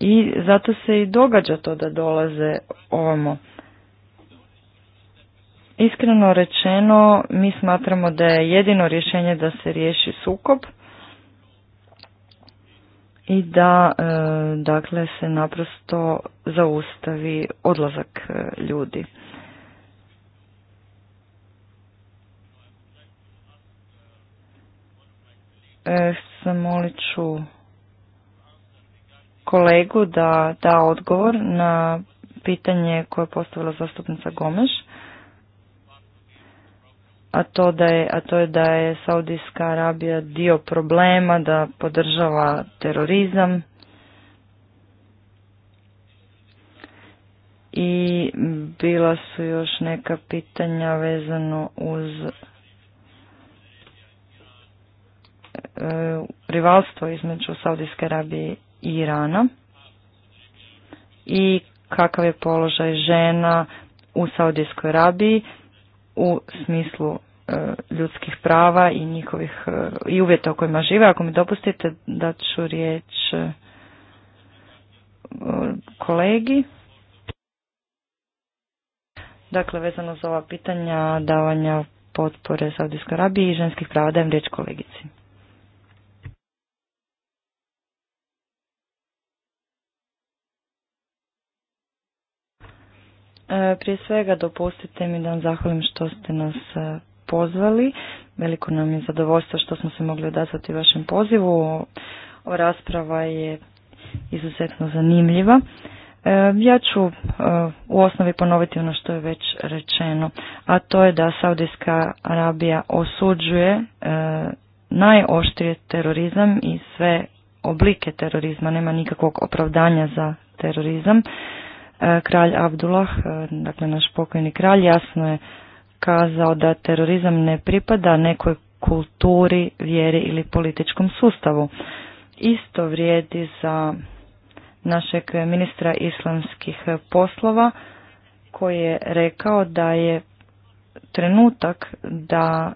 i zato se i događa to da dolaze ovamo. Iskreno rečeno, mi smatramo da je jedino rješenje da se riješi sukob i da e, dakle se naprosto zaustavi odlazak e, ljudi. Samolit e, ću kolegu da da odgovor na pitanje koje je postavila zastupnica Gomeš, a to, da je, a to je da je Saudijska Arabija dio problema, da podržava terorizam i bila su još neka pitanja vezano uz E, rivalstvo između Saudijske Arabije i Irana i kakav je položaj žena u Saudijskoj Arabiji u smislu e, ljudskih prava i njihovih e, i uvjeta u kojima žive. Ako mi dopustite da ću riječ kolegi. Dakle, vezano za ova pitanja davanja potpore Saudijskoj Arabiji i ženskih prava, dajem riječ kolegici. E, prije svega dopustite mi da vam zahvalim što ste nas e, pozvali. Veliko nam je zadovoljstvo što smo se mogli odazvati vašem pozivu. Ova rasprava je izuzetno zanimljiva. E, ja ću u osnovi ponoviti ono što je već rečeno, a to je da Saudijska Arabija osuđuje najoštrije terorizam i sve oblike terorizma. Nema nikakvog opravdanja za terorizam. E, kralj Abdullah, e, dakle naš pokojni kralj, jasno je kazao da terorizam ne pripada nekoj kulturi, vjeri ili političkom sustavu. Isto vrijedi za našeg ministra islamskih poslova koji je rekao da je trenutak da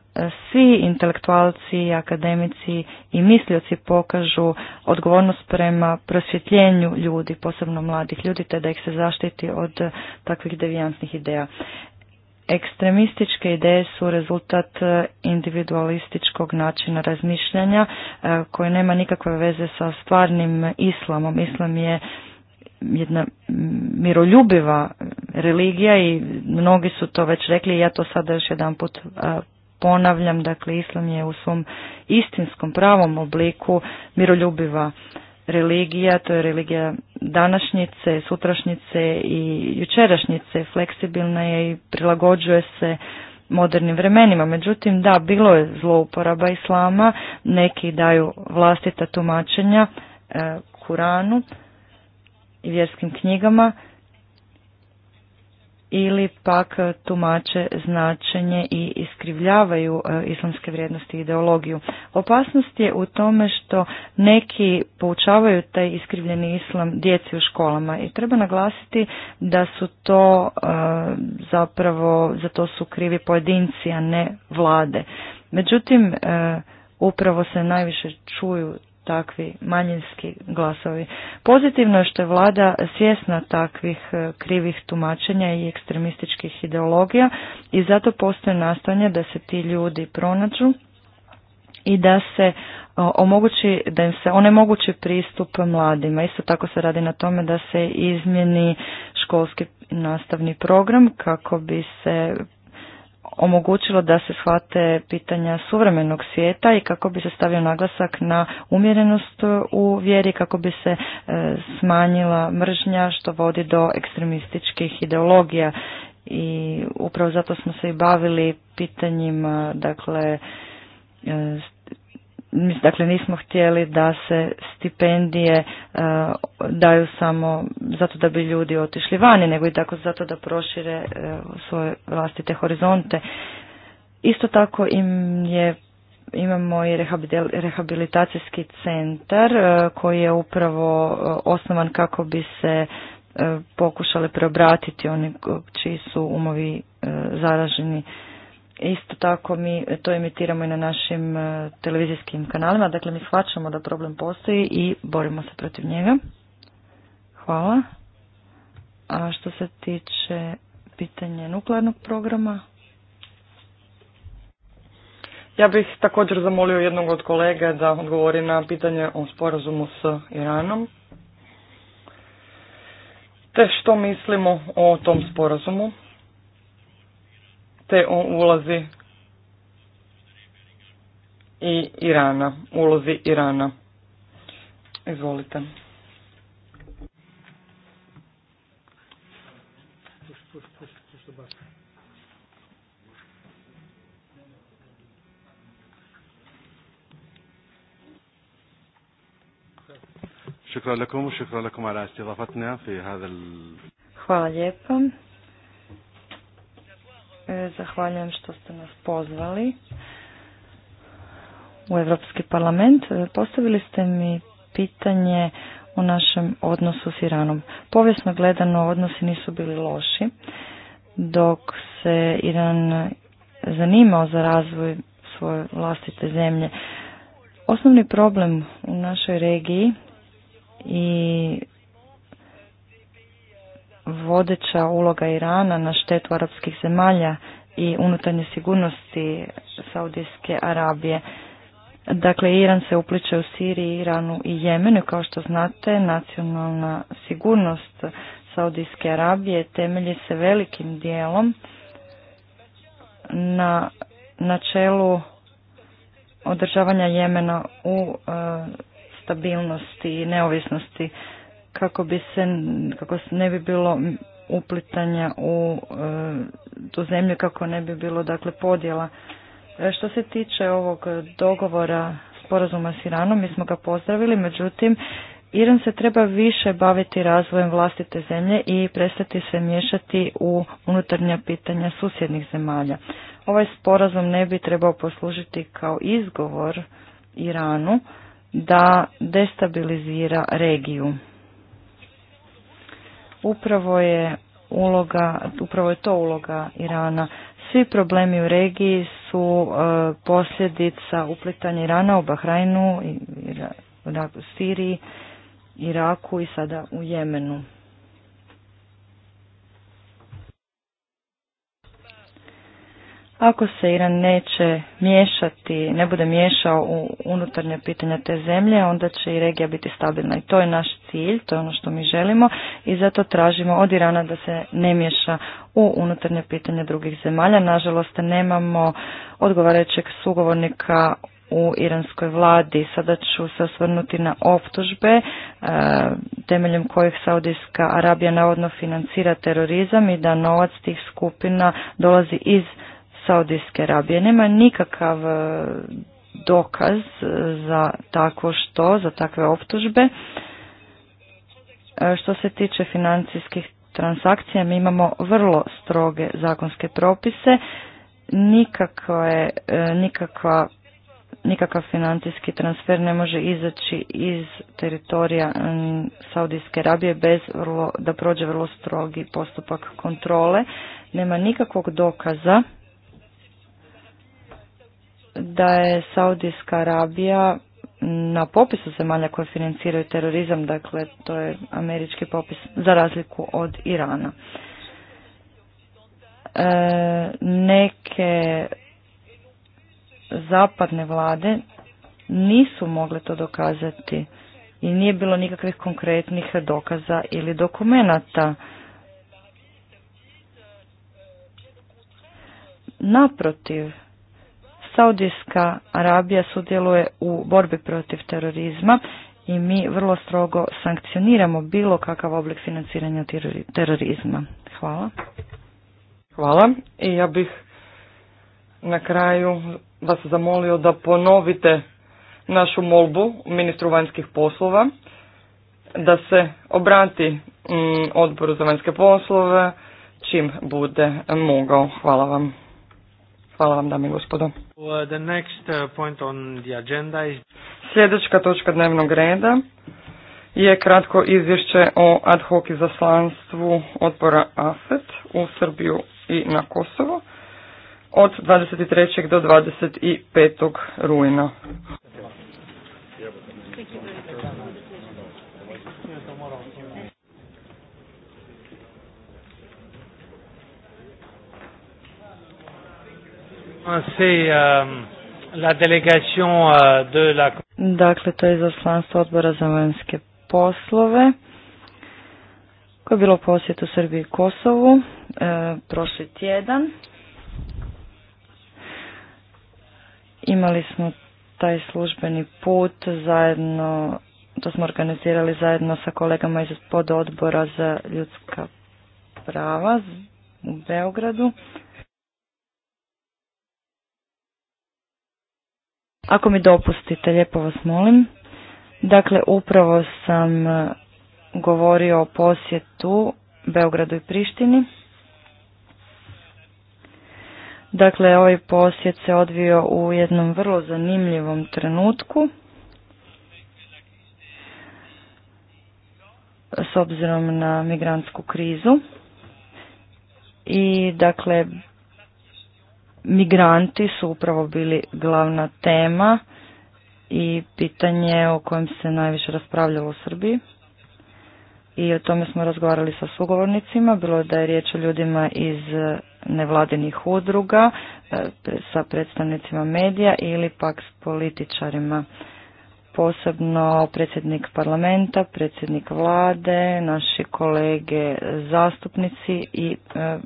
svi intelektualci, akademici i mislioci pokažu odgovornost prema prosvjetljenju ljudi, posebno mladih ljudi, te da ih se zaštiti od takvih devijantnih ideja. Ekstremističke ideje su rezultat individualističkog načina razmišljanja eh, koje nema nikakve veze sa stvarnim islamom. Islam je jedna miroljubiva religija i mnogi su to već rekli ja to sada još jedan put ponavljam, dakle islam je u svom istinskom pravom obliku miroljubiva religija, to je religija današnjice, sutrašnjice i jučerašnjice, fleksibilna je i prilagođuje se modernim vremenima. Međutim, da, bilo je zlouporaba islama, neki daju vlastita tumačenja e, Kuranu, i vjerskim knjigama ili pak e, tumače značenje i iskrivljavaju e, islamske vrijednosti i ideologiju. Opasnost je u tome što neki poučavaju taj iskrivljeni islam djeci u školama i treba naglasiti da su to e, zapravo, za to su krivi pojedinci, a ne vlade. Međutim, upravo se najviše čuju takvi manjinski glasovi. Pozitivno je što je vlada svjesna takvih e, krivih tumačenja i ekstremističkih ideologija i zato postoje nastojanje da se ti ljudi pronađu i da se e, omogući, da im se onemogući pristup mladima. Isto tako se radi na tome da se izmjeni školski nastavni program kako bi se omogućilo da se shvate pitanja suvremenog svijeta i kako bi se stavio naglasak na umjerenost u vjeri, kako bi se e, smanjila mržnja što vodi do ekstremističkih ideologija i upravo zato smo se i bavili pitanjima dakle e, dakle nismo htjeli da se stipendije e, daju samo zato da bi ljudi otišli vani, nego i tako zato da prošire e, svoje vlastite horizonte. Isto tako im je imamo i rehabilitacijski centar e, koji je upravo osnovan kako bi se pokušali preobratiti oni čiji su umovi zaraženi Isto tako mi to emitiramo i na našim e, televizijskim kanalima, dakle mi shvaćamo da problem postoji i borimo se protiv njega. Hvala. A što se tiče pitanja nuklearnog programa? Ja bih također zamolio jednog od kolega da odgovori na pitanje o sporazumu s Iranom. Te što mislimo o tom sporazumu? te o ulozi i Irana, ulozi Irana. Izvolite. Hvala lijepo. E, zahvaljujem što ste nas pozvali u Europski parlament. E, postavili ste mi pitanje o našem odnosu s Iranom. Povijesno gledano odnosi nisu bili loši dok se Iran zanimao za razvoj svoje vlastite zemlje. Osnovni problem u našoj regiji i vodeća uloga Irana na štetu arapskih zemalja i unutarnje sigurnosti Saudijske Arabije. Dakle, Iran se upliče u Siriji, Iranu i Jemenu. Kao što znate, nacionalna sigurnost Saudijske Arabije temelji se velikim dijelom na načelu održavanja Jemena u e, stabilnosti i neovisnosti kako bi se, kako ne bi bilo uplitanja u e, tu zemlju, kako ne bi bilo dakle podjela. E, što se tiče ovog dogovora sporazuma s Iranom, mi smo ga pozdravili, međutim, Iran se treba više baviti razvojem vlastite zemlje i prestati se miješati u unutarnja pitanja susjednih zemalja. Ovaj sporazum ne bi trebao poslužiti kao izgovor Iranu da destabilizira regiju. Upravo je uloga, upravo je to uloga Irana. Svi problemi u regiji su e, posljedica uplitanja Irana u Bahrajnu, i u Siriji, Iraku i sada u Jemenu. Ako se Iran neće miješati, ne bude miješao u unutarnje pitanja te zemlje, onda će i regija biti stabilna. I to je naš cilj, to je ono što mi želimo i zato tražimo od Irana da se ne miješa u unutarnje pitanja drugih zemalja. Nažalost, nemamo odgovarajućeg sugovornika u iranskoj vladi. Sada ću se osvrnuti na optužbe e, temeljem kojih Saudijska Arabija navodno financira terorizam i da novac tih skupina dolazi iz Saudijske Arabije. Nema nikakav e, dokaz e, za tako što, za takve optužbe. E, što se tiče financijskih transakcija, mi imamo vrlo stroge zakonske propise. Nikakve, nikakva nikakav financijski transfer ne može izaći iz teritorija Saudijske Arabije bez vrlo, da prođe vrlo strogi postupak kontrole. Nema nikakvog dokaza da je Saudijska Arabija na popisu zemalja koje financiraju terorizam, dakle to je američki popis za razliku od Irana. E, neke zapadne vlade nisu mogle to dokazati i nije bilo nikakvih konkretnih dokaza ili dokumenata. Naprotiv, Saudijska Arabija sudjeluje u borbi protiv terorizma i mi vrlo strogo sankcioniramo bilo kakav oblik financiranja terorizma. Hvala. Hvala i ja bih na kraju vas zamolio da ponovite našu molbu ministru vanjskih poslova da se obrati mm, odboru za vanjske poslove čim bude mogao. Hvala vam. Hvala vam, dame i gospodo. Uh, the next uh, point on the agenda Sljedeća točka dnevnog reda je kratko izvješće o ad hoc izaslanstvu odbora AFET u Srbiju i na Kosovo od 23. do 25. rujna. Thank you. C'est euh, la délégation euh, de la... Dakle, to je izaslanstvo odbora za vanjske poslove koje je bilo posjet u Srbiji i Kosovu e, prošli tjedan. Imali smo taj službeni put zajedno, to smo organizirali zajedno sa kolegama iz pododbora za ljudska prava u Beogradu. Ako mi dopustite, lijepo vas molim. Dakle, upravo sam e, govorio o posjetu Beogradu i Prištini. Dakle, ovaj posjet se odvio u jednom vrlo zanimljivom trenutku. S obzirom na migrantsku krizu. I dakle, migranti su upravo bili glavna tema i pitanje o kojem se najviše raspravljalo u Srbiji. I o tome smo razgovarali sa sugovornicima, bilo da je riječ o ljudima iz nevladinih udruga, e, sa predstavnicima medija ili pak s političarima. Posebno predsjednik parlamenta, predsjednik vlade, naši kolege zastupnici i e,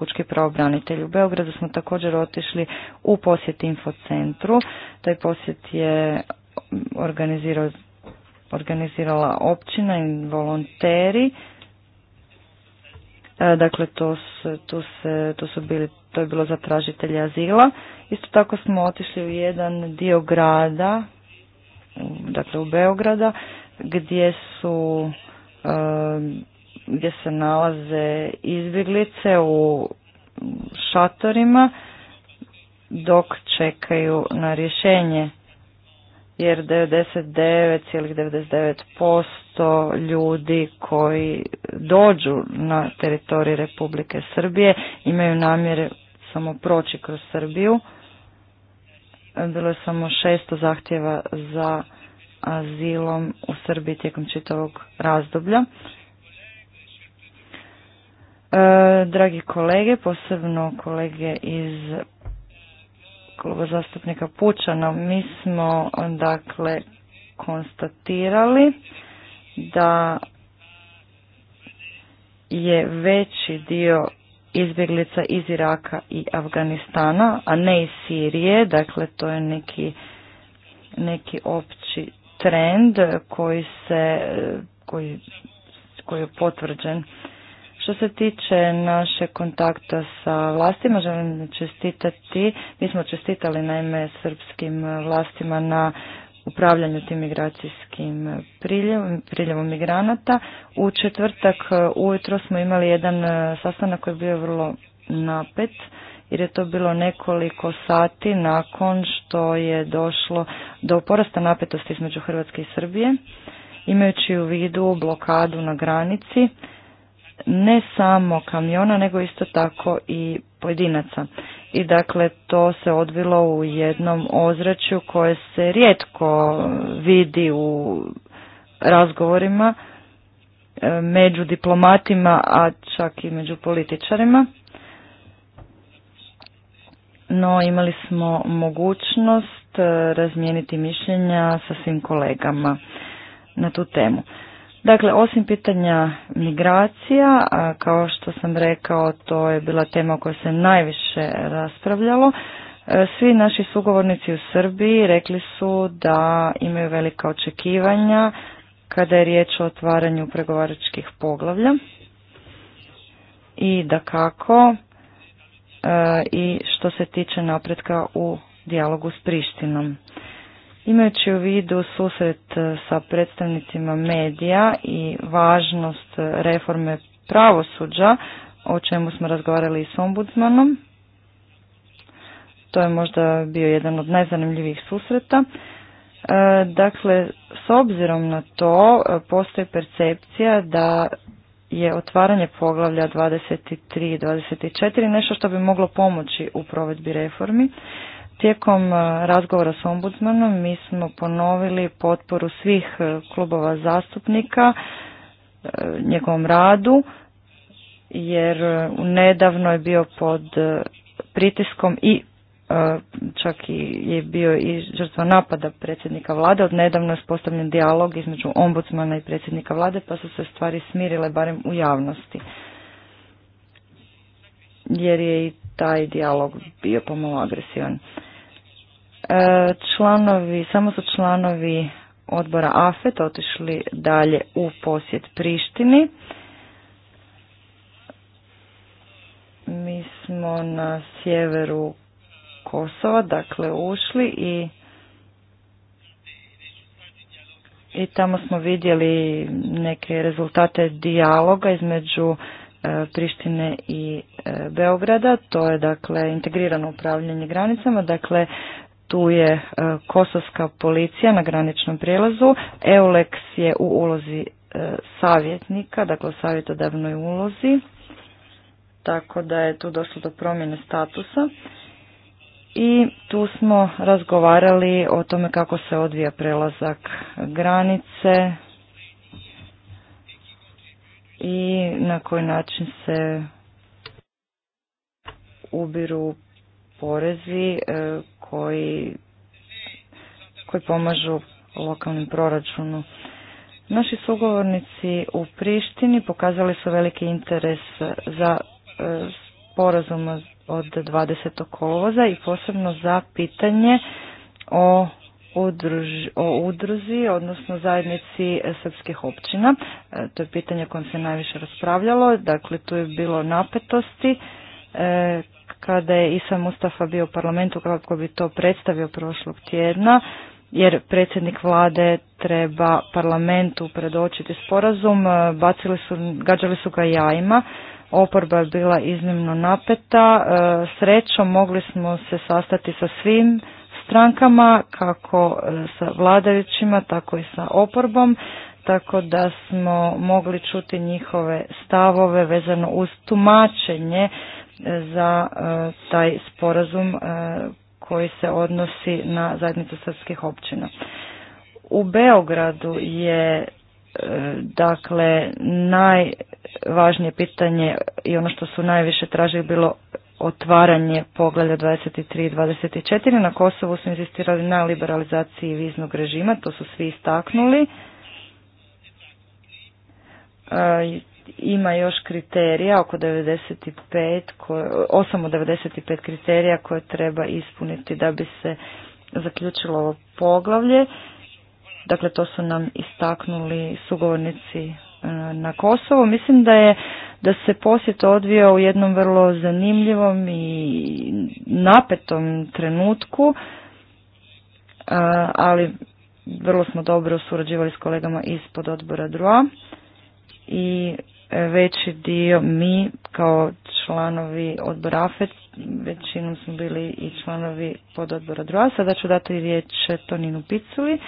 pučki pravobranitelj. U Beogradu smo također otišli u posjet infocentru. Taj posjet je organizirala općina i volonteri. E, dakle, to su, tu, se, tu su bili, to je bilo za tražitelje azila. Isto tako smo otišli u jedan dio grada, dakle u Beograda, gdje su e, gdje se nalaze izbjeglice u šatorima dok čekaju na rješenje jer 99,99% ljudi koji dođu na teritorij Republike Srbije imaju namjere samo proći kroz Srbiju. Bilo je samo 600 zahtjeva za azilom u Srbiji tijekom čitavog razdoblja. E, dragi kolege, posebno kolege iz kluba zastupnika Pučana, mi smo dakle konstatirali da je veći dio izbjeglica iz Iraka i Afganistana, a ne iz Sirije, dakle to je neki, neki opći trend koji se koji, koji je potvrđen što se tiče naše kontakta sa vlastima, želim čestitati, mi smo čestitali naime srpskim vlastima na upravljanju tim migracijskim priljevom, priljevom migranata. U četvrtak e, ujutro smo imali jedan e, sastanak koji je bio vrlo napet jer je to bilo nekoliko sati nakon što je došlo do porasta napetosti između Hrvatske i Srbije, imajući u vidu blokadu na granici ne samo kamiona, nego isto tako i pojedinaca. I dakle, to se odvilo u jednom ozračju koje se rijetko vidi u razgovorima e, među diplomatima, a čak i među političarima. No, imali smo mogućnost e, razmijeniti mišljenja sa svim kolegama na tu temu. Dakle, osim pitanja migracija, kao što sam rekao, to je bila tema o kojoj se najviše raspravljalo. E, svi naši sugovornici u Srbiji rekli su da imaju velika očekivanja kada je riječ o otvaranju pregovaračkih poglavlja i da kako e, i što se tiče napretka u dijalogu s Prištinom. Imajući u vidu susret e, sa predstavnicima medija i važnost e, reforme pravosuđa, o čemu smo razgovarali i s ombudsmanom, to je možda bio jedan od najzanimljivijih susreta. E, dakle, s obzirom na to postoji percepcija da je otvaranje poglavlja 23 i 24 nešto što bi moglo pomoći u provedbi reformi. Tijekom e, razgovora s ombudsmanom mi smo ponovili potporu svih e, klubova zastupnika e, njegovom radu jer nedavno je bio pod pritiskom i čak i je bio i žrtva napada predsjednika vlade. Od nedavno je spostavljen dijalog između ombudsmana i predsjednika vlade pa su se stvari smirile barem u javnosti. Jer je i taj dijalog bio pomalo agresivan. E, članovi, samo su članovi odbora AFET otišli dalje u posjet Prištini. Mi smo na sjeveru Kosova, dakle ušli i i tamo smo vidjeli neke rezultate dijaloga između e, Prištine i e, Beograda, to je dakle integrirano upravljanje granicama, dakle tu je e, kosovska policija na graničnom prijelazu, Eulex je u ulozi e, savjetnika, dakle u savjetodavnoj ulozi, tako da je tu došlo do promjene statusa i tu smo razgovarali o tome kako se odvija prelazak granice i na koji način se ubiru porezi e, koji, koji pomažu lokalnim proračunu. Naši sugovornici u Prištini pokazali su veliki interes za e, sporazum od 20. kolovoza i posebno za pitanje o o udruzi, odnosno zajednici srpskih općina. E, to je pitanje o kojem se najviše raspravljalo, dakle tu je bilo napetosti kada je Isa Mustafa bio u parlamentu kako bi to predstavio prošlog tjedna, jer predsjednik vlade treba parlamentu predočiti sporazum, e, bacili su, gađali su ga jajima, oporba je bila iznimno napeta, e, srećom mogli smo se sastati sa svim strankama, kako e, sa vladajućima, tako i sa oporbom, tako da smo mogli čuti njihove stavove vezano uz tumačenje za e, taj sporazum e, koji se odnosi na zajednicu srpskih općina. U Beogradu je e, dakle najvažnije pitanje i ono što su najviše tražili bilo otvaranje poglavlja 23 i 24. Na Kosovu su insistirali na liberalizaciji viznog režima, to su svi istaknuli ima još kriterija, oko 95, 8 od 95 kriterija koje treba ispuniti da bi se zaključilo ovo poglavlje. Dakle, to su nam istaknuli sugovornici e, na Kosovo. Mislim da je da se posjet odvio u jednom vrlo zanimljivom i napetom trenutku, e, ali vrlo smo dobro surađivali s kolegama ispod odbora DROA i veći dio mi kao članovi odbora AFET, većinom smo bili i članovi odbora druga. Sada ću dati riječ Toninu Piculi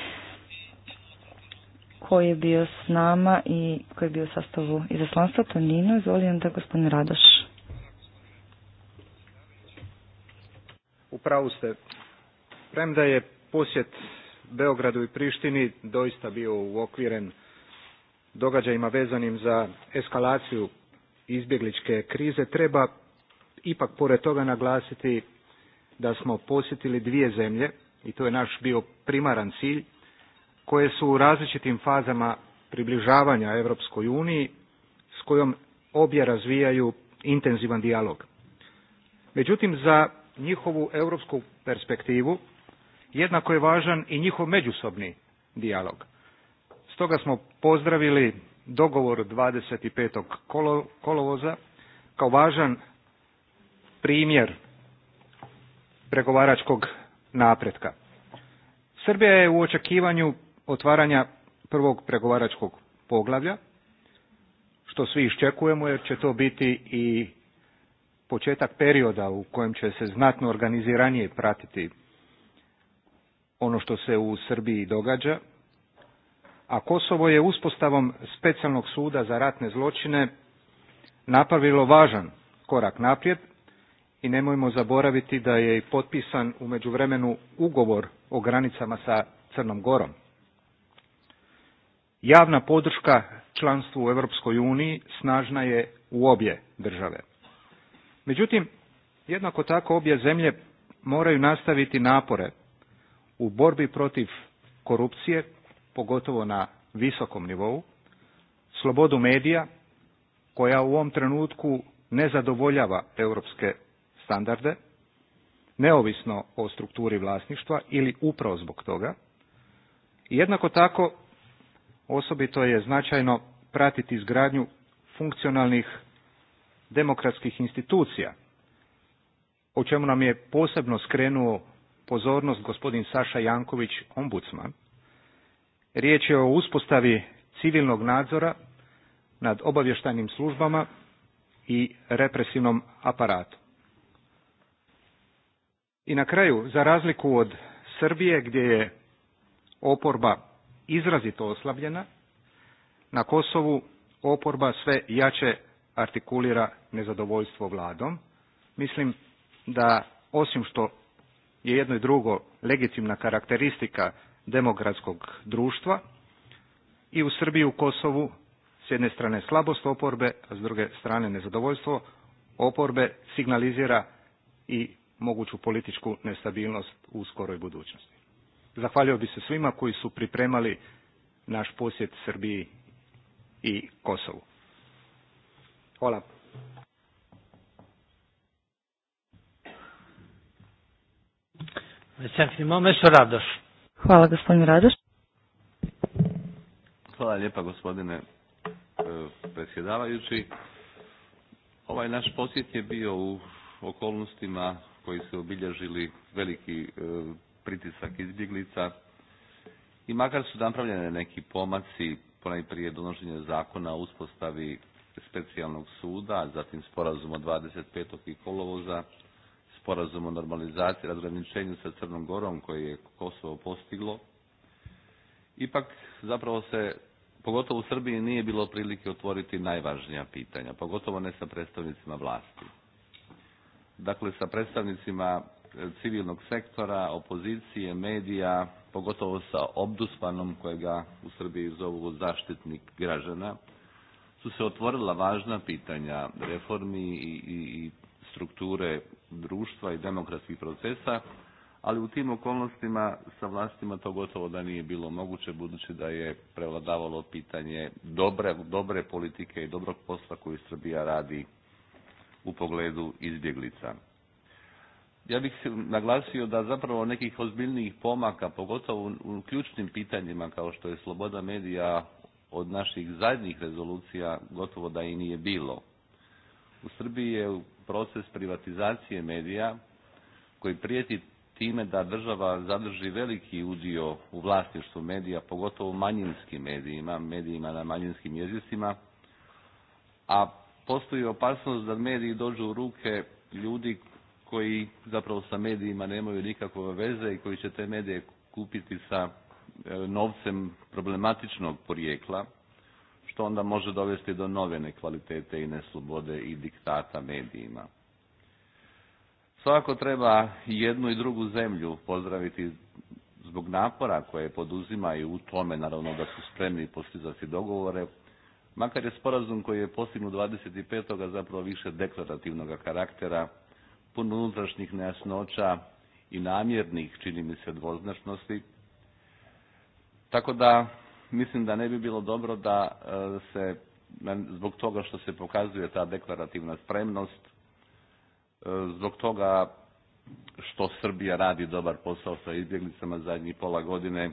koji je bio s nama i koji je bio u sastavu izaslanstva Tonino. Izvolim da gospodin Radoš. Upravo ste. Premda je posjet Beogradu i Prištini doista bio uokviren događajima vezanim za eskalaciju izbjegličke krize treba ipak pored toga naglasiti da smo posjetili dvije zemlje i to je naš bio primaran cilj koje su u različitim fazama približavanja Europskoj uniji s kojom obje razvijaju intenzivan dijalog. Međutim, za njihovu europsku perspektivu jednako je važan i njihov međusobni dijalog. Stoga smo pozdravili dogovor 25. kolovoza kao važan primjer pregovaračkog napretka. Srbija je u očekivanju otvaranja prvog pregovaračkog poglavlja, što svi iščekujemo jer će to biti i početak perioda u kojem će se znatno organiziranije pratiti ono što se u Srbiji događa a Kosovo je uspostavom specijalnog suda za ratne zločine napravilo važan korak naprijed i nemojmo zaboraviti da je i potpisan u međuvremenu ugovor o granicama sa Crnom Gorom. Javna podrška članstvu u Europskoj uniji snažna je u obje države. Međutim, jednako tako obje zemlje moraju nastaviti napore u borbi protiv korupcije pogotovo na visokom nivou, slobodu medija koja u ovom trenutku ne zadovoljava europske standarde, neovisno o strukturi vlasništva ili upravo zbog toga. Jednako tako osobito je značajno pratiti izgradnju funkcionalnih demokratskih institucija, o čemu nam je posebno skrenuo pozornost gospodin Saša Janković, ombudsman, Riječ je o uspostavi civilnog nadzora nad obavještajnim službama i represivnom aparatu. I na kraju, za razliku od Srbije gdje je oporba izrazito oslabljena, na Kosovu oporba sve jače artikulira nezadovoljstvo vladom. Mislim da osim što je jedno i drugo legitimna karakteristika demokratskog društva i u Srbiji i u Kosovu s jedne strane slabost oporbe, a s druge strane nezadovoljstvo oporbe signalizira i moguću političku nestabilnost u skoroj budućnosti. Zahvalio bi se svima koji su pripremali naš posjet Srbiji i Kosovu. Hvala. Radoš. Hvala gospodin Radoš. Hvala lijepa gospodine e, predsjedavajući. Ovaj naš posjet je bio u okolnostima koji su obilježili veliki e, pritisak izbjeglica i makar su napravljene neki pomaci ponajprije donošenje zakona o uspostavi specijalnog suda, zatim sporazum od 25. i kolovoza sporazum o normalizaciji razgraničenju sa Crnom Gorom koje je Kosovo postiglo, ipak zapravo se pogotovo u Srbiji nije bilo prilike otvoriti najvažnija pitanja, pogotovo ne sa predstavnicima vlasti. Dakle, sa predstavnicima e, civilnog sektora, opozicije, medija, pogotovo sa obduspanom kojega u Srbiji zovu zaštitnik građana, su se otvorila važna pitanja reformi i strukture društva i demokratskih procesa, ali u tim okolnostima sa vlastima to gotovo da nije bilo moguće budući da je prevladavalo pitanje dobre, dobre politike i dobrog posla koju Srbija radi u pogledu izbjeglica. Ja bih naglasio da zapravo nekih ozbiljnijih pomaka, pogotovo u ključnim pitanjima kao što je sloboda medija od naših zadnjih rezolucija gotovo da i nije bilo. U Srbiji je proces privatizacije medija koji prijeti time da država zadrži veliki udio u vlasništvu medija, pogotovo u manjinskim medijima, medijima na manjinskim jezicima, a postoji opasnost da mediji dođu u ruke ljudi koji zapravo sa medijima nemaju nikakve veze i koji će te medije kupiti sa e, novcem problematičnog porijekla što onda može dovesti do nove nekvalitete i neslobode i diktata medijima. Svako treba jednu i drugu zemlju pozdraviti zbog napora koje poduzima i u tome naravno da su spremni postizati dogovore, makar je sporazum koji je postignut 25. zapravo više deklarativnog karaktera, puno unutrašnjih nejasnoća i namjernih, čini mi se, dvoznačnosti. Tako da mislim da ne bi bilo dobro da e, se zbog toga što se pokazuje ta deklarativna spremnost, e, zbog toga što Srbija radi dobar posao sa izbjeglicama zadnjih pola godine,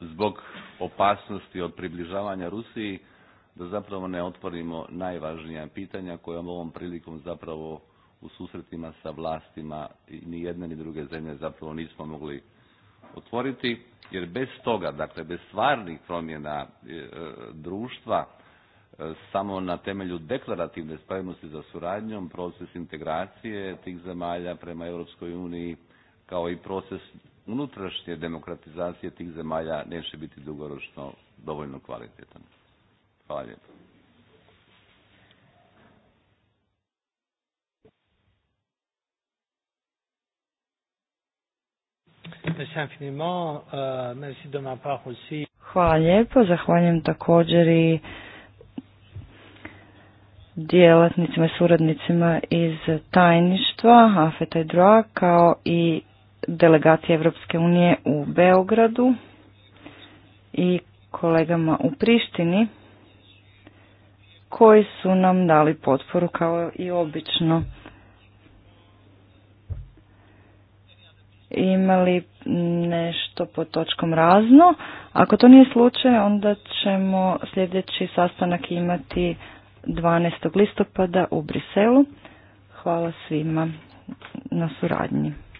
zbog opasnosti od približavanja Rusiji, da zapravo ne otvorimo najvažnija pitanja koja ovom prilikom zapravo u susretima sa vlastima ni jedne ni druge zemlje zapravo nismo mogli otvoriti. Jer bez toga, dakle bez stvarnih promjena e, e, društva, e, samo na temelju deklarativne spremnosti za suradnjom, proces integracije tih zemalja prema Europskoj uniji, kao i proces unutrašnje demokratizacije tih zemalja neće biti dugoročno dovoljno kvalitetan. Hvala lijepo. Euh, Hvala lijepo, zahvaljujem također i djelatnicima i suradnicima iz tajništva AFETA i DROA kao i delegacije Evropske unije u Beogradu i kolegama u Prištini koji su nam dali potporu kao i obično. imali nešto pod točkom razno. Ako to nije slučaj, onda ćemo sljedeći sastanak imati 12. listopada u Briselu. Hvala svima na suradnji.